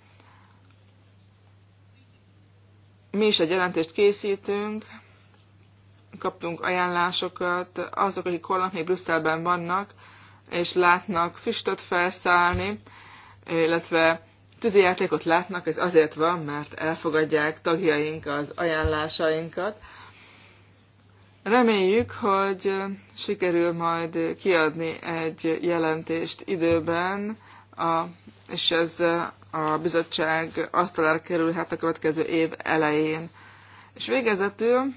Mi is egy jelentést készítünk, kaptunk ajánlásokat, azok, akik holnap még Brüsszelben vannak, és látnak füstöt felszállni, illetve tűzijátékot látnak, ez azért van, mert elfogadják tagjaink az ajánlásainkat. Reméljük, hogy sikerül majd kiadni egy jelentést időben, a, és ez a bizottság asztalára kerülhet a következő év elején. És végezetül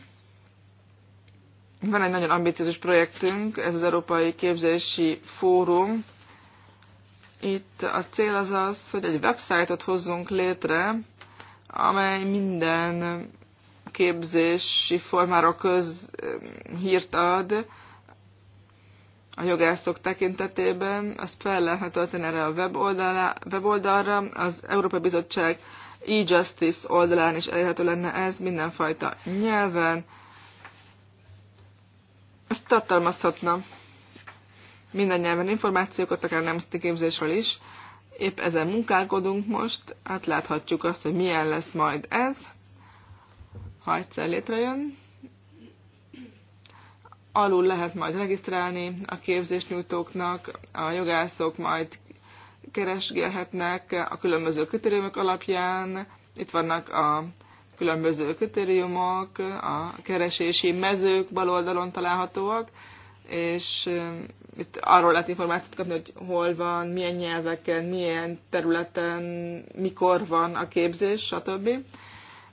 van egy nagyon ambiciózus projektünk, ez az Európai Képzési Fórum. Itt a cél az az, hogy egy websájtot hozzunk létre, amely minden képzési formára köz hírt ad a jogászok tekintetében. Azt fel lehet tölteni erre a weboldalra, weboldalra. Az Európai Bizottság e-justice oldalán is elérhető lenne ez mindenfajta nyelven, ezt tartalmazhatna minden nyelven információkat, akár nemzeti képzésről is. Épp ezen munkálkodunk most, hát láthatjuk azt, hogy milyen lesz majd ez, ha egyszer létrejön. Alul lehet majd regisztrálni a képzésnyújtóknak, a jogászok majd keresgélhetnek a különböző kritériumok alapján. Itt vannak a különböző kritériumok, a keresési mezők bal oldalon találhatóak, és itt arról lehet információt kapni, hogy hol van, milyen nyelveken, milyen területen, mikor van a képzés, stb.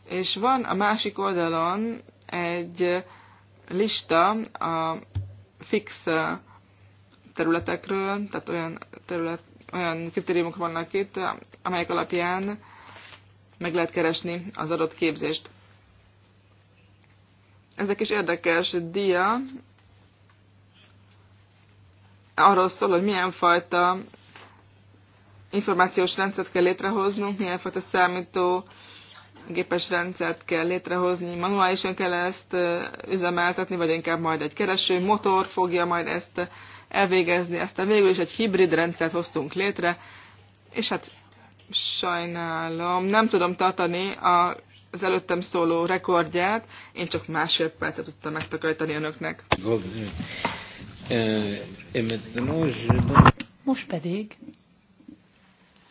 És van a másik oldalon egy lista a fix területekről, tehát olyan, terület, olyan kritériumok vannak itt, amelyek alapján meg lehet keresni az adott képzést. Ez egy kis érdekes dia, arról szól, hogy milyen fajta információs rendszert kell létrehoznunk, milyen fajta számító gépes rendszert kell létrehozni, manuálisan kell ezt üzemeltetni, vagy inkább majd egy kereső motor fogja majd ezt elvégezni. a végül is egy hibrid rendszert hoztunk létre, és hát Sajnálom, nem tudom tartani a, az előttem szóló rekordját, én csak másfél percet tudtam megtakarítani önöknek. Most pedig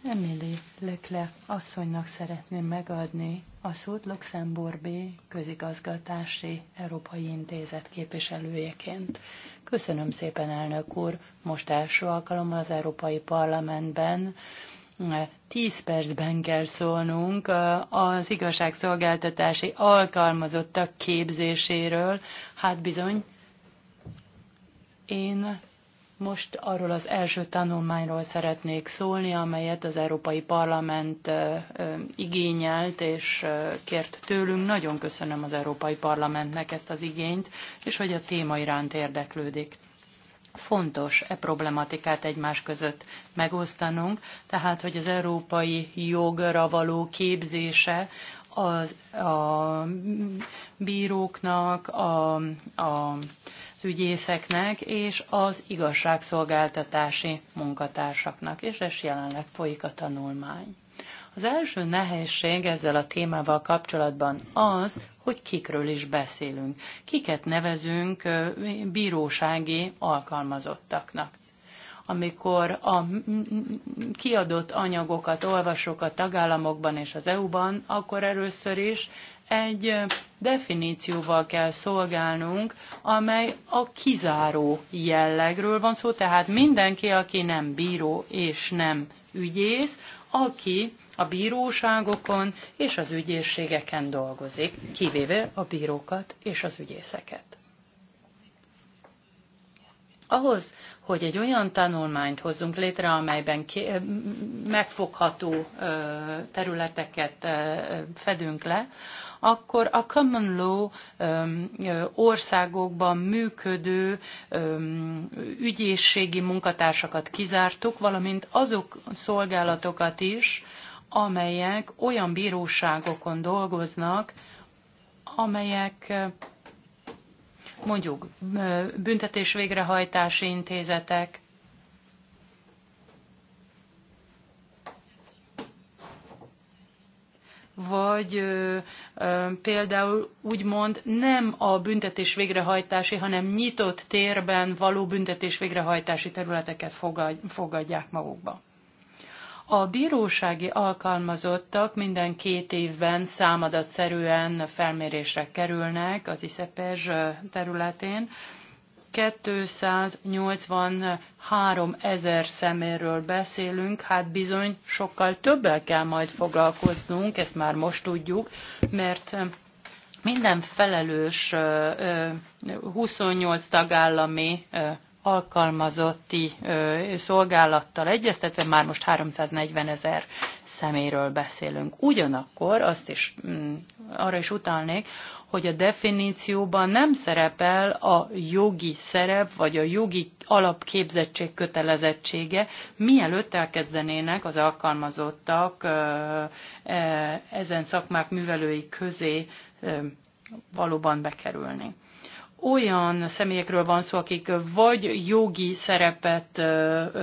Emily Lökle asszonynak szeretném megadni a szót Luxemburgi közigazgatási Európai Intézet képviselőjeként. Köszönöm szépen, elnök úr! Most első alkalommal az Európai Parlamentben tíz percben kell szólnunk az igazságszolgáltatási alkalmazottak képzéséről. Hát bizony, én most arról az első tanulmányról szeretnék szólni, amelyet az Európai Parlament igényelt és kért tőlünk. Nagyon köszönöm az Európai Parlamentnek ezt az igényt, és hogy a téma iránt érdeklődik fontos e problematikát egymás között megosztanunk, tehát hogy az európai jogra való képzése az, a bíróknak, a, a, az ügyészeknek és az igazságszolgáltatási munkatársaknak, és ez jelenleg folyik a tanulmány. Az első nehézség ezzel a témával kapcsolatban az, hogy kikről is beszélünk. Kiket nevezünk bírósági alkalmazottaknak amikor a kiadott anyagokat olvasok a tagállamokban és az EU-ban, akkor először is egy definícióval kell szolgálnunk, amely a kizáró jellegről van szó, tehát mindenki, aki nem bíró és nem ügyész, aki a bíróságokon és az ügyészségeken dolgozik, kivéve a bírókat és az ügyészeket. Ahhoz, hogy egy olyan tanulmányt hozzunk létre, amelyben megfogható területeket fedünk le, akkor a common law országokban működő ügyészségi munkatársakat kizártuk, valamint azok szolgálatokat is, amelyek olyan bíróságokon dolgoznak, amelyek mondjuk büntetés végrehajtási intézetek, vagy ö, ö, például úgymond nem a büntetés végrehajtási, hanem nyitott térben való büntetés végrehajtási területeket fogadják magukba. A bírósági alkalmazottak minden két évben számadatszerűen felmérésre kerülnek az ISZEPES területén. 283 ezer szeméről beszélünk, hát bizony sokkal többel kell majd foglalkoznunk, ezt már most tudjuk, mert minden felelős 28 tagállami alkalmazotti szolgálattal egyeztetve már most 340 ezer szeméről beszélünk. Ugyanakkor azt is mm, arra is utalnék, hogy a definícióban nem szerepel a jogi szerep vagy a jogi alapképzettség kötelezettsége, mielőtt elkezdenének az alkalmazottak e, ezen szakmák művelői közé valóban bekerülni olyan személyekről van szó, akik vagy jogi szerepet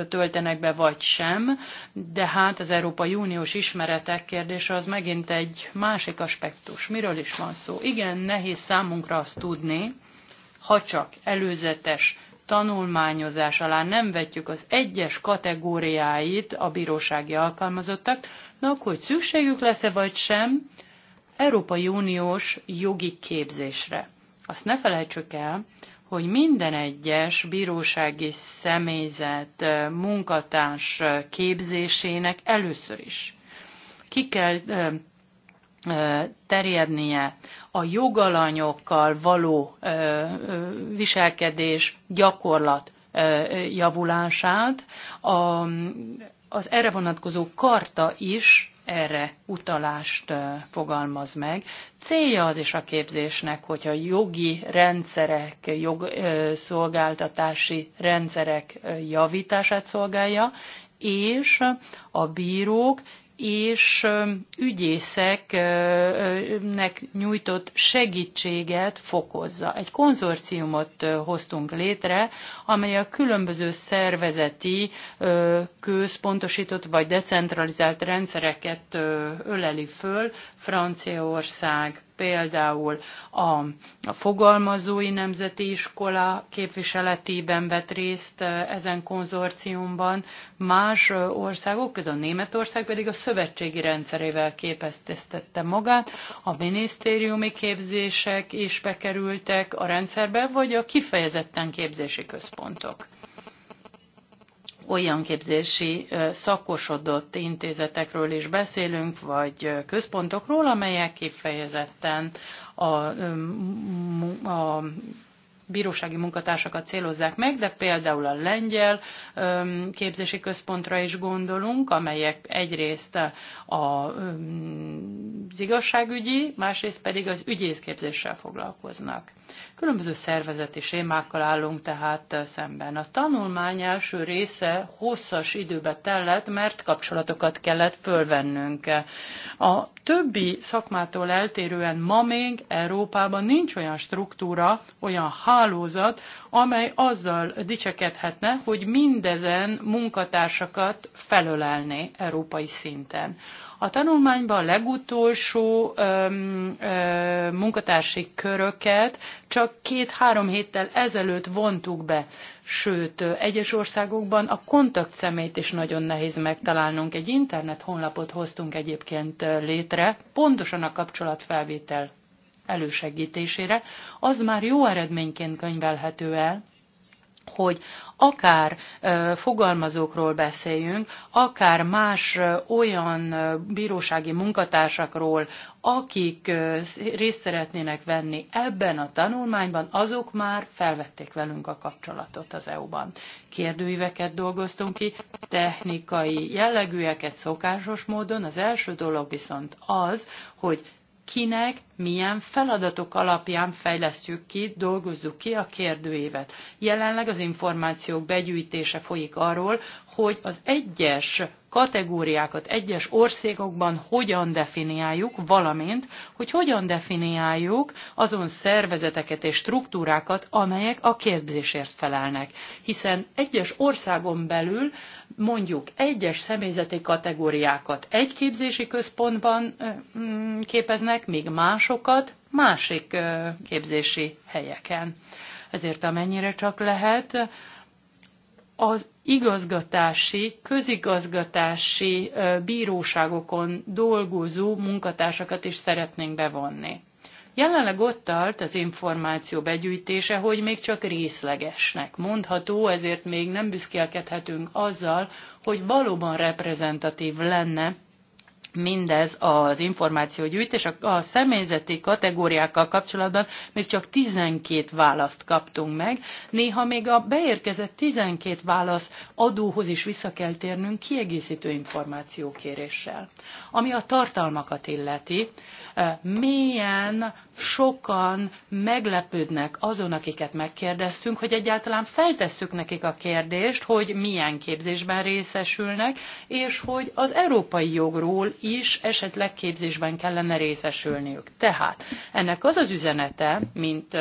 töltenek be, vagy sem, de hát az Európai Uniós ismeretek kérdése az megint egy másik aspektus. Miről is van szó? Igen, nehéz számunkra azt tudni, ha csak előzetes tanulmányozás alá nem vetjük az egyes kategóriáit a bírósági alkalmazottak, na akkor hogy szükségük lesz-e vagy sem Európai Uniós jogi képzésre azt ne felejtsük el, hogy minden egyes bírósági személyzet munkatárs képzésének először is ki kell terjednie a jogalanyokkal való viselkedés gyakorlat javulását, a, az erre vonatkozó karta is erre utalást fogalmaz meg. Célja az is a képzésnek, hogyha jogi rendszerek, jogszolgáltatási rendszerek javítását szolgálja, és a bírók és ügyészeknek nyújtott segítséget fokozza. Egy konzorciumot hoztunk létre, amely a különböző szervezeti központosított vagy decentralizált rendszereket öleli föl Franciaország például a, a fogalmazói nemzeti iskola képviseletében vett részt ezen konzorciumban, más országok, például Németország pedig a szövetségi rendszerével képeztetette magát, a minisztériumi képzések is bekerültek a rendszerbe, vagy a kifejezetten képzési központok olyan képzési szakosodott intézetekről is beszélünk, vagy központokról, amelyek kifejezetten a, a bírósági munkatársakat célozzák meg, de például a lengyel képzési központra is gondolunk, amelyek egyrészt az igazságügyi, másrészt pedig az ügyészképzéssel foglalkoznak. Különböző szervezeti sémákkal állunk tehát eh, szemben. A tanulmány első része hosszas időbe tellett, mert kapcsolatokat kellett fölvennünk. A többi szakmától eltérően ma még Európában nincs olyan struktúra, olyan hálózat, amely azzal dicsekedhetne, hogy mindezen munkatársakat felölelné európai szinten. A tanulmányban a legutolsó öm, ö, munkatársi köröket csak két-három héttel ezelőtt vontuk be. Sőt, egyes országokban a kontaktszemélyt is nagyon nehéz megtalálnunk. Egy internet honlapot hoztunk egyébként létre, pontosan a kapcsolatfelvétel elősegítésére. Az már jó eredményként könyvelhető el, hogy akár fogalmazókról beszéljünk, akár más olyan bírósági munkatársakról, akik részt szeretnének venni ebben a tanulmányban, azok már felvették velünk a kapcsolatot az EU-ban. Kérdőíveket dolgoztunk ki, technikai jellegűeket szokásos módon. Az első dolog viszont az, hogy kinek milyen feladatok alapján fejlesztjük ki, dolgozzuk ki a kérdőévet. Jelenleg az információk begyűjtése folyik arról, hogy az egyes kategóriákat egyes országokban hogyan definiáljuk, valamint, hogy hogyan definiáljuk azon szervezeteket és struktúrákat, amelyek a képzésért felelnek. Hiszen egyes országon belül mondjuk egyes személyzeti kategóriákat egy képzési központban mm, képeznek, míg másokat másik képzési helyeken. Ezért amennyire csak lehet, az igazgatási, közigazgatási bíróságokon dolgozó munkatársakat is szeretnénk bevonni. Jelenleg ott tart az információ begyűjtése, hogy még csak részlegesnek mondható, ezért még nem büszkélkedhetünk azzal, hogy valóban reprezentatív lenne mindez az információgyűjtés. A személyzeti kategóriákkal kapcsolatban még csak 12 választ kaptunk meg. Néha még a beérkezett 12 válasz adóhoz is vissza kell térnünk kiegészítő információkéréssel. Ami a tartalmakat illeti, eh, mélyen sokan meglepődnek azon, akiket megkérdeztünk, hogy egyáltalán feltesszük nekik a kérdést, hogy milyen képzésben részesülnek, és hogy az európai jogról is esetleg képzésben kellene részesülniük. Tehát ennek az az üzenete, mint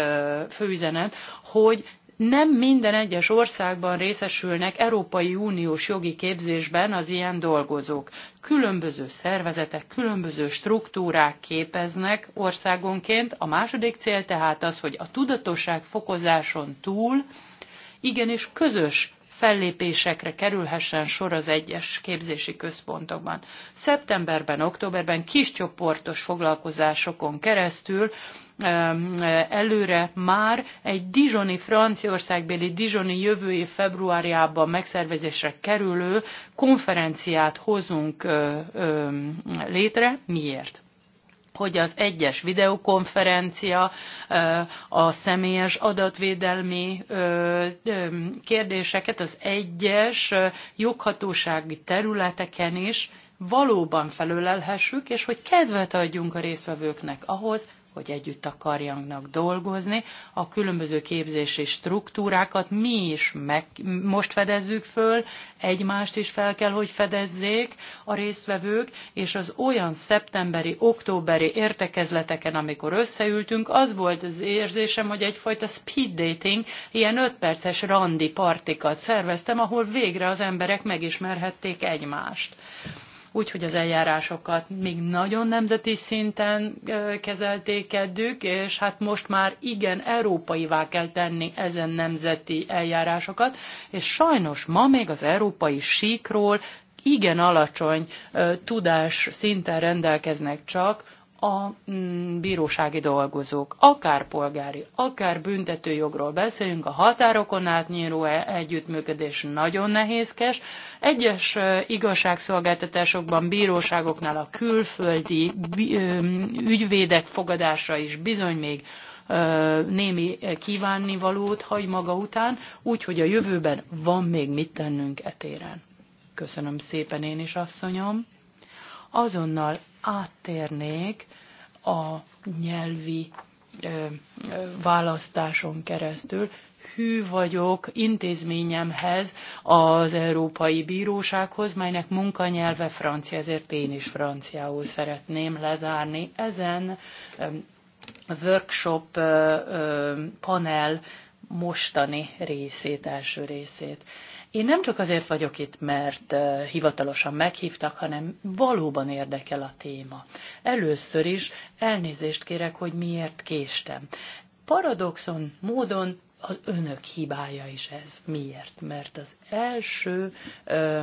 főüzenet, hogy nem minden egyes országban részesülnek Európai Uniós jogi képzésben az ilyen dolgozók. Különböző szervezetek, különböző struktúrák képeznek országonként. A második cél tehát az, hogy a tudatosság fokozáson túl igenis közös fellépésekre kerülhessen sor az egyes képzési központokban. Szeptemberben, októberben kis csoportos foglalkozásokon keresztül előre már egy Dijoni franciaországbéli Dijoni jövő év februárjában megszervezésre kerülő konferenciát hozunk létre. Miért? hogy az egyes videokonferencia, a személyes adatvédelmi kérdéseket az egyes joghatósági területeken is valóban felölelhessük, és hogy kedvet adjunk a résztvevőknek ahhoz, hogy együtt akarjanak dolgozni. A különböző képzési struktúrákat mi is meg, most fedezzük föl, egymást is fel kell, hogy fedezzék a résztvevők, és az olyan szeptemberi, októberi értekezleteken, amikor összeültünk, az volt az érzésem, hogy egyfajta speed dating, ilyen ötperces randi partikat szerveztem, ahol végre az emberek megismerhették egymást úgyhogy az eljárásokat még nagyon nemzeti szinten kezelték eddük, és hát most már igen európaivá kell tenni ezen nemzeti eljárásokat, és sajnos ma még az európai síkról igen alacsony tudás szinten rendelkeznek csak a mm, bírósági dolgozók, akár polgári, akár büntetőjogról beszélünk, a határokon átnyíró e, együttműködés nagyon nehézkes. Egyes igazságszolgáltatásokban, bíróságoknál a külföldi ügyvédek fogadása is bizony még némi kívánnivalót hagy maga után, úgyhogy a jövőben van még mit tennünk etéren. Köszönöm szépen én is, asszonyom. Azonnal áttérnék a nyelvi választáson keresztül. Hű vagyok intézményemhez, az Európai Bírósághoz, melynek munkanyelve francia, ezért én is franciául szeretném lezárni ezen workshop panel mostani részét, első részét. Én nem csak azért vagyok itt, mert hivatalosan meghívtak, hanem valóban érdekel a téma. Először is elnézést kérek, hogy miért késtem. Paradoxon módon az önök hibája is ez. Miért? Mert az első ö,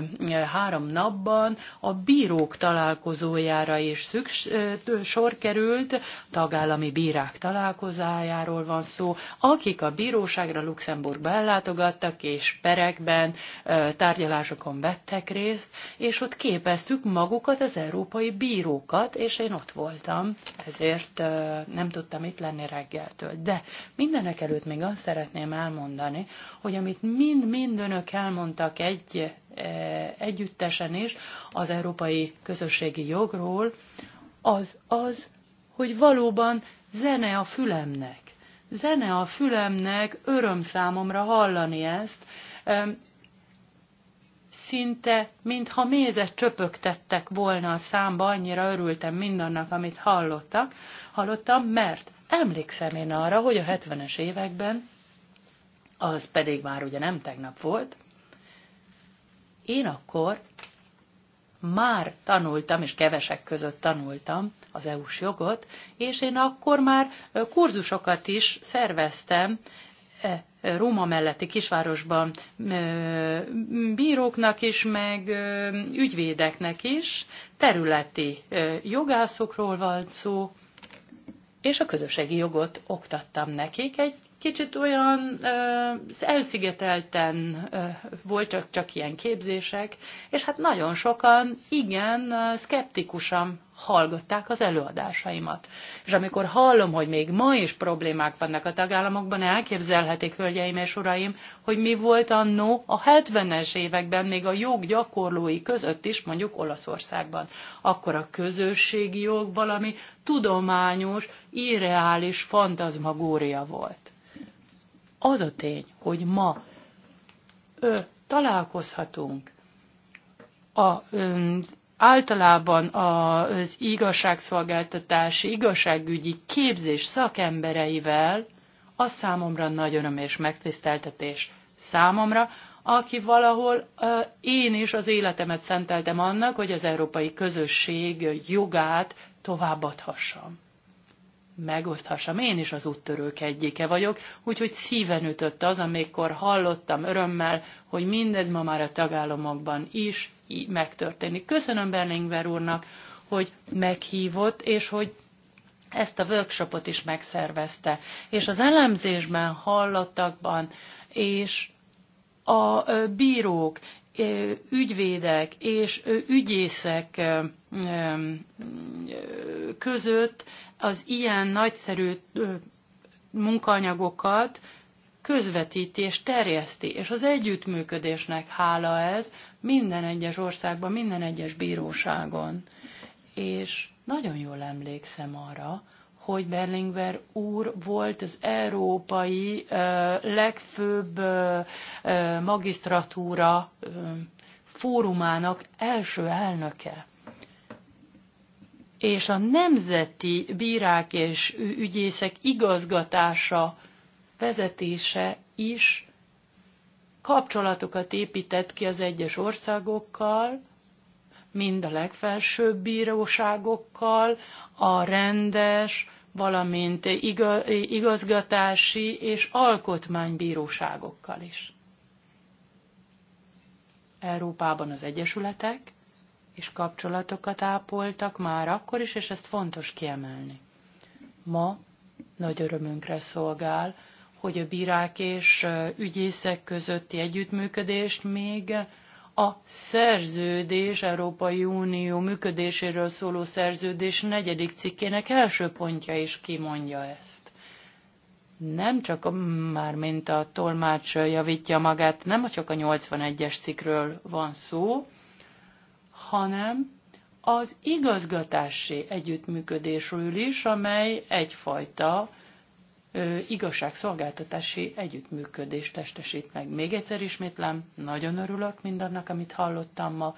három napban a bírók találkozójára is szüks, ö, sor került, tagállami bírák találkozájáról van szó, akik a bíróságra Luxemburgba ellátogattak, és perekben, ö, tárgyalásokon vettek részt, és ott képeztük magukat, az európai bírókat, és én ott voltam, ezért ö, nem tudtam itt lenni reggeltől. De mindenek előtt még azt szeretném, szeretném elmondani, hogy amit mind-mind önök elmondtak egy, e, együttesen is az európai közösségi jogról, az az, hogy valóban zene a fülemnek. Zene a fülemnek, öröm számomra hallani ezt, e, szinte, mintha mézet csöpögtettek volna a számba, annyira örültem mindannak, amit hallottak, hallottam, mert emlékszem én arra, hogy a 70-es években az pedig már ugye nem tegnap volt, én akkor már tanultam, és kevesek között tanultam az EU-s jogot, és én akkor már kurzusokat is szerveztem e, Róma melletti kisvárosban bíróknak is, meg ügyvédeknek is, területi jogászokról van szó, és a közösségi jogot oktattam nekik egy kicsit olyan ö, elszigetelten ö, voltak csak ilyen képzések, és hát nagyon sokan igen ö, szkeptikusan hallgatták az előadásaimat. És amikor hallom, hogy még ma is problémák vannak a tagállamokban, elképzelhetik, hölgyeim és uraim, hogy mi volt annó a 70-es években még a jog gyakorlói között is, mondjuk Olaszországban. Akkor a közösségi jog valami tudományos, irreális fantazmagória volt. Az a tény, hogy ma ö, találkozhatunk a, ö, általában az igazságszolgáltatási, igazságügyi képzés szakembereivel, az számomra nagy öröm és megtiszteltetés. Számomra, aki valahol uh, én is az életemet szenteltem annak, hogy az európai közösség jogát továbbadhassam megoszthassam. Én is az úttörők egyike vagyok, úgyhogy szíven ütött az, amikor hallottam örömmel, hogy mindez ma már a tagállamokban is megtörténik. Köszönöm Berlingver úrnak, hogy meghívott, és hogy ezt a workshopot is megszervezte. És az elemzésben hallottakban, és a bírók ügyvédek és ügyészek között az ilyen nagyszerű munkanyagokat közvetíti és terjeszti, és az együttműködésnek hála ez minden egyes országban, minden egyes bíróságon. És nagyon jól emlékszem arra, hogy Berlingver úr volt az európai legfőbb magisztratúra fórumának első elnöke és a nemzeti bírák és ügyészek igazgatása, vezetése is kapcsolatokat épített ki az egyes országokkal, mind a legfelsőbb bíróságokkal, a rendes, valamint igazgatási és alkotmánybíróságokkal is. Európában az egyesületek és kapcsolatokat ápoltak már akkor is, és ezt fontos kiemelni. Ma nagy örömünkre szolgál, hogy a bírák és ügyészek közötti együttműködést még a szerződés, Európai Unió működéséről szóló szerződés negyedik cikkének első pontja is kimondja ezt. Nem csak a, már mint a tolmács javítja magát, nem csak a 81-es cikkről van szó, hanem az igazgatási együttműködésről is, amely egyfajta igazságszolgáltatási együttműködést testesít meg. Még egyszer ismétlem, nagyon örülök mindannak, amit hallottam ma,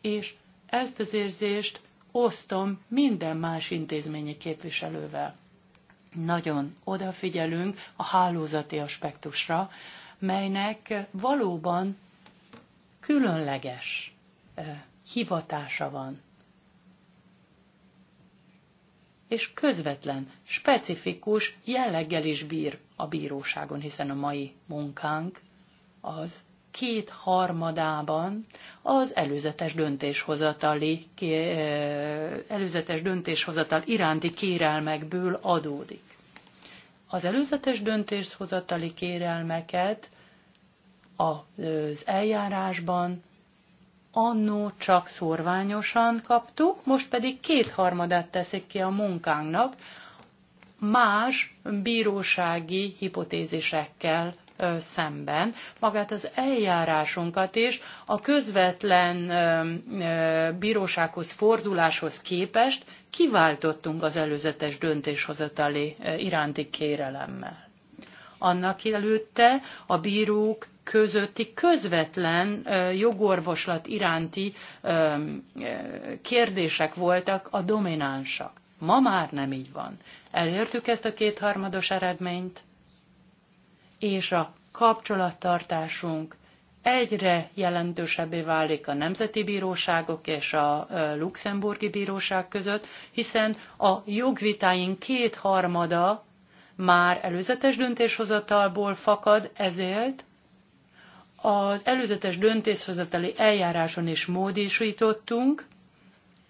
és ezt az érzést osztom minden más intézményi képviselővel. Nagyon odafigyelünk a hálózati aspektusra, melynek valóban különleges hivatása van és közvetlen, specifikus jelleggel is bír a bíróságon, hiszen a mai munkánk az két harmadában az előzetes döntéshozatali, eh, előzetes döntéshozatal iránti kérelmekből adódik. Az előzetes döntéshozatali kérelmeket az eljárásban annó csak szorványosan kaptuk, most pedig kétharmadát teszik ki a munkánknak, más bírósági hipotézisekkel szemben, magát az eljárásunkat is a közvetlen bírósághoz forduláshoz képest kiváltottunk az előzetes döntéshozatali iránti kérelemmel. Annak előtte a bírók közötti közvetlen jogorvoslat iránti kérdések voltak a dominánsak. Ma már nem így van. Elértük ezt a kétharmados eredményt, és a kapcsolattartásunk egyre jelentősebbé válik a nemzeti bíróságok és a luxemburgi bíróság között, hiszen a jogvitáink kétharmada már előzetes döntéshozatalból fakad, ezért az előzetes döntéshozatali eljáráson is módosítottunk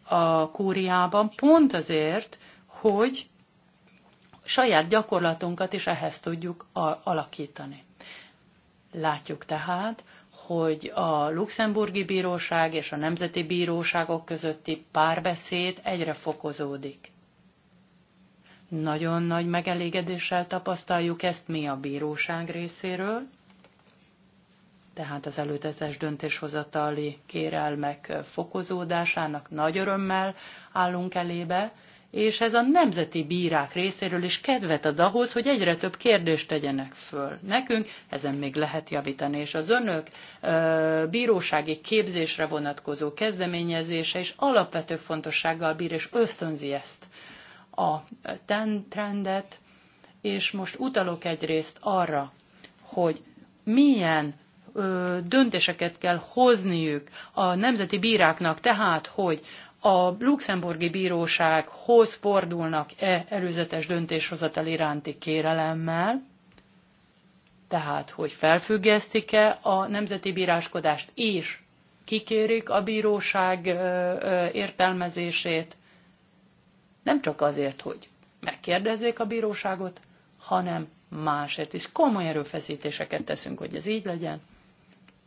a kúriában, pont azért, hogy saját gyakorlatunkat is ehhez tudjuk alakítani. Látjuk tehát, hogy a luxemburgi bíróság és a nemzeti bíróságok közötti párbeszéd egyre fokozódik. Nagyon nagy megelégedéssel tapasztaljuk ezt mi a bíróság részéről, tehát az előtetes döntéshozatali kérelmek fokozódásának nagy örömmel állunk elébe, és ez a nemzeti bírák részéről is kedvet ad ahhoz, hogy egyre több kérdést tegyenek föl nekünk, ezen még lehet javítani, és az önök bírósági képzésre vonatkozó kezdeményezése is alapvető fontossággal bír, és ösztönzi ezt a trendet, és most utalok egyrészt arra, hogy milyen döntéseket kell hozniük a nemzeti bíráknak, tehát, hogy a luxemburgi bírósághoz fordulnak-e előzetes döntéshozatal iránti kérelemmel, tehát, hogy felfüggesztik-e a nemzeti bíráskodást, és kikérik a bíróság értelmezését, nem csak azért, hogy megkérdezzék a bíróságot, hanem másért is. Komoly erőfeszítéseket teszünk, hogy ez így legyen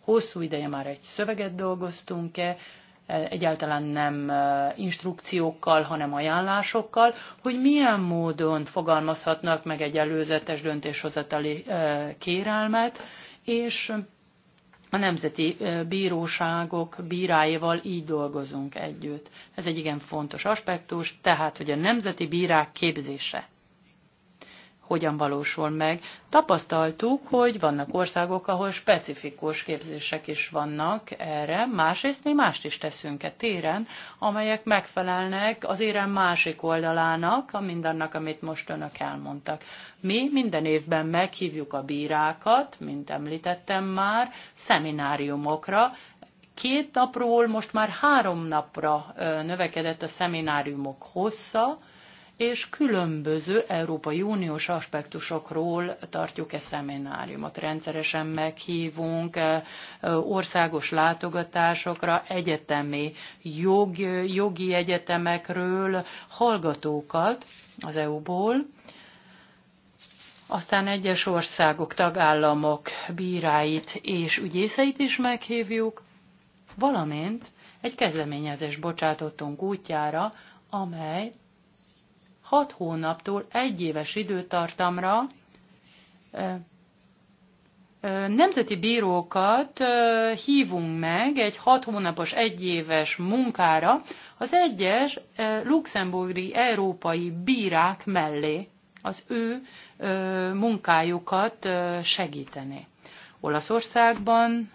hosszú ideje már egy szöveget dolgoztunk-e, egyáltalán nem instrukciókkal, hanem ajánlásokkal, hogy milyen módon fogalmazhatnak meg egy előzetes döntéshozatali kérelmet, és a nemzeti bíróságok bíráival így dolgozunk együtt. Ez egy igen fontos aspektus, tehát hogy a nemzeti bírák képzése hogyan valósul meg. Tapasztaltuk, hogy vannak országok, ahol specifikus képzések is vannak erre, másrészt mi mást is teszünk e téren, amelyek megfelelnek az érem másik oldalának, mindannak, amit most önök elmondtak. Mi minden évben meghívjuk a bírákat, mint említettem már, szemináriumokra, két napról most már három napra növekedett a szemináriumok hossza, és különböző Európai Uniós aspektusokról tartjuk e szemináriumot. Rendszeresen meghívunk e, e, országos látogatásokra, egyetemi jog, jogi egyetemekről hallgatókat az EU-ból, aztán egyes országok, tagállamok bíráit és ügyészeit is meghívjuk, valamint egy kezdeményezés bocsátottunk útjára, amely hat hónaptól egy éves időtartamra nemzeti bírókat hívunk meg egy hat hónapos, egyéves munkára az egyes luxemburgi európai bírák mellé az ő munkájukat segíteni. Olaszországban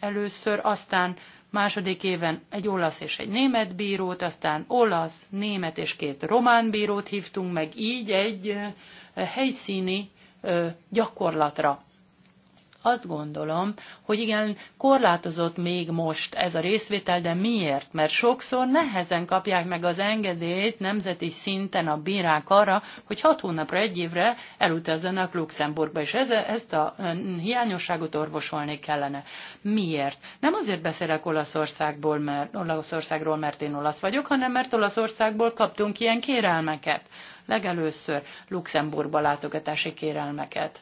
először, aztán Második éven egy olasz és egy német bírót, aztán olasz, német és két román bírót hívtunk meg, így egy eh, helyszíni eh, gyakorlatra azt gondolom, hogy igen, korlátozott még most ez a részvétel, de miért? Mert sokszor nehezen kapják meg az engedélyt nemzeti szinten a bírák arra, hogy hat hónapra, egy évre elutazzanak Luxemburgba, és ez, ezt a hiányosságot orvosolni kellene. Miért? Nem azért beszélek Olaszországból, mert, Olaszországról, mert én olasz vagyok, hanem mert Olaszországból kaptunk ilyen kérelmeket. Legelőször Luxemburgba látogatási kérelmeket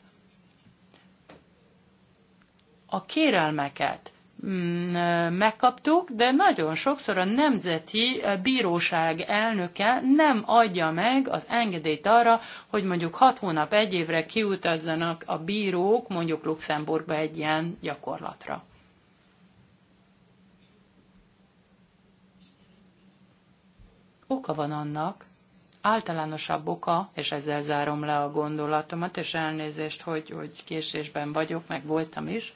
a kérelmeket mm, megkaptuk, de nagyon sokszor a Nemzeti Bíróság elnöke nem adja meg az engedélyt arra, hogy mondjuk hat hónap egy évre kiutazzanak a bírók mondjuk Luxemburgba egy ilyen gyakorlatra. Oka van annak, általánosabb oka, és ezzel zárom le a gondolatomat, és elnézést, hogy, hogy késésben vagyok, meg voltam is,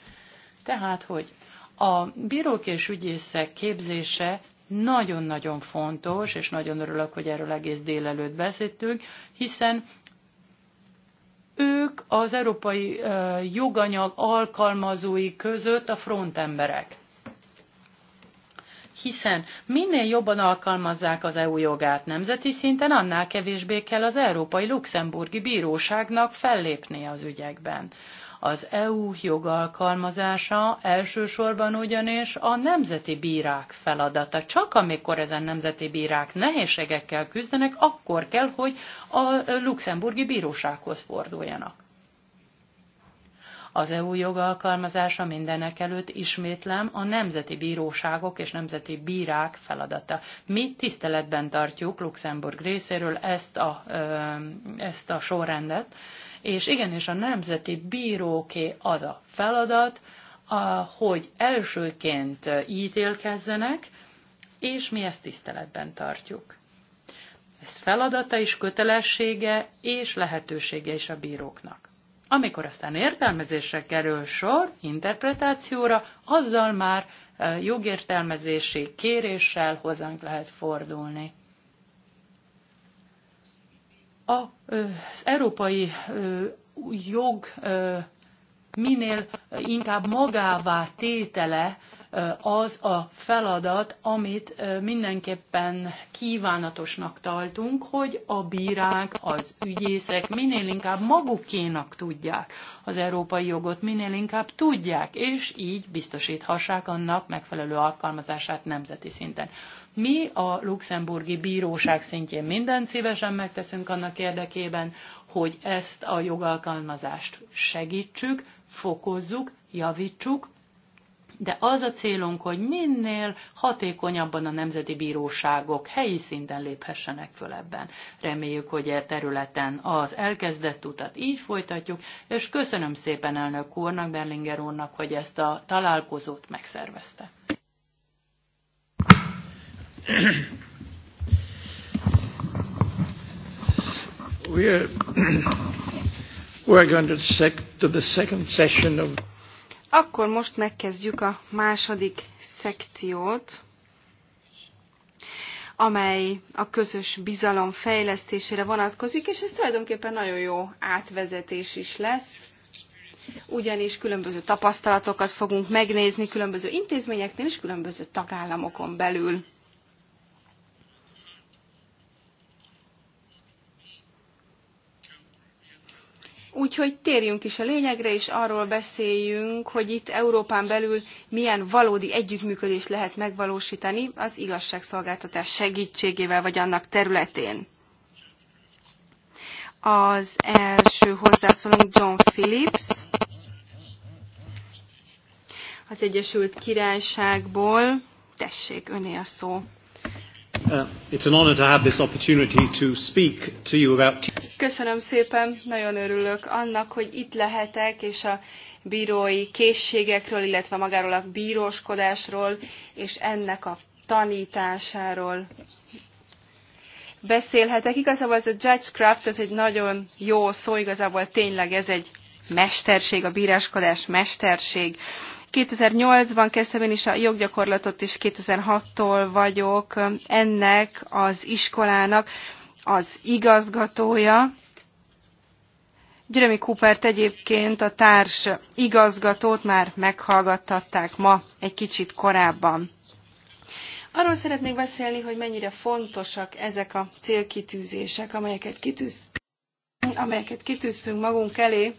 tehát, hogy a bírók és ügyészek képzése nagyon-nagyon fontos, és nagyon örülök, hogy erről egész délelőtt beszéltünk, hiszen ők az európai joganyag alkalmazói között a frontemberek. Hiszen minél jobban alkalmazzák az EU jogát nemzeti szinten, annál kevésbé kell az Európai Luxemburgi Bíróságnak fellépnie az ügyekben. Az EU jogalkalmazása elsősorban ugyanis a nemzeti bírák feladata. Csak amikor ezen nemzeti bírák nehézségekkel küzdenek, akkor kell, hogy a luxemburgi bírósághoz forduljanak. Az EU jogalkalmazása mindenek előtt ismétlem a nemzeti bíróságok és nemzeti bírák feladata. Mi tiszteletben tartjuk Luxemburg részéről ezt a, ezt a sorrendet, és igenis a nemzeti bíróké az a feladat, a, hogy elsőként ítélkezzenek, és mi ezt tiszteletben tartjuk. Ez feladata is, kötelessége és lehetősége is a bíróknak. Amikor aztán értelmezésre kerül sor, interpretációra, azzal már jogértelmezési kéréssel hozzánk lehet fordulni az európai jog minél inkább magává tétele az a feladat, amit mindenképpen kívánatosnak tartunk, hogy a bírák, az ügyészek minél inkább magukénak tudják az európai jogot, minél inkább tudják, és így biztosíthassák annak megfelelő alkalmazását nemzeti szinten. Mi a luxemburgi bíróság szintjén mindent szívesen megteszünk annak érdekében, hogy ezt a jogalkalmazást segítsük, fokozzuk, javítsuk, de az a célunk, hogy minél hatékonyabban a nemzeti bíróságok helyi szinten léphessenek föl ebben. Reméljük, hogy e területen az elkezdett utat így folytatjuk, és köszönöm szépen elnök úrnak, Berlinger úrnak, hogy ezt a találkozót megszervezte. *coughs* *coughs* going to, sec- to the second session of akkor most megkezdjük a második szekciót, amely a közös bizalom fejlesztésére vonatkozik, és ez tulajdonképpen nagyon jó átvezetés is lesz, ugyanis különböző tapasztalatokat fogunk megnézni különböző intézményeknél és különböző tagállamokon belül. Úgyhogy térjünk is a lényegre, és arról beszéljünk, hogy itt Európán belül milyen valódi együttműködés lehet megvalósítani az igazságszolgáltatás segítségével, vagy annak területén. Az első hozzászólunk John Phillips, az Egyesült Királyságból. Tessék, öné a szó. Uh, it's an honor to have this opportunity to speak to you about Köszönöm szépen, nagyon örülök annak, hogy itt lehetek, és a bírói készségekről, illetve magáról a bíróskodásról, és ennek a tanításáról beszélhetek. Igazából ez a judgecraft, ez egy nagyon jó szó, igazából tényleg ez egy mesterség, a bíráskodás mesterség. 2008-ban kezdtem én is a joggyakorlatot, és 2006-tól vagyok ennek az iskolának az igazgatója. Jeremy cooper egyébként a társ igazgatót már meghallgattatták ma egy kicsit korábban. Arról szeretnék beszélni, hogy mennyire fontosak ezek a célkitűzések, amelyeket, kitűz, amelyeket kitűztünk magunk elé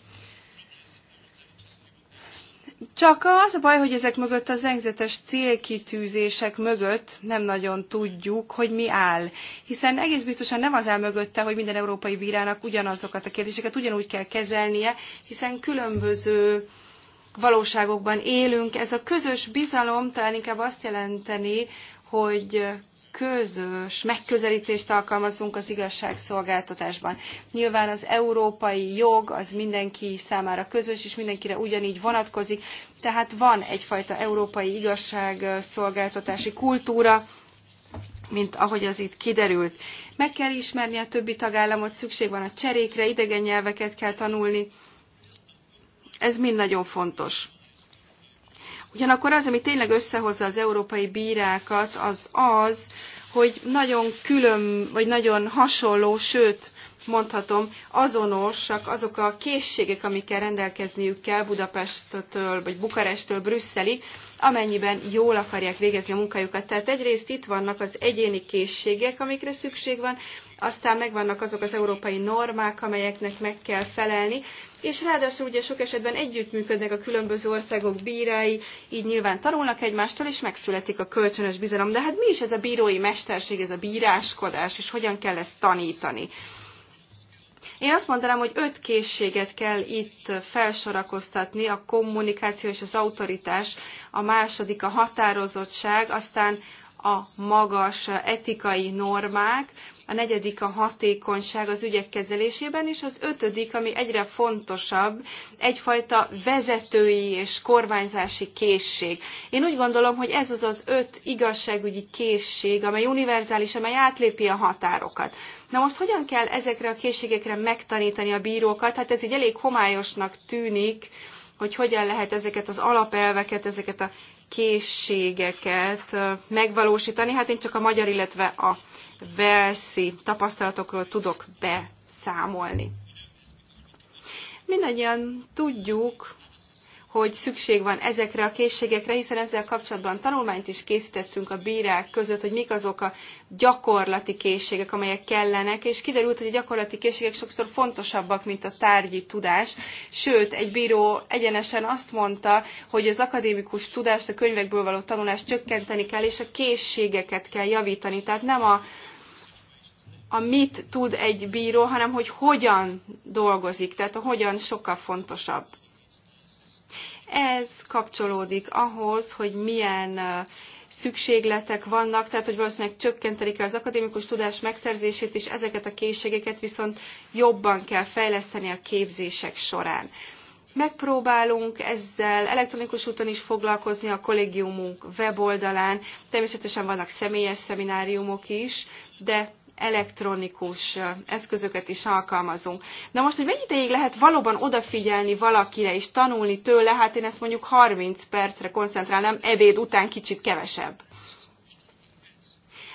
csak az a baj, hogy ezek mögött a zengzetes célkitűzések mögött nem nagyon tudjuk, hogy mi áll. Hiszen egész biztosan nem az áll mögötte, hogy minden európai bírának ugyanazokat a kérdéseket ugyanúgy kell kezelnie, hiszen különböző valóságokban élünk. Ez a közös bizalom talán inkább azt jelenteni, hogy közös megközelítést alkalmazunk az igazságszolgáltatásban. Nyilván az európai jog az mindenki számára közös, és mindenkire ugyanígy vonatkozik, tehát van egyfajta európai igazságszolgáltatási kultúra, mint ahogy az itt kiderült. Meg kell ismerni a többi tagállamot, szükség van a cserékre, idegen nyelveket kell tanulni. Ez mind nagyon fontos. Ugyanakkor az, ami tényleg összehozza az európai bírákat, az az, hogy nagyon külön, vagy nagyon hasonló, sőt, mondhatom, azonosak azok a készségek, amikkel rendelkezniük kell Budapesttől, vagy Bukarestől Brüsszeli, amennyiben jól akarják végezni a munkájukat. Tehát egyrészt itt vannak az egyéni készségek, amikre szükség van, aztán megvannak azok az európai normák, amelyeknek meg kell felelni, és ráadásul ugye sok esetben együttműködnek a különböző országok bírái, így nyilván tanulnak egymástól, és megszületik a kölcsönös bizalom. De hát mi is ez a bírói mesterség, ez a bíráskodás, és hogyan kell ezt tanítani? Én azt mondanám, hogy öt készséget kell itt felsorakoztatni, a kommunikáció és az autoritás, a második a határozottság, aztán a magas etikai normák, a negyedik a hatékonyság az ügyek kezelésében, és az ötödik, ami egyre fontosabb, egyfajta vezetői és kormányzási készség. Én úgy gondolom, hogy ez az az öt igazságügyi készség, amely univerzális, amely átlépi a határokat. Na most hogyan kell ezekre a készségekre megtanítani a bírókat? Hát ez egy elég homályosnak tűnik, hogy hogyan lehet ezeket az alapelveket, ezeket a készségeket megvalósítani. Hát én csak a magyar, illetve a versi tapasztalatokról tudok beszámolni. Mindannyian tudjuk, hogy szükség van ezekre a készségekre, hiszen ezzel kapcsolatban tanulmányt is készítettünk a bírák között, hogy mik azok a gyakorlati készségek, amelyek kellenek, és kiderült, hogy a gyakorlati készségek sokszor fontosabbak, mint a tárgyi tudás. Sőt, egy bíró egyenesen azt mondta, hogy az akadémikus tudást, a könyvekből való tanulást csökkenteni kell, és a készségeket kell javítani. Tehát nem a a mit tud egy bíró, hanem hogy hogyan dolgozik, tehát a hogyan sokkal fontosabb. Ez kapcsolódik ahhoz, hogy milyen szükségletek vannak, tehát hogy valószínűleg csökkentelik az akadémikus tudás megszerzését, és ezeket a készségeket viszont jobban kell fejleszteni a képzések során. Megpróbálunk ezzel elektronikus úton is foglalkozni a kollégiumunk weboldalán. Természetesen vannak személyes szemináriumok is, de elektronikus eszközöket is alkalmazunk. Na most, hogy mennyi ideig lehet valóban odafigyelni valakire és tanulni tőle, hát én ezt mondjuk 30 percre koncentrálnám, ebéd után kicsit kevesebb.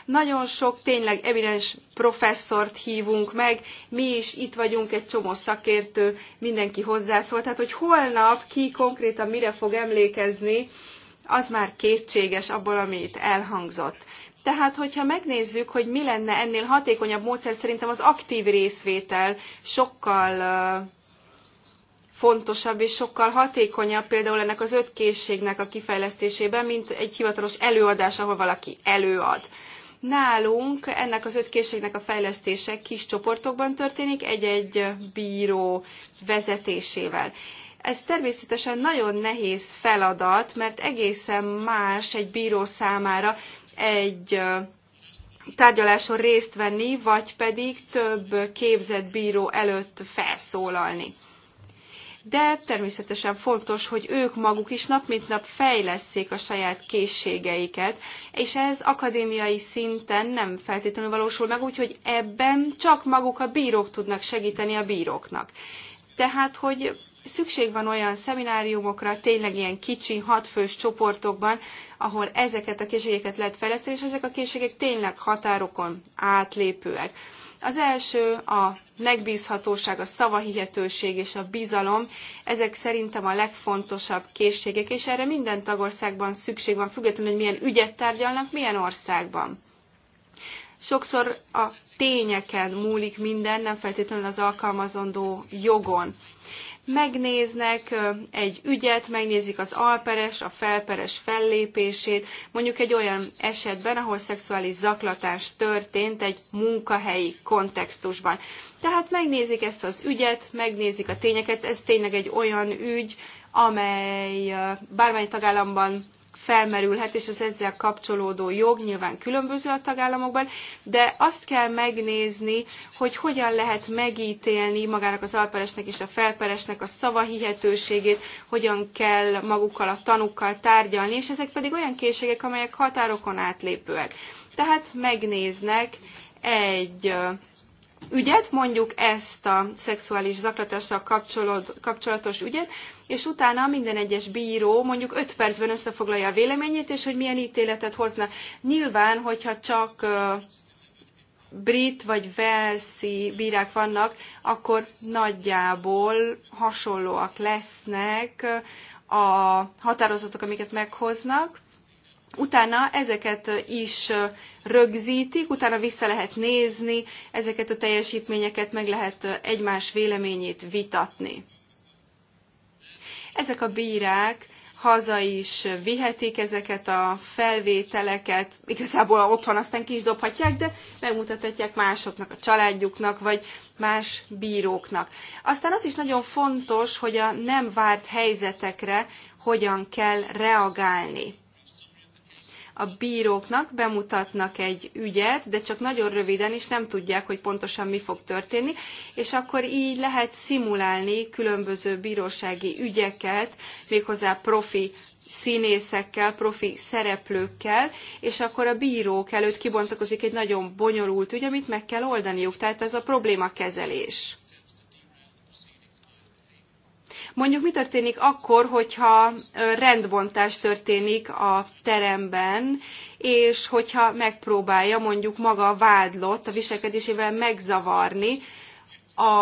Nagyon sok tényleg evidens professzort hívunk meg, mi is itt vagyunk, egy csomó szakértő, mindenki hozzászól. Tehát, hogy holnap ki konkrétan mire fog emlékezni, az már kétséges abból, amit elhangzott. Tehát, hogyha megnézzük, hogy mi lenne ennél hatékonyabb módszer, szerintem az aktív részvétel sokkal fontosabb és sokkal hatékonyabb például ennek az öt készségnek a kifejlesztésében, mint egy hivatalos előadás, ahol valaki előad. Nálunk ennek az öt készségnek a fejlesztése kis csoportokban történik, egy-egy bíró vezetésével. Ez természetesen nagyon nehéz feladat, mert egészen más egy bíró számára egy tárgyaláson részt venni, vagy pedig több képzett bíró előtt felszólalni. De természetesen fontos, hogy ők maguk is nap mint nap fejlesszék a saját készségeiket, és ez akadémiai szinten nem feltétlenül valósul meg, úgyhogy ebben csak maguk a bírók tudnak segíteni a bíróknak. Tehát, hogy szükség van olyan szemináriumokra, tényleg ilyen kicsi, hatfős csoportokban, ahol ezeket a készségeket lehet fejleszteni, és ezek a készségek tényleg határokon átlépőek. Az első a megbízhatóság, a szavahihetőség és a bizalom. Ezek szerintem a legfontosabb készségek, és erre minden tagországban szükség van, függetlenül, hogy milyen ügyet tárgyalnak, milyen országban. Sokszor a tényeken múlik minden, nem feltétlenül az alkalmazandó jogon megnéznek egy ügyet, megnézik az alperes, a felperes fellépését, mondjuk egy olyan esetben, ahol szexuális zaklatás történt egy munkahelyi kontextusban. Tehát megnézik ezt az ügyet, megnézik a tényeket, ez tényleg egy olyan ügy, amely bármely tagállamban felmerülhet, és az ezzel kapcsolódó jog nyilván különböző a tagállamokban, de azt kell megnézni, hogy hogyan lehet megítélni magának az alperesnek és a felperesnek a hihetőségét, hogyan kell magukkal a tanukkal tárgyalni, és ezek pedig olyan készségek, amelyek határokon átlépőek. Tehát megnéznek egy ügyet, mondjuk ezt a szexuális zaklatással kapcsolatos ügyet, és utána minden egyes bíró mondjuk 5 percben összefoglalja a véleményét, és hogy milyen ítéletet hozna. Nyilván, hogyha csak brit vagy velszi bírák vannak, akkor nagyjából hasonlóak lesznek a határozatok, amiket meghoznak, utána ezeket is rögzítik, utána vissza lehet nézni, ezeket a teljesítményeket meg lehet egymás véleményét vitatni. Ezek a bírák haza is vihetik ezeket a felvételeket, igazából otthon aztán ki is dobhatják, de megmutathatják másoknak, a családjuknak, vagy más bíróknak. Aztán az is nagyon fontos, hogy a nem várt helyzetekre hogyan kell reagálni a bíróknak bemutatnak egy ügyet, de csak nagyon röviden, és nem tudják, hogy pontosan mi fog történni, és akkor így lehet szimulálni különböző bírósági ügyeket, méghozzá profi színészekkel, profi szereplőkkel, és akkor a bírók előtt kibontakozik egy nagyon bonyolult ügy, amit meg kell oldaniuk. Tehát ez a problémakezelés. Mondjuk mi történik akkor, hogyha rendbontás történik a teremben, és hogyha megpróbálja mondjuk maga a vádlott a viselkedésével megzavarni a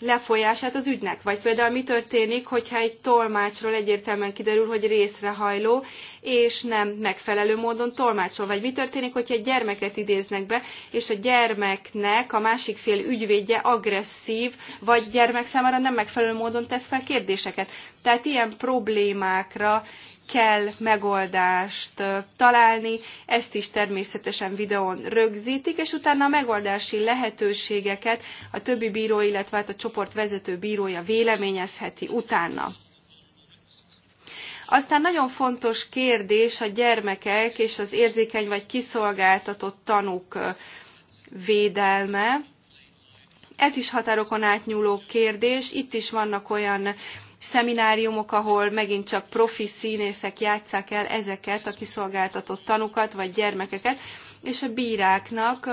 lefolyását az ügynek? Vagy például mi történik, hogyha egy tolmácsról egyértelműen kiderül, hogy részrehajló, és nem megfelelő módon tolmácsol? Vagy mi történik, hogyha egy gyermeket idéznek be, és a gyermeknek a másik fél ügyvédje agresszív, vagy gyermek számára nem megfelelő módon tesz fel kérdéseket? Tehát ilyen problémákra kell megoldást találni, ezt is természetesen videón rögzítik, és utána a megoldási lehetőségeket a többi bíró, illetve hát a csoport vezető bírója véleményezheti utána. Aztán nagyon fontos kérdés a gyermekek és az érzékeny vagy kiszolgáltatott tanúk védelme. Ez is határokon átnyúló kérdés. Itt is vannak olyan szemináriumok, ahol megint csak profi színészek játsszák el ezeket a kiszolgáltatott tanukat vagy gyermekeket, és a bíráknak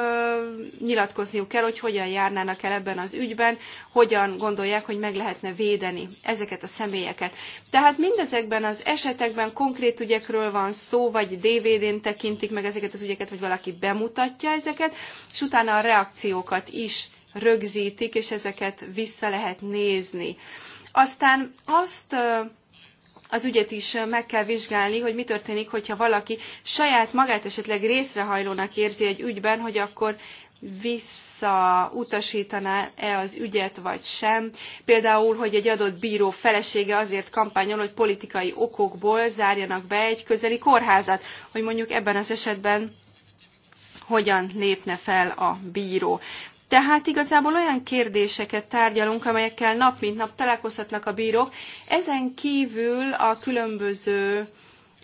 nyilatkozniuk kell, hogy hogyan járnának el ebben az ügyben, hogyan gondolják, hogy meg lehetne védeni ezeket a személyeket. Tehát mindezekben az esetekben konkrét ügyekről van szó, vagy DVD-n tekintik meg ezeket az ügyeket, vagy valaki bemutatja ezeket, és utána a reakciókat is rögzítik, és ezeket vissza lehet nézni. Aztán azt az ügyet is meg kell vizsgálni, hogy mi történik, hogyha valaki saját magát esetleg részrehajlónak érzi egy ügyben, hogy akkor visszautasítaná-e az ügyet, vagy sem. Például, hogy egy adott bíró felesége azért kampányol, hogy politikai okokból zárjanak be egy közeli kórházat, hogy mondjuk ebben az esetben hogyan lépne fel a bíró. Tehát igazából olyan kérdéseket tárgyalunk, amelyekkel nap mint nap találkozhatnak a bírók. Ezen kívül a különböző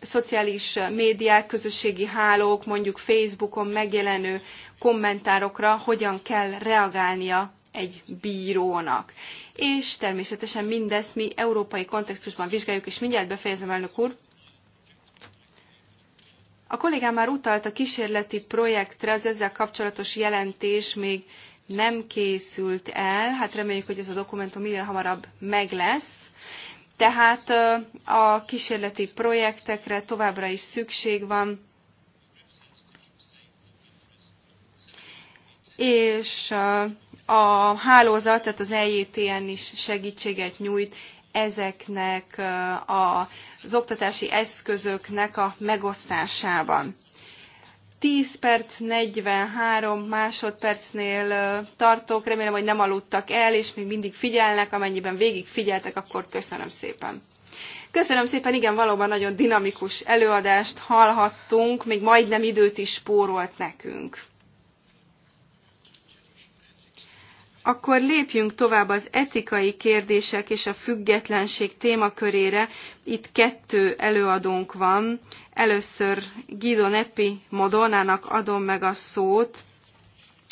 szociális médiák, közösségi hálók, mondjuk Facebookon megjelenő kommentárokra hogyan kell reagálnia egy bírónak. És természetesen mindezt mi európai kontextusban vizsgáljuk, és mindjárt befejezem, elnök úr. A kollégám már utalt a kísérleti projektre, az ezzel kapcsolatos jelentés még nem készült el. Hát reméljük, hogy ez a dokumentum minél hamarabb meg lesz. Tehát a kísérleti projektekre továbbra is szükség van, és a hálózat, tehát az EJTN is segítséget nyújt ezeknek az oktatási eszközöknek a megosztásában. 10 perc 43 másodpercnél tartok. Remélem, hogy nem aludtak el, és még mindig figyelnek. Amennyiben végig figyeltek, akkor köszönöm szépen. Köszönöm szépen, igen, valóban nagyon dinamikus előadást hallhattunk, még majdnem időt is spórolt nekünk. Akkor lépjünk tovább az etikai kérdések és a függetlenség témakörére. Itt kettő előadónk van, Először Guido Nepi Modonának adom meg a szót,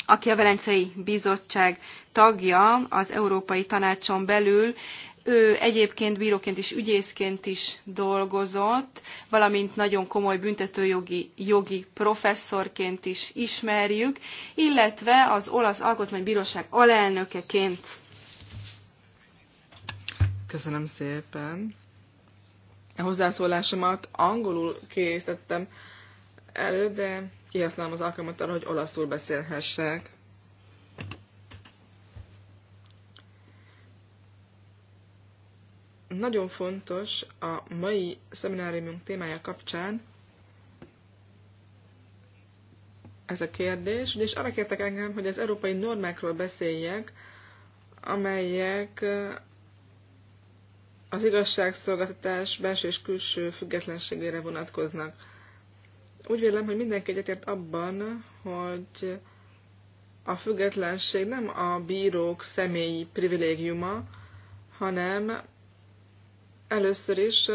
aki a Velencei Bizottság tagja az Európai Tanácson belül, ő egyébként bíróként és ügyészként is dolgozott, valamint nagyon komoly büntetőjogi jogi professzorként is ismerjük, illetve az Olasz Alkotmánybíróság alelnökeként. Köszönöm szépen hozzászólásomat angolul készítettem elő, de kihasználom az alkalmat arra, hogy olaszul beszélhessek. Nagyon fontos a mai szemináriumunk témája kapcsán ez a kérdés, és arra kértek engem, hogy az európai normákról beszéljek, amelyek az igazságszolgáltatás belső és külső függetlenségére vonatkoznak. Úgy vélem, hogy mindenki egyetért abban, hogy a függetlenség nem a bírók személyi privilégiuma, hanem először is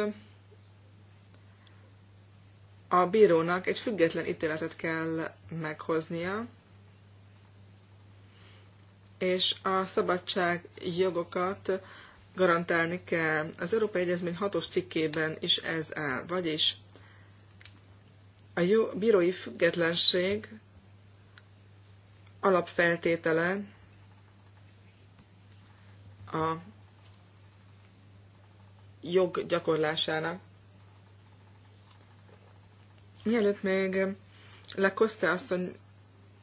a bírónak egy független ítéletet kell meghoznia, és a szabadság jogokat garantálni kell. Az Európai Egyezmény hatos cikkében is ez áll, vagyis a jó bírói függetlenség alapfeltétele a jog gyakorlásának. Mielőtt még Lekoszte asszony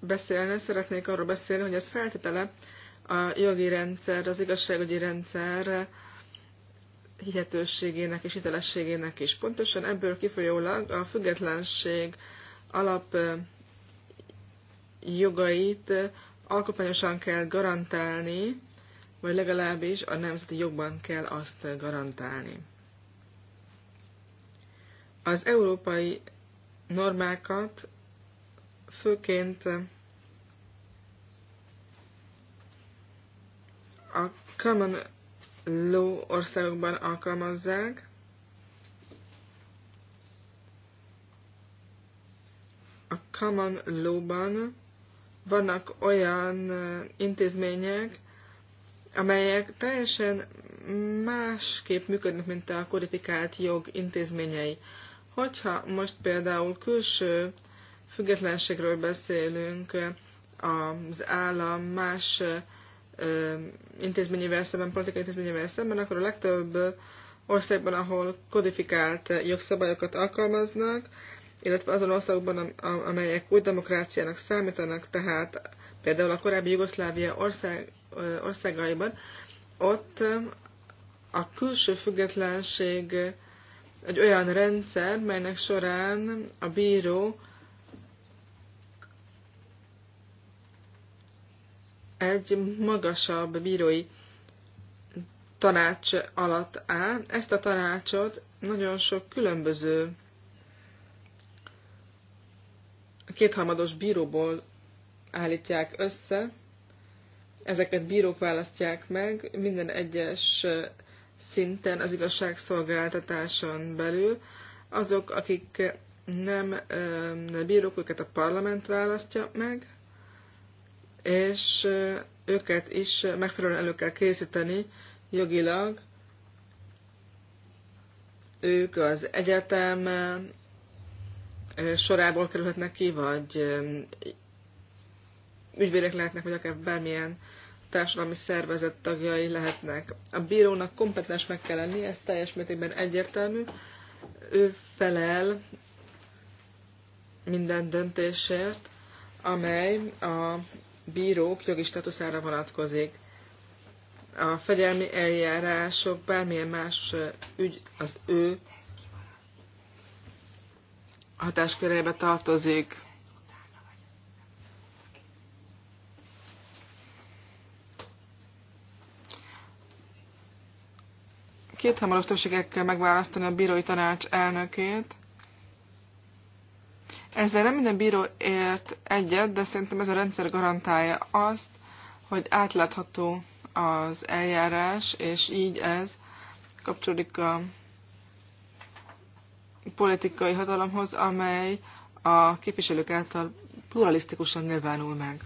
beszélne, szeretnék arról beszélni, hogy ez feltétele a jogi rendszer, az igazságügyi rendszer hihetőségének és hitelességének is. Pontosan ebből kifolyólag a függetlenség alap jogait alkotmányosan kell garantálni, vagy legalábbis a nemzeti jogban kell azt garantálni. Az európai normákat főként a common law országokban alkalmazzák, a common law-ban vannak olyan eh, intézmények, amelyek teljesen másképp működnek, mint a kodifikált jog intézményei. Hogyha most például külső függetlenségről beszélünk, eh, az állam más eh, intézményével szemben, politikai intézményével szemben, akkor a legtöbb országban, ahol kodifikált jogszabályokat alkalmaznak, illetve azon országokban, amelyek új demokráciának számítanak, tehát például a korábbi Jugoszlávia ország, országaiban, ott a külső függetlenség egy olyan rendszer, melynek során a bíró egy magasabb bírói tanács alatt áll. Ezt a tanácsot nagyon sok különböző kétharmados bíróból állítják össze, ezeket bírók választják meg minden egyes szinten az igazságszolgáltatáson belül. Azok, akik nem, bírók, őket a parlament választja meg, és őket is megfelelően elő kell készíteni jogilag. Ők az egyetem sorából kerülhetnek ki, vagy ügyvérek lehetnek, vagy akár bármilyen társadalmi szervezet tagjai lehetnek. A bírónak kompetensnek kell lenni, ez teljes mértékben egyértelmű. Ő felel minden döntésért, amely a bírók jogi státuszára vonatkozik. A fegyelmi eljárások, bármilyen más ügy az ő hatáskörébe tartozik. Két hamaros többségekkel megválasztani a bírói tanács elnökét. Ezzel nem minden bíró ért egyet, de szerintem ez a rendszer garantálja azt, hogy átlátható az eljárás, és így ez kapcsolódik a politikai hatalomhoz, amely a képviselők által pluralisztikusan nyilvánul meg.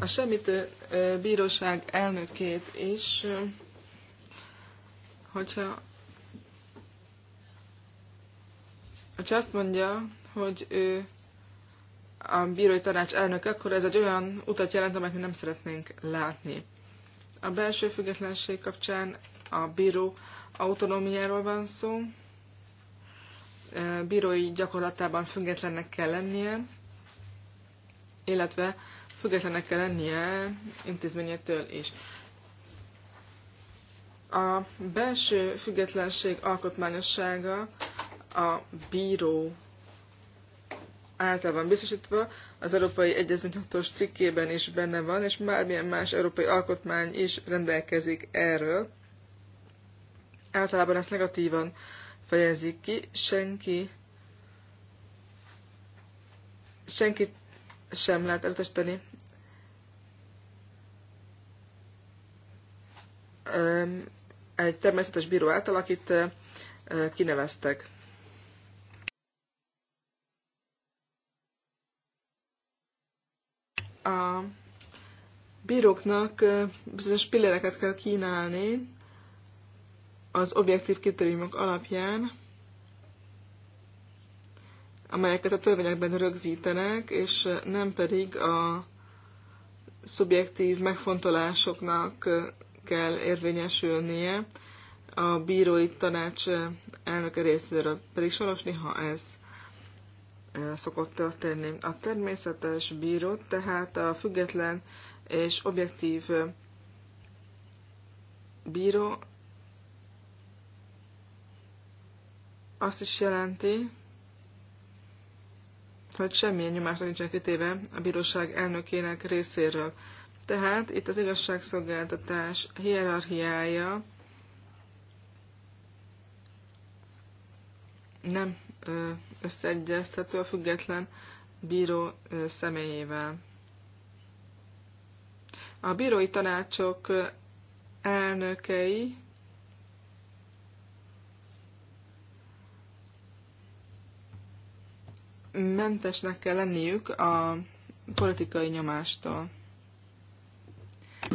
A semmitő bíróság elnökét is, hogyha hogy azt mondja, hogy ő a bírói tanács elnök, akkor ez egy olyan utat jelent, amelyet mi nem szeretnénk látni. A belső függetlenség kapcsán a bíró autonómiáról van szó, bírói gyakorlatában függetlennek kell lennie, illetve függetlennek kell lennie intézményétől is. A belső függetlenség alkotmányossága a bíró által van biztosítva, az Európai Egyezmény 6 cikkében is benne van, és bármilyen más európai alkotmány is rendelkezik erről. Általában ezt negatívan fejezik ki, senki, senkit sem lehet elutasítani egy természetes bíró által, akit kineveztek. a bíróknak bizonyos pilléreket kell kínálni az objektív kritériumok alapján, amelyeket a törvényekben rögzítenek, és nem pedig a szubjektív megfontolásoknak kell érvényesülnie a bírói tanács elnöke részéről. Pedig sorosni ha ez szokott történni. A természetes bíró tehát a független és objektív bíró azt is jelenti, hogy semmilyen nyomásnak nincsen kitéve a bíróság elnökének részéről. Tehát itt az igazságszolgáltatás hierarchiája nem összeegyeztető a független bíró személyével. A bírói tanácsok elnökei mentesnek kell lenniük a politikai nyomástól.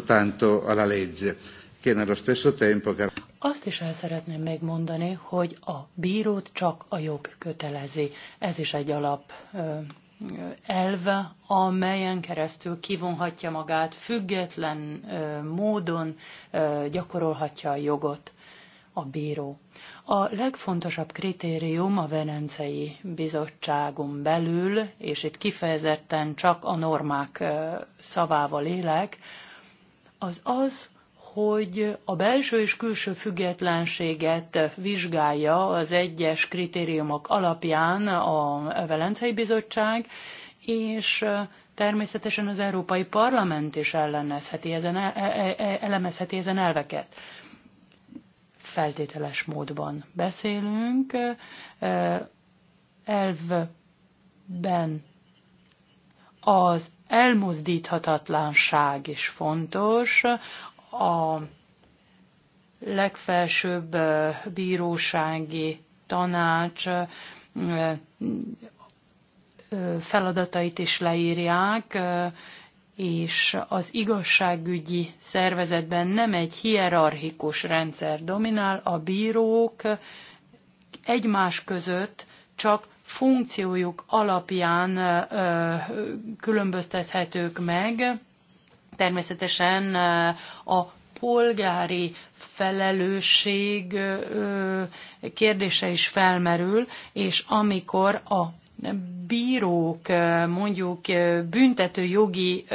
Tanto alla legge, che nello stesso tempo... Azt is el szeretném még mondani, hogy a bírót csak a jog kötelezi. Ez is egy alap elve, amelyen keresztül kivonhatja magát, független módon gyakorolhatja a jogot a bíró. A legfontosabb kritérium a Venencei Bizottságon belül, és itt kifejezetten csak a normák szavával élek, az az, hogy a belső és külső függetlenséget vizsgálja az egyes kritériumok alapján a Velencei Bizottság, és természetesen az Európai Parlament is ellenezheti ezen, e, e, e, elemezheti ezen elveket. Feltételes módban beszélünk, elvben az elmozdíthatatlanság is fontos, a legfelsőbb bírósági tanács feladatait is leírják, és az igazságügyi szervezetben nem egy hierarchikus rendszer dominál, a bírók egymás között csak funkciójuk alapján különböztethetők meg, Természetesen a polgári felelősség kérdése is felmerül, és amikor a bírók mondjuk büntető jogi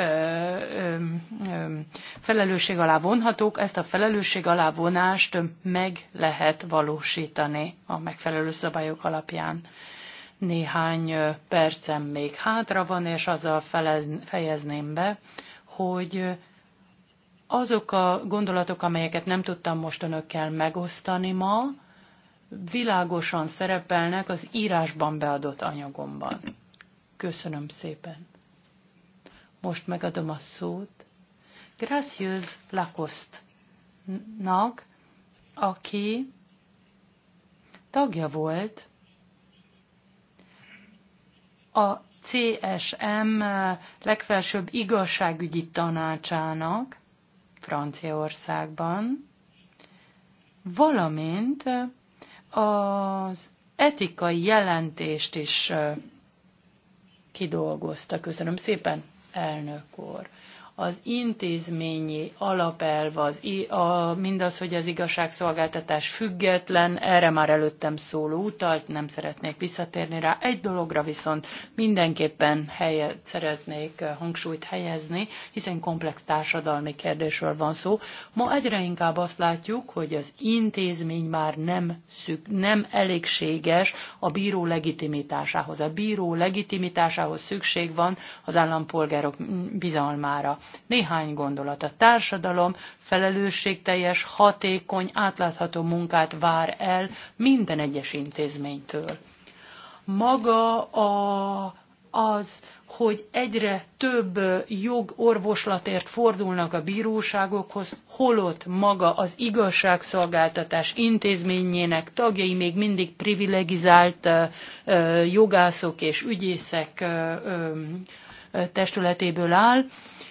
felelősség alá vonhatók, ezt a felelősség alá vonást meg lehet valósítani a megfelelő szabályok alapján. Néhány percem még hátra van, és azzal fejezném be, hogy azok a gondolatok, amelyeket nem tudtam most önökkel megosztani ma, világosan szerepelnek az írásban beadott anyagomban. Köszönöm szépen. Most megadom a szót Gracius Lacoste-nak, aki tagja volt a CSM eh, legfelsőbb igazságügyi tanácsának Franciaországban, valamint eh, az etikai jelentést is eh, kidolgozta. Köszönöm szépen, elnök úr az intézményi alapelv, az, a, mindaz, hogy az igazságszolgáltatás független, erre már előttem szóló utalt, nem szeretnék visszatérni rá. Egy dologra viszont mindenképpen helyet szeretnék eh, hangsúlyt helyezni, hiszen komplex társadalmi kérdésről van szó. Ma egyre inkább azt látjuk, hogy az intézmény már nem, szük, nem elégséges a bíró legitimitásához. A bíró legitimitásához szükség van az állampolgárok bizalmára néhány gondolat. A társadalom felelősségteljes, hatékony, átlátható munkát vár el minden egyes intézménytől. Maga a, az, hogy egyre több jogorvoslatért fordulnak a bíróságokhoz, holott maga az igazságszolgáltatás intézményének tagjai még mindig privilegizált jogászok és ügyészek testületéből áll,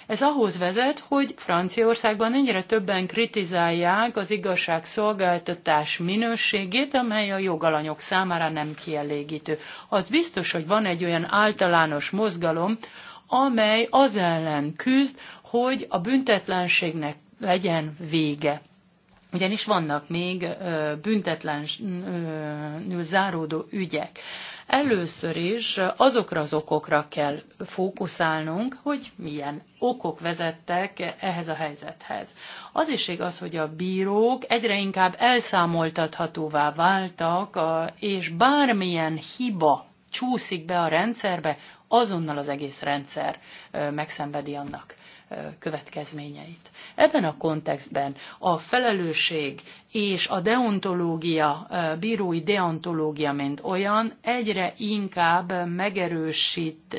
ez ahhoz vezet, hogy Franciaországban egyre többen kritizálják az igazságszolgáltatás minőségét, amely a jogalanyok számára nem kielégítő. Az biztos, hogy van egy olyan általános mozgalom, amely az ellen küzd, hogy a büntetlenségnek legyen vége. Ugyanis vannak még büntetlenül záródó ügyek először is azokra az okokra kell fókuszálnunk, hogy milyen okok vezettek ehhez a helyzethez. Az is igaz, hogy a bírók egyre inkább elszámoltathatóvá váltak, és bármilyen hiba csúszik be a rendszerbe, azonnal az egész rendszer megszenvedi annak következményeit. Ebben a kontextben a felelősség és a deontológia, bírói deontológia, mint olyan, egyre inkább megerősít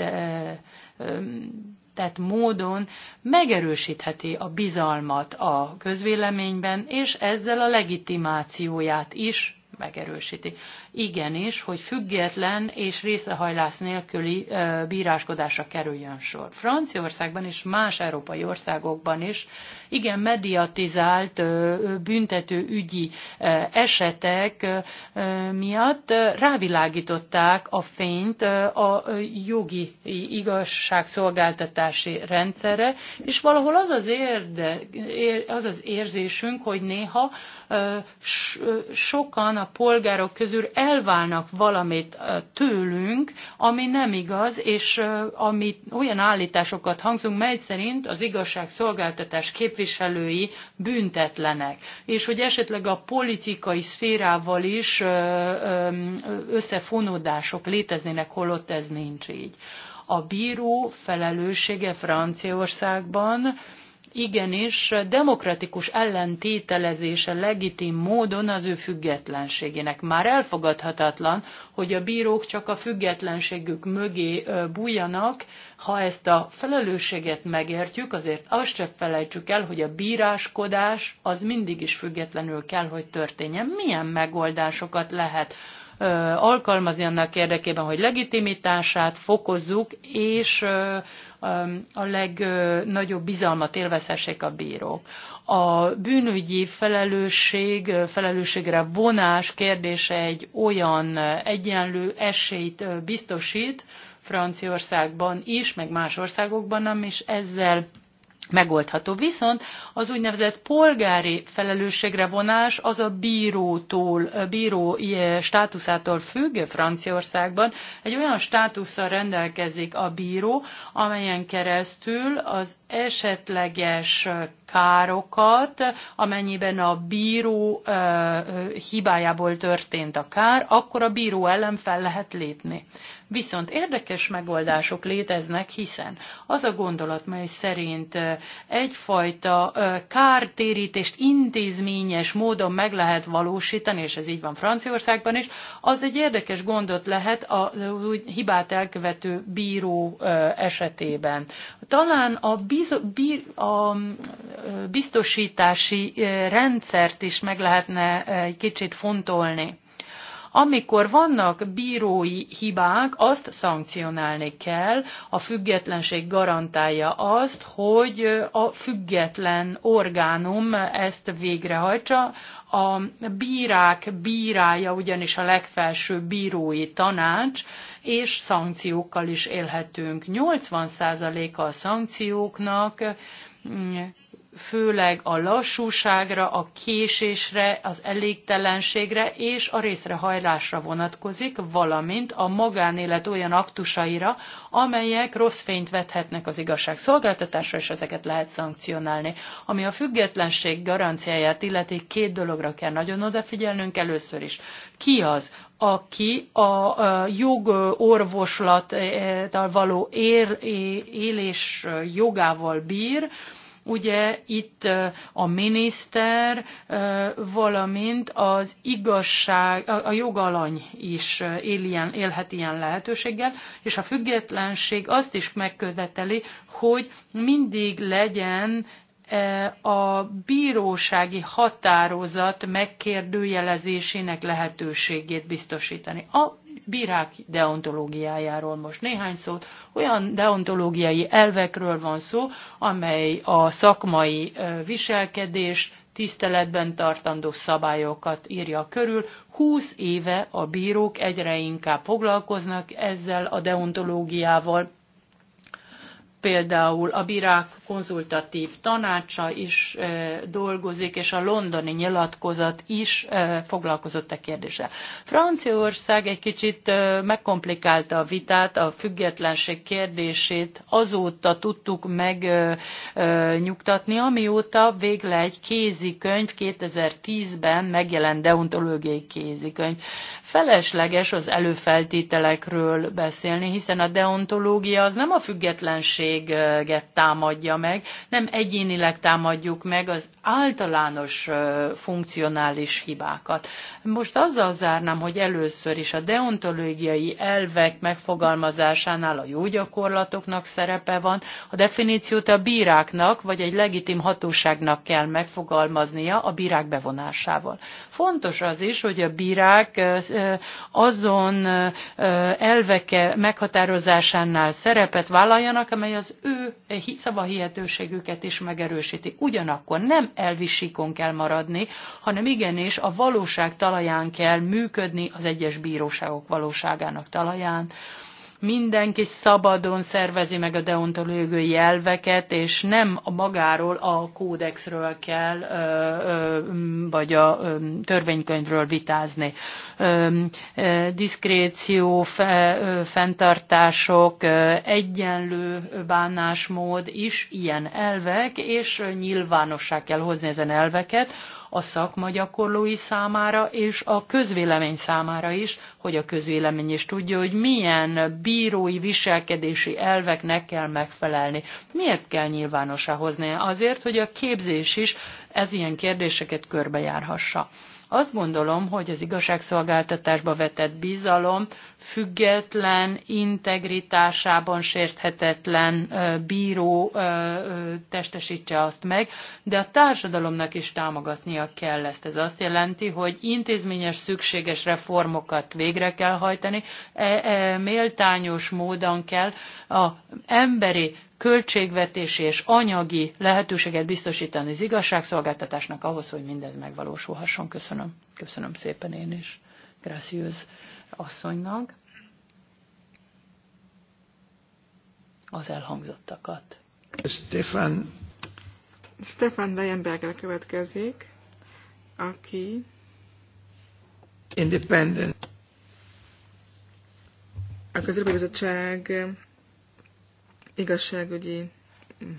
tett módon megerősítheti a bizalmat a közvéleményben, és ezzel a legitimációját is megerősíti. Igenis, hogy független és részehajlás nélküli bíráskodásra kerüljön sor. Franciaországban és más európai országokban is igen mediatizált büntető ügyi esetek miatt rávilágították a fényt a jogi igazságszolgáltatási rendszerre, és valahol az az, érde, az, az érzésünk, hogy néha sokan a polgárok közül elválnak valamit tőlünk, ami nem igaz, és ami olyan állításokat hangzunk, mely szerint az igazságszolgáltatás képviselői büntetlenek, és hogy esetleg a politikai szférával is összefonódások léteznének, holott ez nincs így. A bíró felelőssége Franciaországban, igenis demokratikus ellentételezése legitim módon az ő függetlenségének. Már elfogadhatatlan, hogy a bírók csak a függetlenségük mögé bújjanak, ha ezt a felelősséget megértjük, azért azt se felejtsük el, hogy a bíráskodás az mindig is függetlenül kell, hogy történjen. Milyen megoldásokat lehet alkalmazni annak érdekében, hogy legitimitását fokozzuk, és a legnagyobb bizalmat élvezhessék a bírók. A bűnügyi felelősség, felelősségre vonás kérdése egy olyan egyenlő esélyt biztosít Franciaországban is, meg más országokban is és ezzel megoldható. Viszont az úgynevezett polgári felelősségre vonás az a bírótól, a bíró státuszától függ Franciaországban. Egy olyan státusszal rendelkezik a bíró, amelyen keresztül az esetleges károkat, amennyiben a bíró hibájából történt a kár, akkor a bíró ellen fel lehet lépni. Viszont érdekes megoldások léteznek, hiszen az a gondolat, mely szerint egyfajta kártérítést intézményes módon meg lehet valósítani, és ez így van Franciaországban is, az egy érdekes gondot lehet a hibát elkövető bíró esetében. Talán a, biz, bí, a biztosítási rendszert is meg lehetne egy kicsit fontolni. Amikor vannak bírói hibák, azt szankcionálni kell. A függetlenség garantálja azt, hogy a független orgánum ezt végrehajtsa. A bírák bírája ugyanis a legfelső bírói tanács, és szankciókkal is élhetünk. 80%-a a szankcióknak főleg a lassúságra, a késésre, az elégtelenségre és a részrehajlásra vonatkozik, valamint a magánélet olyan aktusaira, amelyek rossz fényt vethetnek az igazságszolgáltatásra, és ezeket lehet szankcionálni. Ami a függetlenség garanciáját illeti, két dologra kell nagyon odafigyelnünk először is. Ki az, aki a jogorvoslattal való él, élés jogával bír, Ugye itt a miniszter, valamint az igazság, a jogalany is él ilyen, élhet ilyen lehetőséggel, és a függetlenség azt is megköveteli, hogy mindig legyen Eh, a bírósági határozat megkérdőjelezésének lehetőségét biztosítani. A bírák deontológiájáról most néhány szót. Olyan deontológiai elvekről van szó, amely a szakmai eh, viselkedés, tiszteletben tartandó szabályokat írja körül. Húsz éve a bírók egyre inkább foglalkoznak ezzel a deontológiával, például a Birák konzultatív tanácsa is dolgozik, és a londoni nyilatkozat is foglalkozott a e kérdéssel. Franciaország egy kicsit megkomplikálta a vitát, a függetlenség kérdését azóta tudtuk megnyugtatni, amióta végle egy kézikönyv 2010-ben megjelent deontológiai kézikönyv felesleges az előfeltételekről beszélni, hiszen a deontológia az nem a függetlenséget támadja meg, nem egyénileg támadjuk meg az általános funkcionális hibákat. Most azzal zárnám, hogy először is a deontológiai elvek megfogalmazásánál a jó gyakorlatoknak szerepe van, a definíciót a bíráknak vagy egy legitim hatóságnak kell megfogalmaznia a bírák bevonásával. Fontos az is, hogy a bírák azon elveke meghatározásánál szerepet vállaljanak, amely az ő szavahihetőségüket is megerősíti. Ugyanakkor nem elvisíkon kell maradni, hanem igenis a valóság talaján kell működni, az egyes bíróságok valóságának talaján, mindenki szabadon szervezi meg a deontológiai elveket, és nem a magáról, a kódexről kell, vagy a törvénykönyvről vitázni. Diszkréció, fenntartások, egyenlő bánásmód is ilyen elvek, és nyilvánossá kell hozni ezen elveket, a szakma gyakorlói számára és a közvélemény számára is, hogy a közvélemény is tudja, hogy milyen bírói viselkedési elveknek kell megfelelni. Miért kell nyilvánosá hozni? Azért, hogy a képzés is ez ilyen kérdéseket körbejárhassa. Azt gondolom, hogy az igazságszolgáltatásba vetett bizalom független, integritásában sérthetetlen bíró testesítse azt meg, de a társadalomnak is támogatnia kell ezt. Ez azt jelenti, hogy intézményes, szükséges reformokat végre kell hajtani, e, e, méltányos módon kell a emberi költségvetési és anyagi lehetőséget biztosítani az igazságszolgáltatásnak ahhoz, hogy mindez megvalósulhasson. Köszönöm. Köszönöm szépen én is. Gracius asszonynak az elhangzottakat. Stefan. Stefan Leyenberger következik, aki independent. A közülbizottság igazságügyi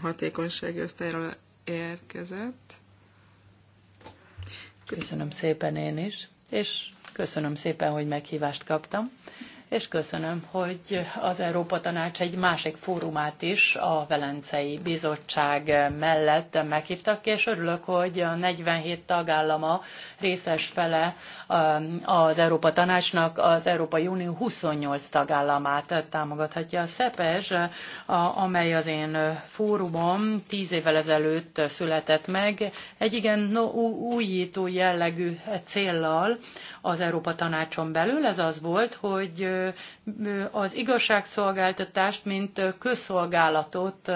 hatékonysági osztályról érkezett. Köszönöm szépen én is, és köszönöm szépen, hogy meghívást kaptam és köszönöm, hogy az Európa Tanács egy másik fórumát is a Velencei Bizottság mellett meghívtak, és örülök, hogy a 47 tagállama részes fele um, az Európa Tanácsnak az Európai Unió 28 tagállamát támogathatja. A SZEPES, amely az én fórumom 10 évvel ezelőtt született meg, egy igen no, újító jellegű céllal az Európa Tanácson belül, ez az volt, hogy az igazságszolgáltatást, mint közszolgálatot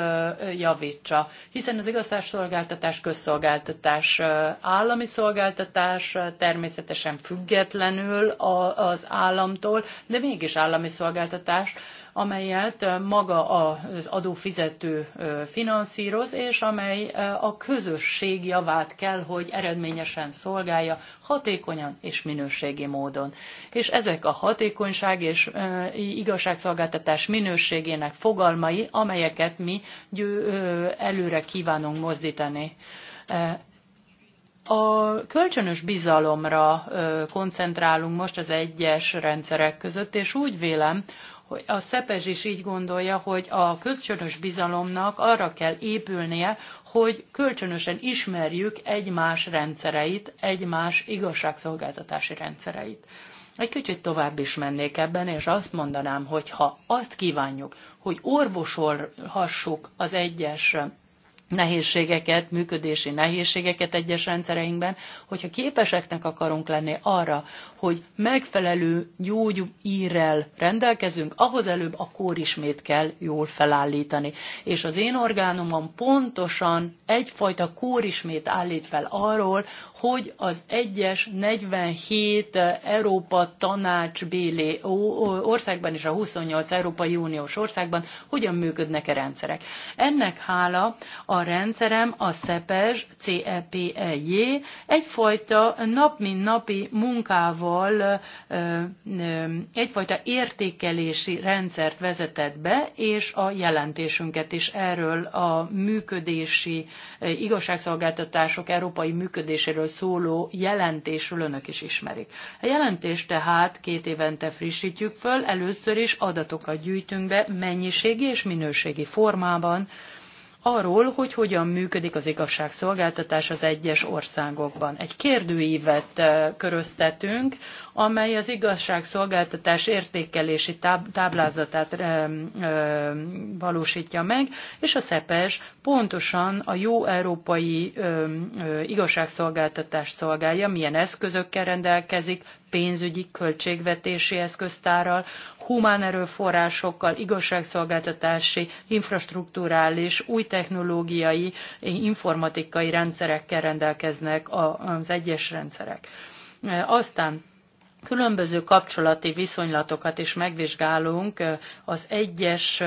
javítsa. Hiszen az igazságszolgáltatás közszolgáltatás állami szolgáltatás, természetesen függetlenül az államtól, de mégis állami szolgáltatás, amelyet maga az adófizető finanszíroz, és amely a közösség javát kell, hogy eredményesen szolgálja, hatékonyan és minőségi módon. És ezek a hatékonyság és igazságszolgáltatás minőségének fogalmai, amelyeket mi előre kívánunk mozdítani. A kölcsönös bizalomra koncentrálunk most az egyes rendszerek között, és úgy vélem, hogy a Szepes is így gondolja, hogy a kölcsönös bizalomnak arra kell épülnie, hogy kölcsönösen ismerjük egymás rendszereit, egymás igazságszolgáltatási rendszereit. Egy kicsit tovább is mennék ebben, és azt mondanám, hogy ha azt kívánjuk, hogy orvosolhassuk az egyes nehézségeket, működési nehézségeket egyes rendszereinkben, hogyha képeseknek akarunk lenni arra, hogy megfelelő gyógyírrel rendelkezünk, ahhoz előbb a kórismét kell jól felállítani. És az én orgánumom pontosan egyfajta kórismét állít fel arról, hogy az egyes 47 eh, Európa tanácsbéli országban és a 28 Európai Uniós országban hogyan működnek a rendszerek. Ennek hála a rendszerem a CEPES, CEPEJ egyfajta nap mint napi munkával eh, eh, egyfajta értékelési rendszert vezetett be, és a jelentésünket is erről a működési igazságszolgáltatások európai működéséről erről szóló jelentésről önök is ismerik. A jelentést tehát két évente frissítjük föl, először is adatokat gyűjtünk be mennyiségi és minőségi formában, arról, hogy hogyan működik az igazságszolgáltatás az egyes országokban. Egy kérdőívet köröztetünk, amely az igazságszolgáltatás értékelési táblázatát valósítja meg, és a SZEPES pontosan a jó európai igazságszolgáltatást szolgálja, milyen eszközökkel rendelkezik, pénzügyi költségvetési eszköztárral, humán erőforrásokkal, igazságszolgáltatási, infrastruktúrális, új technológiai, informatikai rendszerekkel rendelkeznek az egyes rendszerek. Aztán különböző kapcsolati viszonylatokat is megvizsgálunk az egyes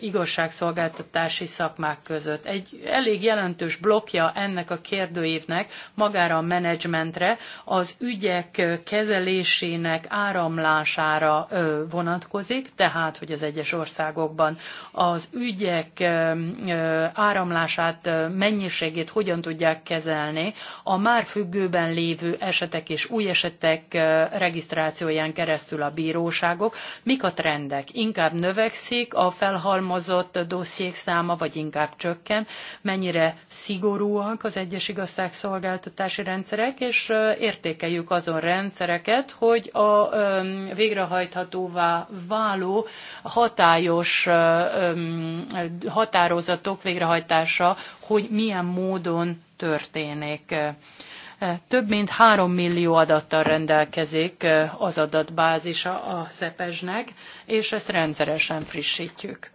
igazságszolgáltatási szakmák között. Egy elég jelentős blokja ennek a kérdőívnek magára a menedzsmentre, az ügyek kezelésének áramlására vonatkozik, tehát hogy az egyes országokban az ügyek áramlását, mennyiségét hogyan tudják kezelni, a már függőben lévő esetek és új esetek regisztrálására adminisztrációján keresztül a bíróságok. Mik a trendek? Inkább növekszik a felhalmozott dossziék száma, vagy inkább csökken? Mennyire szigorúak az egyes igazságszolgáltatási rendszerek, és értékeljük azon rendszereket, hogy a végrehajthatóvá váló hatályos határozatok végrehajtása, hogy milyen módon történik. E, több mint három millió adattal rendelkezik e, az adatbázisa a szepesnek, és ezt rendszeresen frissítjük.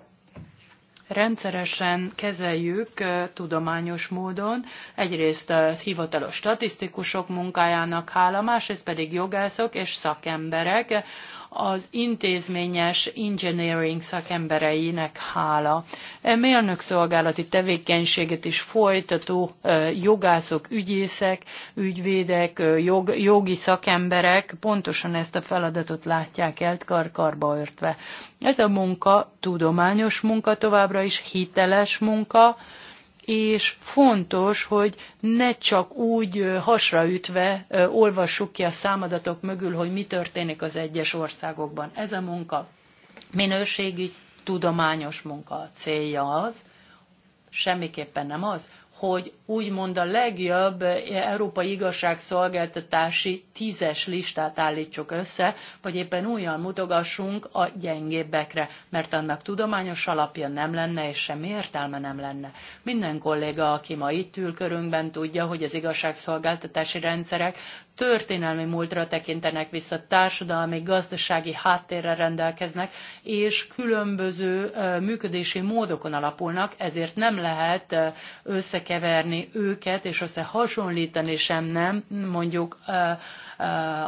Rendszeresen kezeljük e, tudományos módon, egyrészt a hivatalos statisztikusok munkájának hála, másrészt pedig jogászok és szakemberek, az intézményes engineering szakembereinek hála. E, mérnök szolgálati tevékenységet is folytató e, jogászok, ügyészek, ügyvédek, e, jog, jogi szakemberek pontosan ezt a feladatot látják el karkarba örtve. Ez a munka tudományos munka továbbra is, hiteles munka, és fontos, hogy ne csak úgy hasraütve olvassuk ki a számadatok mögül, hogy mi történik az egyes országokban. Ez a munka minőségi, tudományos munka célja az, semmiképpen nem az, hogy úgymond a legjobb eh, európai igazságszolgáltatási tízes listát állítsuk össze, vagy éppen újjal mutogassunk a gyengébbekre, mert annak tudományos alapja nem lenne, és semmi értelme nem lenne. Minden kolléga, aki ma itt ül körünkben, tudja, hogy az igazságszolgáltatási rendszerek történelmi múltra tekintenek vissza, társadalmi, gazdasági háttérre rendelkeznek, és különböző eh, működési módokon alapulnak, ezért nem lehet eh, összekezni összekeverni őket, és összehasonlítani sem nem, mondjuk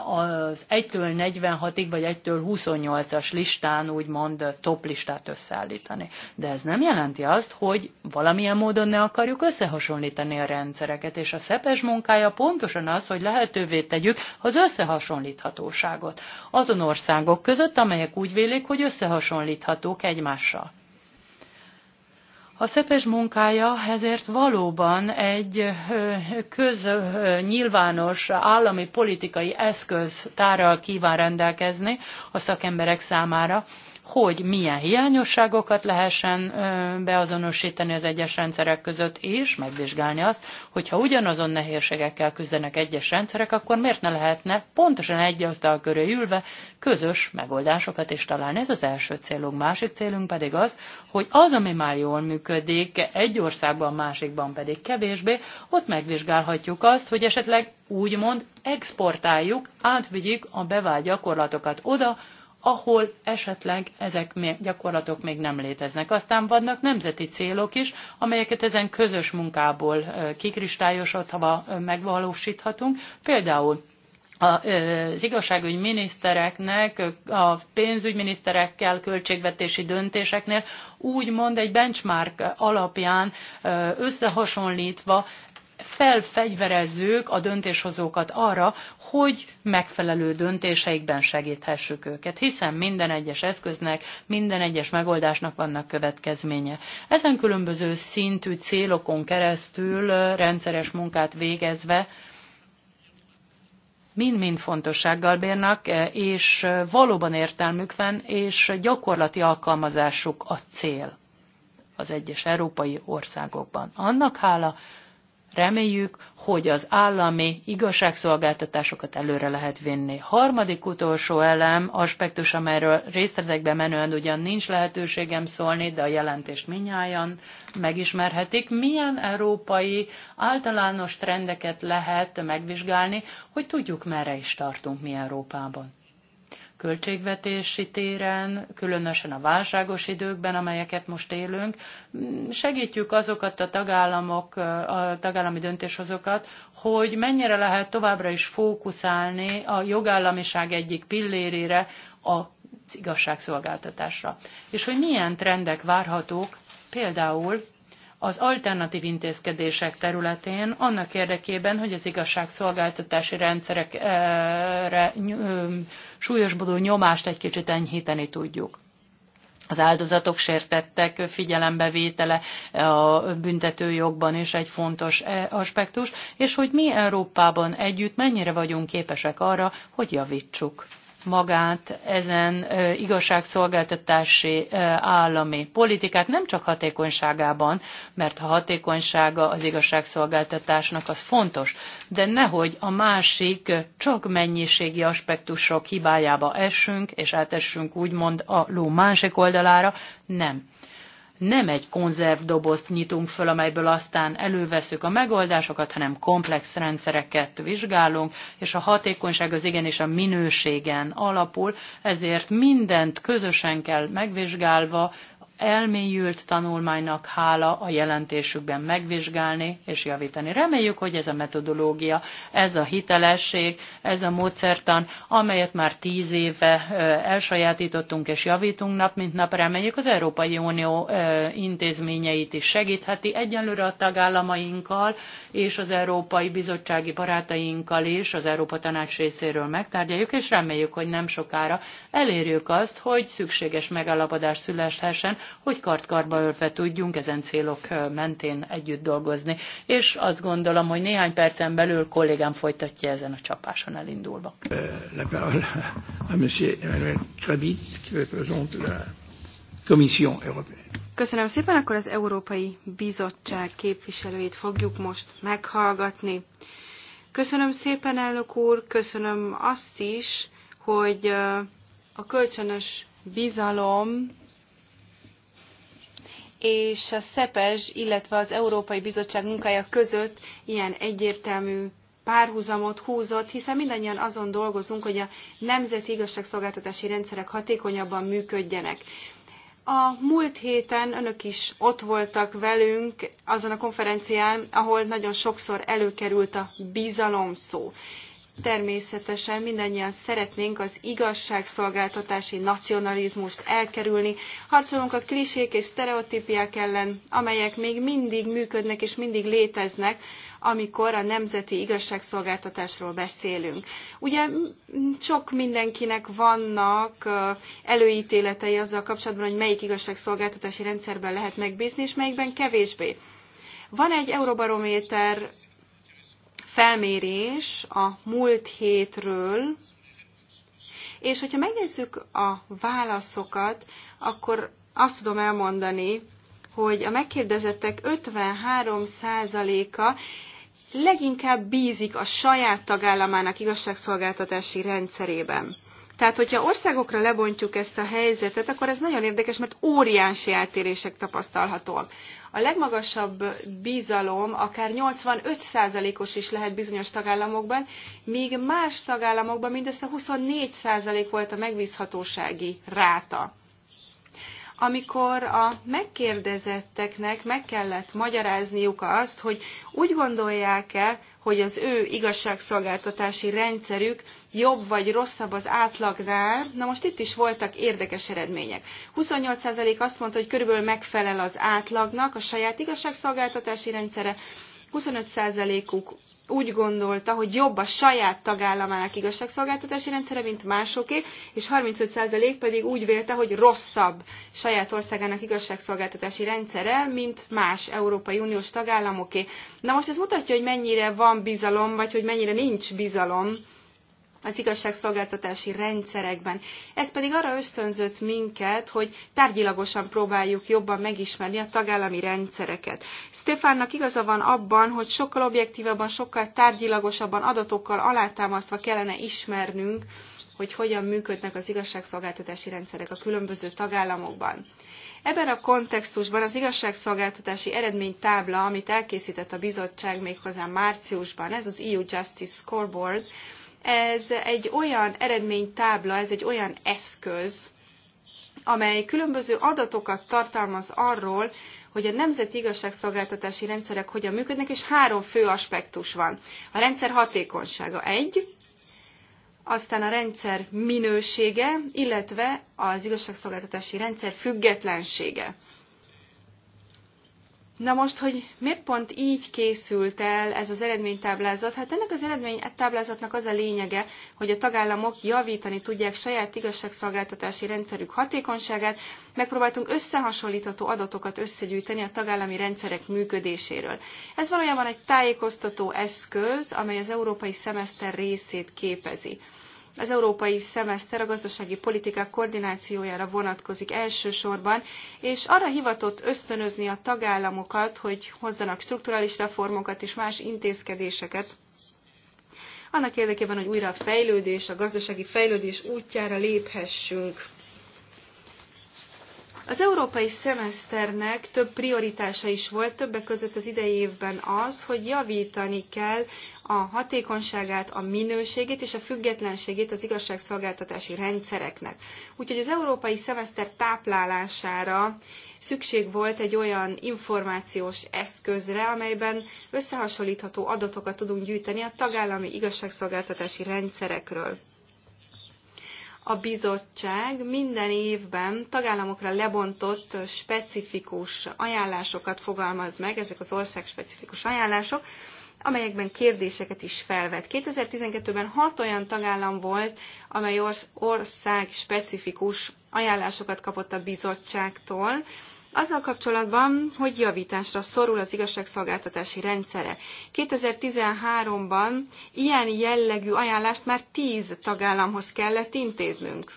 az 1-től 46-ig, vagy 1-től 28-as listán úgymond top listát összeállítani. De ez nem jelenti azt, hogy valamilyen módon ne akarjuk összehasonlítani a rendszereket, és a szepes munkája pontosan az, hogy lehetővé tegyük az összehasonlíthatóságot azon országok között, amelyek úgy vélik, hogy összehasonlíthatók egymással. A szepes munkája ezért valóban egy köznyilvános állami politikai eszköz tárral kíván rendelkezni a szakemberek számára, hogy milyen hiányosságokat lehessen beazonosítani az egyes rendszerek között, és megvizsgálni azt, hogyha ugyanazon nehézségekkel küzdenek egyes rendszerek, akkor miért ne lehetne pontosan egy asztal köré ülve közös megoldásokat is találni. Ez az első célunk. Másik célunk pedig az, hogy az, ami már jól működik, egy országban, másikban pedig kevésbé, ott megvizsgálhatjuk azt, hogy esetleg úgymond exportáljuk, átvigyük a bevált gyakorlatokat oda, ahol esetleg ezek gyakorlatok még nem léteznek. Aztán vannak nemzeti célok is, amelyeket ezen közös munkából kikristályosodva megvalósíthatunk. Például az igazságügy minisztereknek, a pénzügyminiszterekkel költségvetési döntéseknél úgymond egy benchmark alapján összehasonlítva felfegyverezzük a döntéshozókat arra, hogy megfelelő döntéseikben segíthessük őket, hiszen minden egyes eszköznek, minden egyes megoldásnak vannak következménye. Ezen különböző szintű célokon keresztül rendszeres munkát végezve, mind-mind fontossággal bírnak, és valóban értelmük van, és gyakorlati alkalmazásuk a cél az egyes európai országokban. Annak hála, reméljük, hogy az állami igazságszolgáltatásokat előre lehet vinni. Harmadik utolsó elem, aspektus, amelyről részletekbe menően ugyan nincs lehetőségem szólni, de a jelentést minnyáján megismerhetik, milyen európai általános trendeket lehet megvizsgálni, hogy tudjuk, merre is tartunk mi Európában költségvetési téren, különösen a válságos időkben, amelyeket most élünk. Segítjük azokat a tagállamok, a tagállami döntéshozókat, hogy mennyire lehet továbbra is fókuszálni a jogállamiság egyik pillérére, a igazságszolgáltatásra. És hogy milyen trendek várhatók például az alternatív intézkedések területén annak érdekében, hogy az igazságszolgáltatási rendszerekre eh, súlyosbodó nyomást egy kicsit enyhíteni tudjuk az áldozatok sértettek figyelembevétele eh, a büntetőjogban is egy fontos eh, aspektus, és hogy mi Európában együtt mennyire vagyunk képesek arra, hogy javítsuk magát ezen igazságszolgáltatási állami politikát, nem csak hatékonyságában, mert a hatékonysága az igazságszolgáltatásnak az fontos, de nehogy a másik csak mennyiségi aspektusok hibájába essünk, és átessünk úgymond a ló másik oldalára, nem nem egy konzervdobozt nyitunk föl, amelyből aztán előveszük a megoldásokat, hanem komplex rendszereket vizsgálunk, és a hatékonyság az igenis a minőségen alapul, ezért mindent közösen kell megvizsgálva elmélyült tanulmánynak hála a jelentésükben megvizsgálni és javítani. Reméljük, hogy ez a metodológia, ez a hitelesség, ez a módszertan, amelyet már tíz éve elsajátítottunk és javítunk nap, mint nap, reméljük az Európai Unió intézményeit is segítheti egyenlőre a tagállamainkkal és az Európai Bizottsági barátainkkal is, az Európa Tanács részéről megtárgyaljuk, és reméljük, hogy nem sokára elérjük azt, hogy szükséges megállapodás szüleshessen hogy kartkarba ölve tudjunk ezen célok mentén együtt dolgozni. És azt gondolom, hogy néhány percen belül kollégám folytatja ezen a csapáson elindulva. Euh, la parole à monsieur Emmanuel Krabit, qui représente la Commission européenne. Köszönöm szépen, akkor az Európai Bizottság képviselőjét fogjuk most meghallgatni. Köszönöm szépen, elnök úr, köszönöm azt is, hogy a kölcsönös bizalom és a SZEPES, illetve az Európai Bizottság munkája között ilyen egyértelmű párhuzamot húzott, hiszen mindannyian azon dolgozunk, hogy a nemzeti igazságszolgáltatási rendszerek hatékonyabban működjenek. A múlt héten önök is ott voltak velünk azon a konferencián, ahol nagyon sokszor előkerült a bizalom szó. Természetesen mindannyian szeretnénk az igazságszolgáltatási nacionalizmust elkerülni. Harcolunk a klisék és sztereotípiák ellen, amelyek még mindig működnek és mindig léteznek, amikor a nemzeti igazságszolgáltatásról beszélünk. Ugye sok mindenkinek vannak előítéletei azzal kapcsolatban, hogy melyik igazságszolgáltatási rendszerben lehet megbízni, és melyikben kevésbé. Van egy Euróbarométer felmérés a múlt hétről, és hogyha megnézzük a válaszokat, akkor azt tudom elmondani, hogy a megkérdezettek 53%-a leginkább bízik a saját tagállamának igazságszolgáltatási rendszerében. Tehát, hogyha országokra lebontjuk ezt a helyzetet, akkor ez nagyon érdekes, mert óriási eltérések tapasztalhatóak. A legmagasabb bizalom akár 85%-os is lehet bizonyos tagállamokban, míg más tagállamokban mindössze 24% volt a megbízhatósági ráta amikor a megkérdezetteknek meg kellett magyarázniuk azt, hogy úgy gondolják-e, hogy az ő igazságszolgáltatási rendszerük jobb vagy rosszabb az átlagnál. Na most itt is voltak érdekes eredmények. 28% azt mondta, hogy körülbelül megfelel az átlagnak a saját igazságszolgáltatási rendszere, 25%-uk úgy gondolta, hogy jobb a saját tagállamának igazságszolgáltatási rendszere, mint másoké, és 35% pedig úgy vélte, hogy rosszabb saját országának igazságszolgáltatási rendszere, mint más Európai Uniós tagállamoké. Na most ez mutatja, hogy mennyire van bizalom, vagy hogy mennyire nincs bizalom az igazságszolgáltatási rendszerekben. Ez pedig arra ösztönzött minket, hogy tárgyilagosan próbáljuk jobban megismerni a tagállami rendszereket. Stefánnak igaza van abban, hogy sokkal objektívabban, sokkal tárgyilagosabban adatokkal alátámasztva kellene ismernünk, hogy hogyan működnek az igazságszolgáltatási rendszerek a különböző tagállamokban. Ebben a kontextusban az igazságszolgáltatási eredménytábla, amit elkészített a bizottság méghozzá márciusban, ez az EU Justice Scoreboard, ez egy olyan eredménytábla, ez egy olyan eszköz, amely különböző adatokat tartalmaz arról, hogy a nemzeti igazságszolgáltatási rendszerek hogyan működnek, és három fő aspektus van. A rendszer hatékonysága egy, aztán a rendszer minősége, illetve az igazságszolgáltatási rendszer függetlensége. Na most, hogy miért pont így készült el ez az eredménytáblázat? Hát ennek az eredménytáblázatnak az a lényege, hogy a tagállamok javítani tudják saját igazságszolgáltatási rendszerük hatékonyságát. Megpróbáltunk összehasonlítható adatokat összegyűjteni a tagállami rendszerek működéséről. Ez valójában egy tájékoztató eszköz, amely az európai szemeszter részét képezi az európai szemeszter a gazdasági politikák koordinációjára vonatkozik elsősorban, és arra hivatott ösztönözni a tagállamokat, hogy hozzanak strukturális reformokat és más intézkedéseket, annak érdekében, hogy újra a fejlődés, a gazdasági fejlődés útjára léphessünk. Az európai szemeszternek több prioritása is volt, többek között az idei évben az, hogy javítani kell a hatékonyságát, a minőségét és a függetlenségét az igazságszolgáltatási rendszereknek. Úgyhogy az európai szemeszter táplálására szükség volt egy olyan információs eszközre, amelyben összehasonlítható adatokat tudunk gyűjteni a tagállami igazságszolgáltatási rendszerekről a bizottság minden évben tagállamokra lebontott specifikus ajánlásokat fogalmaz meg, ezek az ország specifikus ajánlások, amelyekben kérdéseket is felvet. 2012-ben hat olyan tagállam volt, amely ország specifikus ajánlásokat kapott a bizottságtól, azzal kapcsolatban, hogy javításra szorul az igazságszolgáltatási rendszere. 2013-ban ilyen jellegű ajánlást már 10 tagállamhoz kellett intéznünk.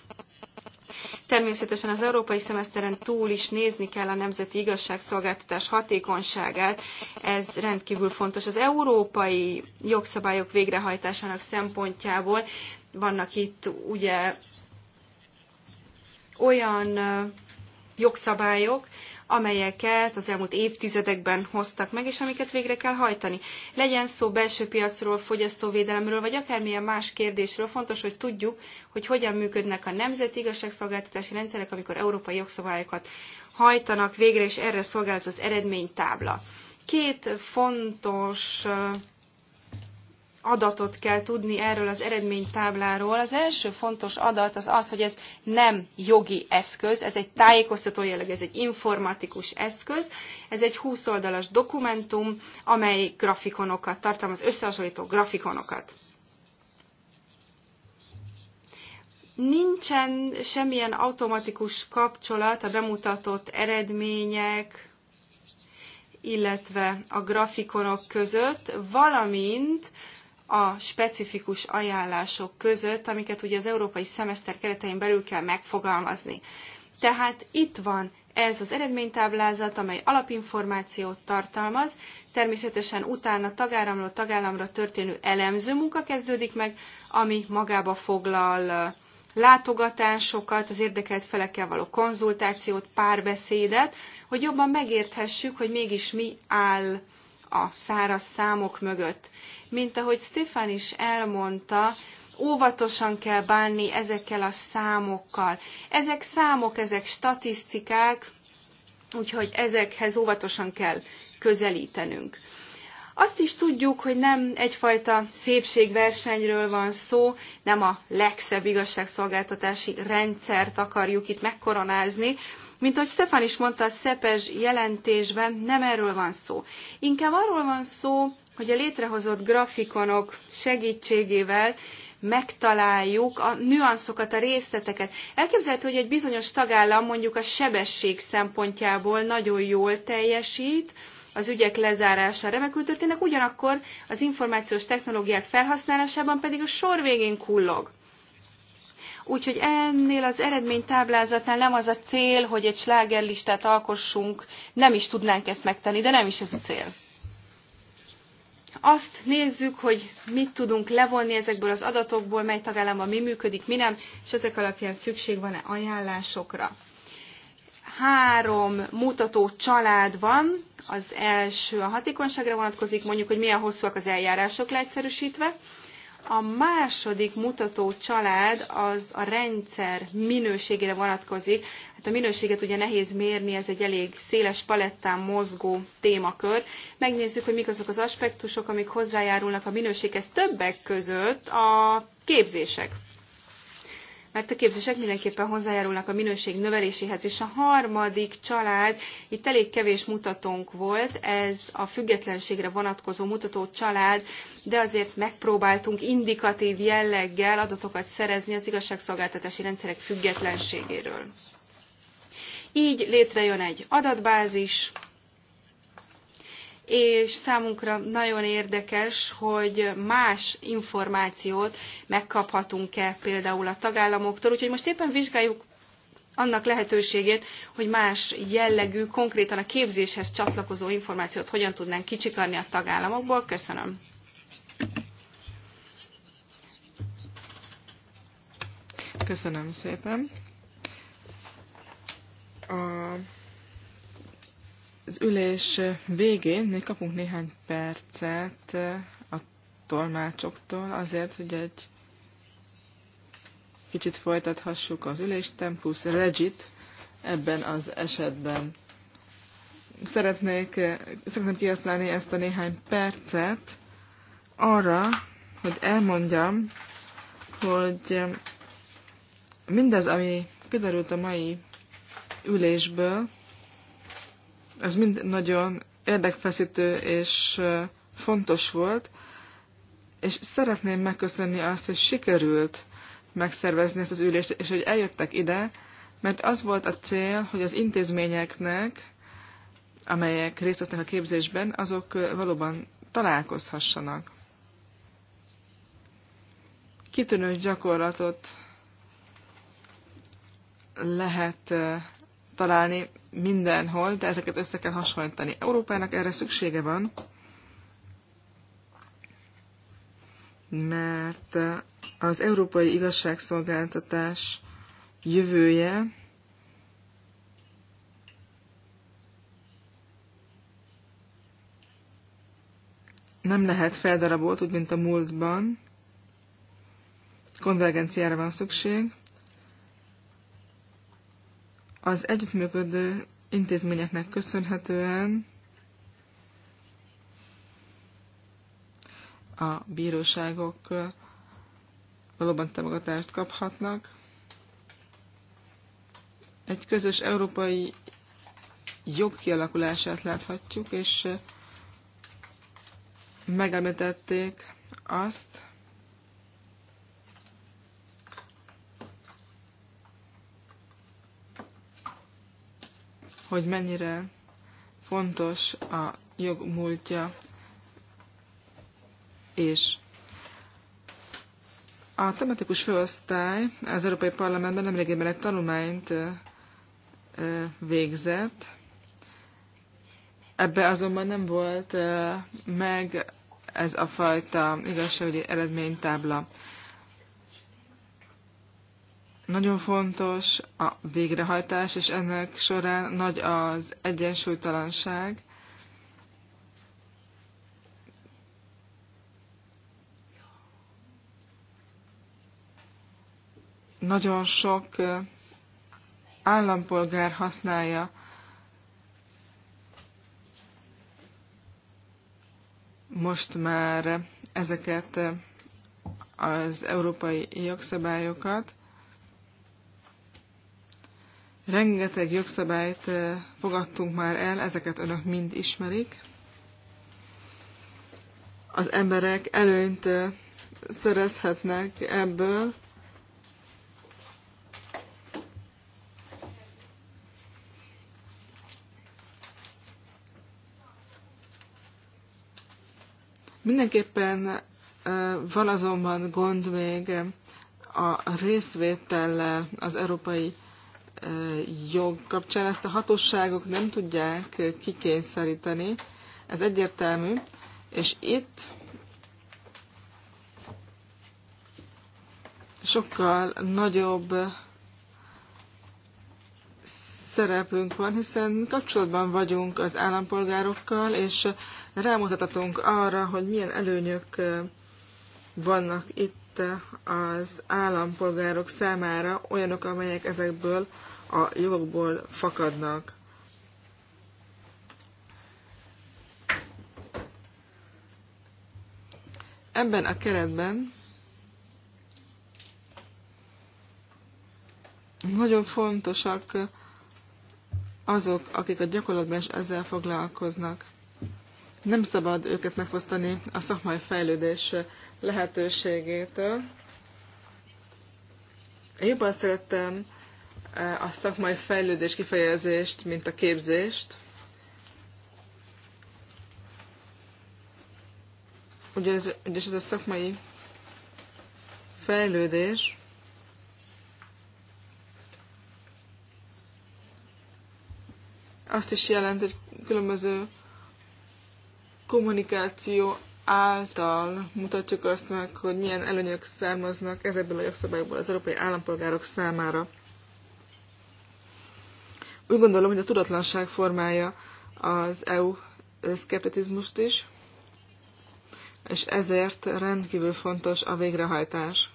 Természetesen az európai szemeszteren túl is nézni kell a nemzeti igazságszolgáltatás hatékonyságát. Ez rendkívül fontos az európai jogszabályok végrehajtásának szempontjából. Vannak itt ugye olyan jogszabályok, amelyeket az elmúlt évtizedekben hoztak meg, és amiket végre kell hajtani. Legyen szó belső piacról, fogyasztóvédelemről, vagy akármilyen más kérdésről, fontos, hogy tudjuk, hogy hogyan működnek a nemzeti igazságszolgáltatási rendszerek, amikor európai jogszabályokat hajtanak végre, és erre szolgál az eredménytábla. Két fontos adatot kell tudni erről az eredménytábláról. Az első fontos adat az az, hogy ez nem jogi eszköz, ez egy tájékoztató jelleg, ez egy informatikus eszköz, ez egy 20 oldalas dokumentum, amely grafikonokat tartalmaz, összehasonlító grafikonokat. Nincsen semmilyen automatikus kapcsolat a bemutatott eredmények, illetve a grafikonok között, valamint a specifikus ajánlások között, amiket ugye az európai szemeszter keretein belül kell megfogalmazni. Tehát itt van ez az eredménytáblázat, amely alapinformációt tartalmaz, természetesen utána tagáramról tagállamra történő elemző munka kezdődik meg, ami magába foglal látogatásokat, az érdekelt felekkel való konzultációt, párbeszédet, hogy jobban megérthessük, hogy mégis mi áll a száraz számok mögött. Mint ahogy Stefan is elmondta, óvatosan kell bánni ezekkel a számokkal. Ezek számok, ezek statisztikák, úgyhogy ezekhez óvatosan kell közelítenünk. Azt is tudjuk, hogy nem egyfajta szépségversenyről van szó, nem a legszebb igazságszolgáltatási rendszert akarjuk itt megkoronázni, mint ahogy Stefan is mondta a Szepes jelentésben, nem erről van szó. Inkább arról van szó, hogy a létrehozott grafikonok segítségével megtaláljuk a nüanszokat, a részleteket. Elképzelhető, hogy egy bizonyos tagállam mondjuk a sebesség szempontjából nagyon jól teljesít, az ügyek lezárása remekül történnek, ugyanakkor az információs technológiák felhasználásában pedig a sor végén kullog. Úgyhogy ennél az eredménytáblázatnál nem az a cél, hogy egy slágerlistát alkossunk, nem is tudnánk ezt megtenni, de nem is ez a cél. Azt nézzük, hogy mit tudunk levonni ezekből az adatokból, mely tagállamban mi működik, mi nem, és ezek alapján szükség van-e ajánlásokra három mutató család van. Az első a hatékonyságra vonatkozik, mondjuk, hogy milyen hosszúak az eljárások leegyszerűsítve. A második mutató család az a rendszer minőségére vonatkozik. Hát a minőséget ugye nehéz mérni, ez egy elég széles palettán mozgó témakör. Megnézzük, hogy mik azok az aspektusok, amik hozzájárulnak a minőséghez többek között a képzések mert a képzések mindenképpen hozzájárulnak a minőség növeléséhez. És a harmadik család, itt elég kevés mutatónk volt, ez a függetlenségre vonatkozó mutató család, de azért megpróbáltunk indikatív jelleggel adatokat szerezni az igazságszolgáltatási rendszerek függetlenségéről. Így létrejön egy adatbázis, és számunkra nagyon érdekes, hogy más információt megkaphatunk-e például a tagállamoktól. Úgyhogy most éppen vizsgáljuk annak lehetőségét, hogy más jellegű, konkrétan a képzéshez csatlakozó információt hogyan tudnánk kicsikarni a tagállamokból. Köszönöm. Köszönöm szépen. A az ülés végén még kapunk néhány percet a tolmácsoktól azért, hogy egy kicsit folytathassuk az ülés tempus regit ebben az esetben. Szeretnék, szeretném kihasználni ezt a néhány percet arra, hogy elmondjam, hogy mindez, ami kiderült a mai ülésből, ez mind nagyon érdekfeszítő és fontos volt, és szeretném megköszönni azt, hogy sikerült megszervezni ezt az ülést, és hogy eljöttek ide, mert az volt a cél, hogy az intézményeknek, amelyek részt vettek a képzésben, azok valóban találkozhassanak. Kitűnő gyakorlatot lehet találni mindenhol, de ezeket össze kell hasonlítani. Európának erre szüksége van, mert az európai igazságszolgáltatás jövője nem lehet feldarabolt, úgy mint a múltban. Konvergenciára van szükség. Az együttműködő intézményeknek köszönhetően a bíróságok valóban támogatást kaphatnak. Egy közös európai jog kialakulását láthatjuk, és megemlítették azt, hogy mennyire fontos a jog múltja, és a tematikus főosztály az Európai Parlamentben nemrégében egy tanulmányt végzett. Ebbe azonban nem volt meg ez a fajta igazságügyi eredménytábla. Nagyon fontos a végrehajtás, és ennek során nagy az egyensúlytalanság. Nagyon sok állampolgár használja most már ezeket az európai jogszabályokat. Rengeteg jogszabályt fogadtunk már el, ezeket önök mind ismerik. Az emberek előnyt szerezhetnek ebből, Mindenképpen van azonban gond még a részvétellel az európai jog kapcsán ezt a hatóságok nem tudják kikényszeríteni. Ez egyértelmű. És itt sokkal nagyobb szerepünk van, hiszen kapcsolatban vagyunk az állampolgárokkal, és rámutatunk arra, hogy milyen előnyök vannak itt az állampolgárok számára, olyanok, amelyek ezekből a jogból fakadnak. Ebben a keretben nagyon fontosak azok, akik a gyakorlatban is ezzel foglalkoznak. Nem szabad őket megfosztani a szakmai fejlődés lehetőségétől. Én jobban szerettem a szakmai fejlődés kifejezést, mint a képzést. Ugyanis, ugyanis ez a szakmai fejlődés azt is jelent, hogy különböző kommunikáció által mutatjuk azt meg, hogy milyen előnyök származnak ezekből a jogszabályokból az európai állampolgárok számára. Úgy gondolom, hogy a tudatlanság formája az EU szkeptizmust is, és ezért rendkívül fontos a végrehajtás.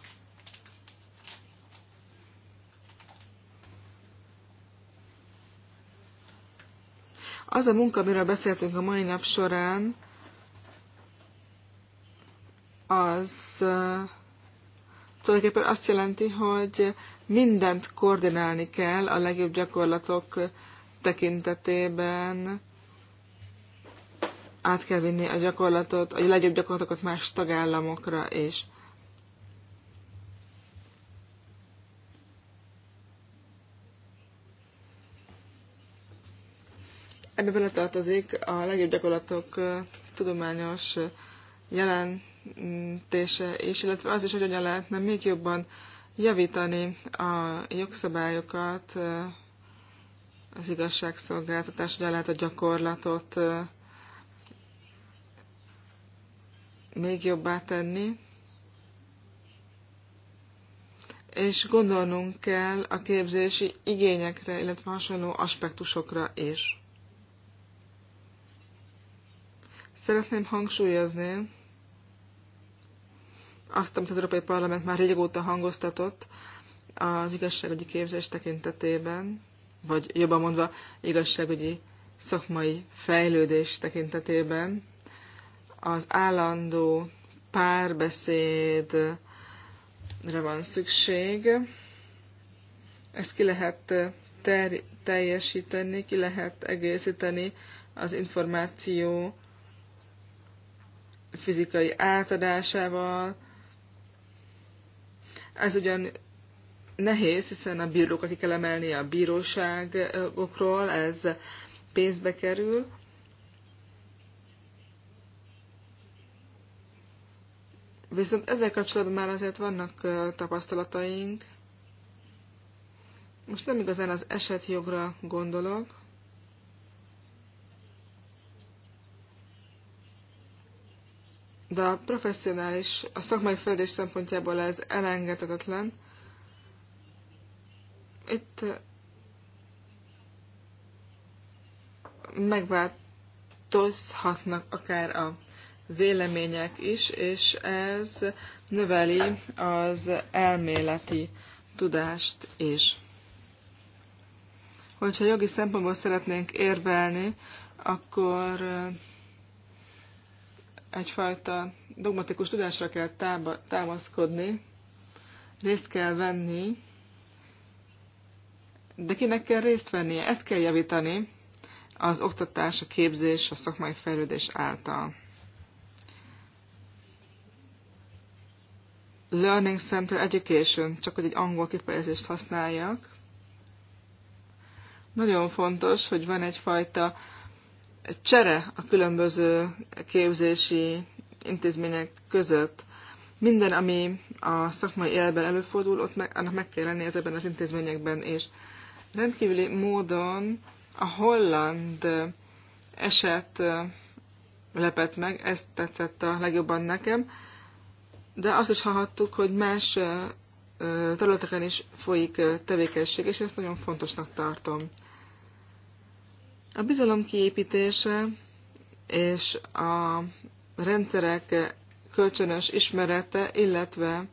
Az a munka, amiről beszéltünk a mai nap során, az tulajdonképpen azt jelenti, hogy mindent koordinálni kell a legjobb gyakorlatok tekintetében. Át kell vinni a gyakorlatot, a legjobb gyakorlatokat más tagállamokra is. Ebbe beletartozik a legjobb gyakorlatok eh, tudományos eh, jelen megteremtése és illetve az is, hogy hogyan lehetne még jobban javítani a jogszabályokat, az igazságszolgáltatás, hogyan lehet a gyakorlatot még jobbá tenni. És gondolnunk kell a képzési igényekre, illetve hasonló aspektusokra is. Szeretném hangsúlyozni, azt, amit az Európai Parlament már régóta hangoztatott az igazságügyi képzés tekintetében, vagy jobban mondva igazságügyi szakmai fejlődés tekintetében, az állandó párbeszédre van szükség. Ezt ki lehet ter- teljesíteni, ki lehet egészíteni az információ fizikai átadásával, ez ugyan nehéz, hiszen a bírókat ki kell emelni a bíróságokról, ez pénzbe kerül. Viszont ezzel kapcsolatban már azért vannak tapasztalataink. Most nem igazán az esetjogra gondolok, de a professzionális, a szakmai fejlődés szempontjából ez elengedhetetlen. Itt megváltozhatnak akár a vélemények is, és ez növeli az elméleti tudást is. Hogyha jogi szempontból szeretnénk érvelni, akkor egyfajta dogmatikus tudásra kell támaszkodni, részt kell venni, de kinek kell részt vennie? Ezt kell javítani az oktatás, a képzés, a szakmai fejlődés által. Learning Center Education, csak hogy egy angol kifejezést használjak. Nagyon fontos, hogy van egyfajta uh, csere a különböző képzési intézmények között. Minden, ami a szakmai életben előfordul, ott meg, annak meg kell lenni ezekben az intézményekben, és rendkívüli módon a holland eset lepett meg, ez tetszett a legjobban nekem, de azt is hallhattuk, hogy más területeken is folyik tevékenység, és ezt nagyon fontosnak tartom. A bizalom kiépítése és a rendszerek kölcsönös ismerete, illetve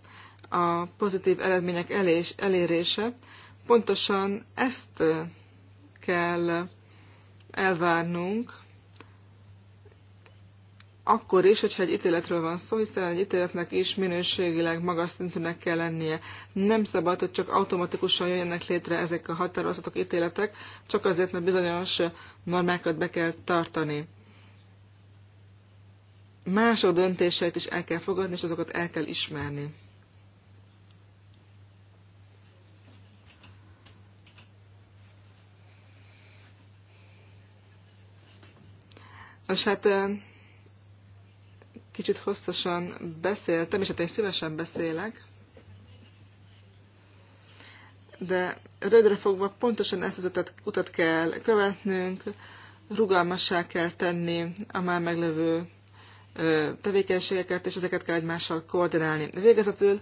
a pozitív eredmények elés, elérése, pontosan ezt kell elvárnunk akkor is, hogyha egy ítéletről van szó, hiszen egy ítéletnek is minőségileg magas szintűnek kell lennie. Nem szabad, hogy csak automatikusan jönnek létre ezek a határozatok, ítéletek, csak azért, mert bizonyos normákat be kell tartani. Mások döntéseit is el kell fogadni, és azokat el kell ismerni. És hát eh, Kicsit hosszasan beszéltem, és hát én szívesen beszélek, de rövidre fogva pontosan ezt az utat, utat kell követnünk, rugalmassá kell tenni a már meglevő tevékenységeket, és ezeket kell egymással koordinálni. Végezetül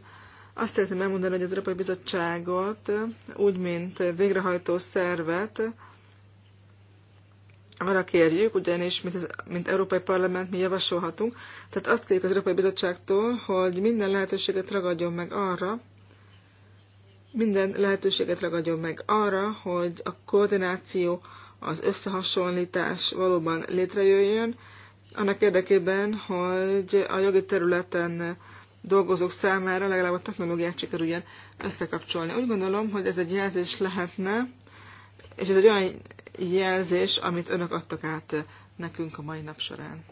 azt szeretném elmondani, hogy az Európai Bizottságot úgy, mint végrehajtó szervet, arra kérjük, ugyanis, mint, az, mint Európai Parlament mi javasolhatunk, tehát azt kérjük az Európai Bizottságtól, hogy minden lehetőséget ragadjon meg arra, minden lehetőséget ragadjon meg arra, hogy a koordináció, az összehasonlítás valóban létrejöjjön, annak érdekében, hogy a jogi területen dolgozók számára legalább a technológiát sikerüljen összekapcsolni. Úgy gondolom, hogy ez egy jelzés lehetne, és ez egy olyan jelzés, amit önök adtak át nekünk a mai nap során.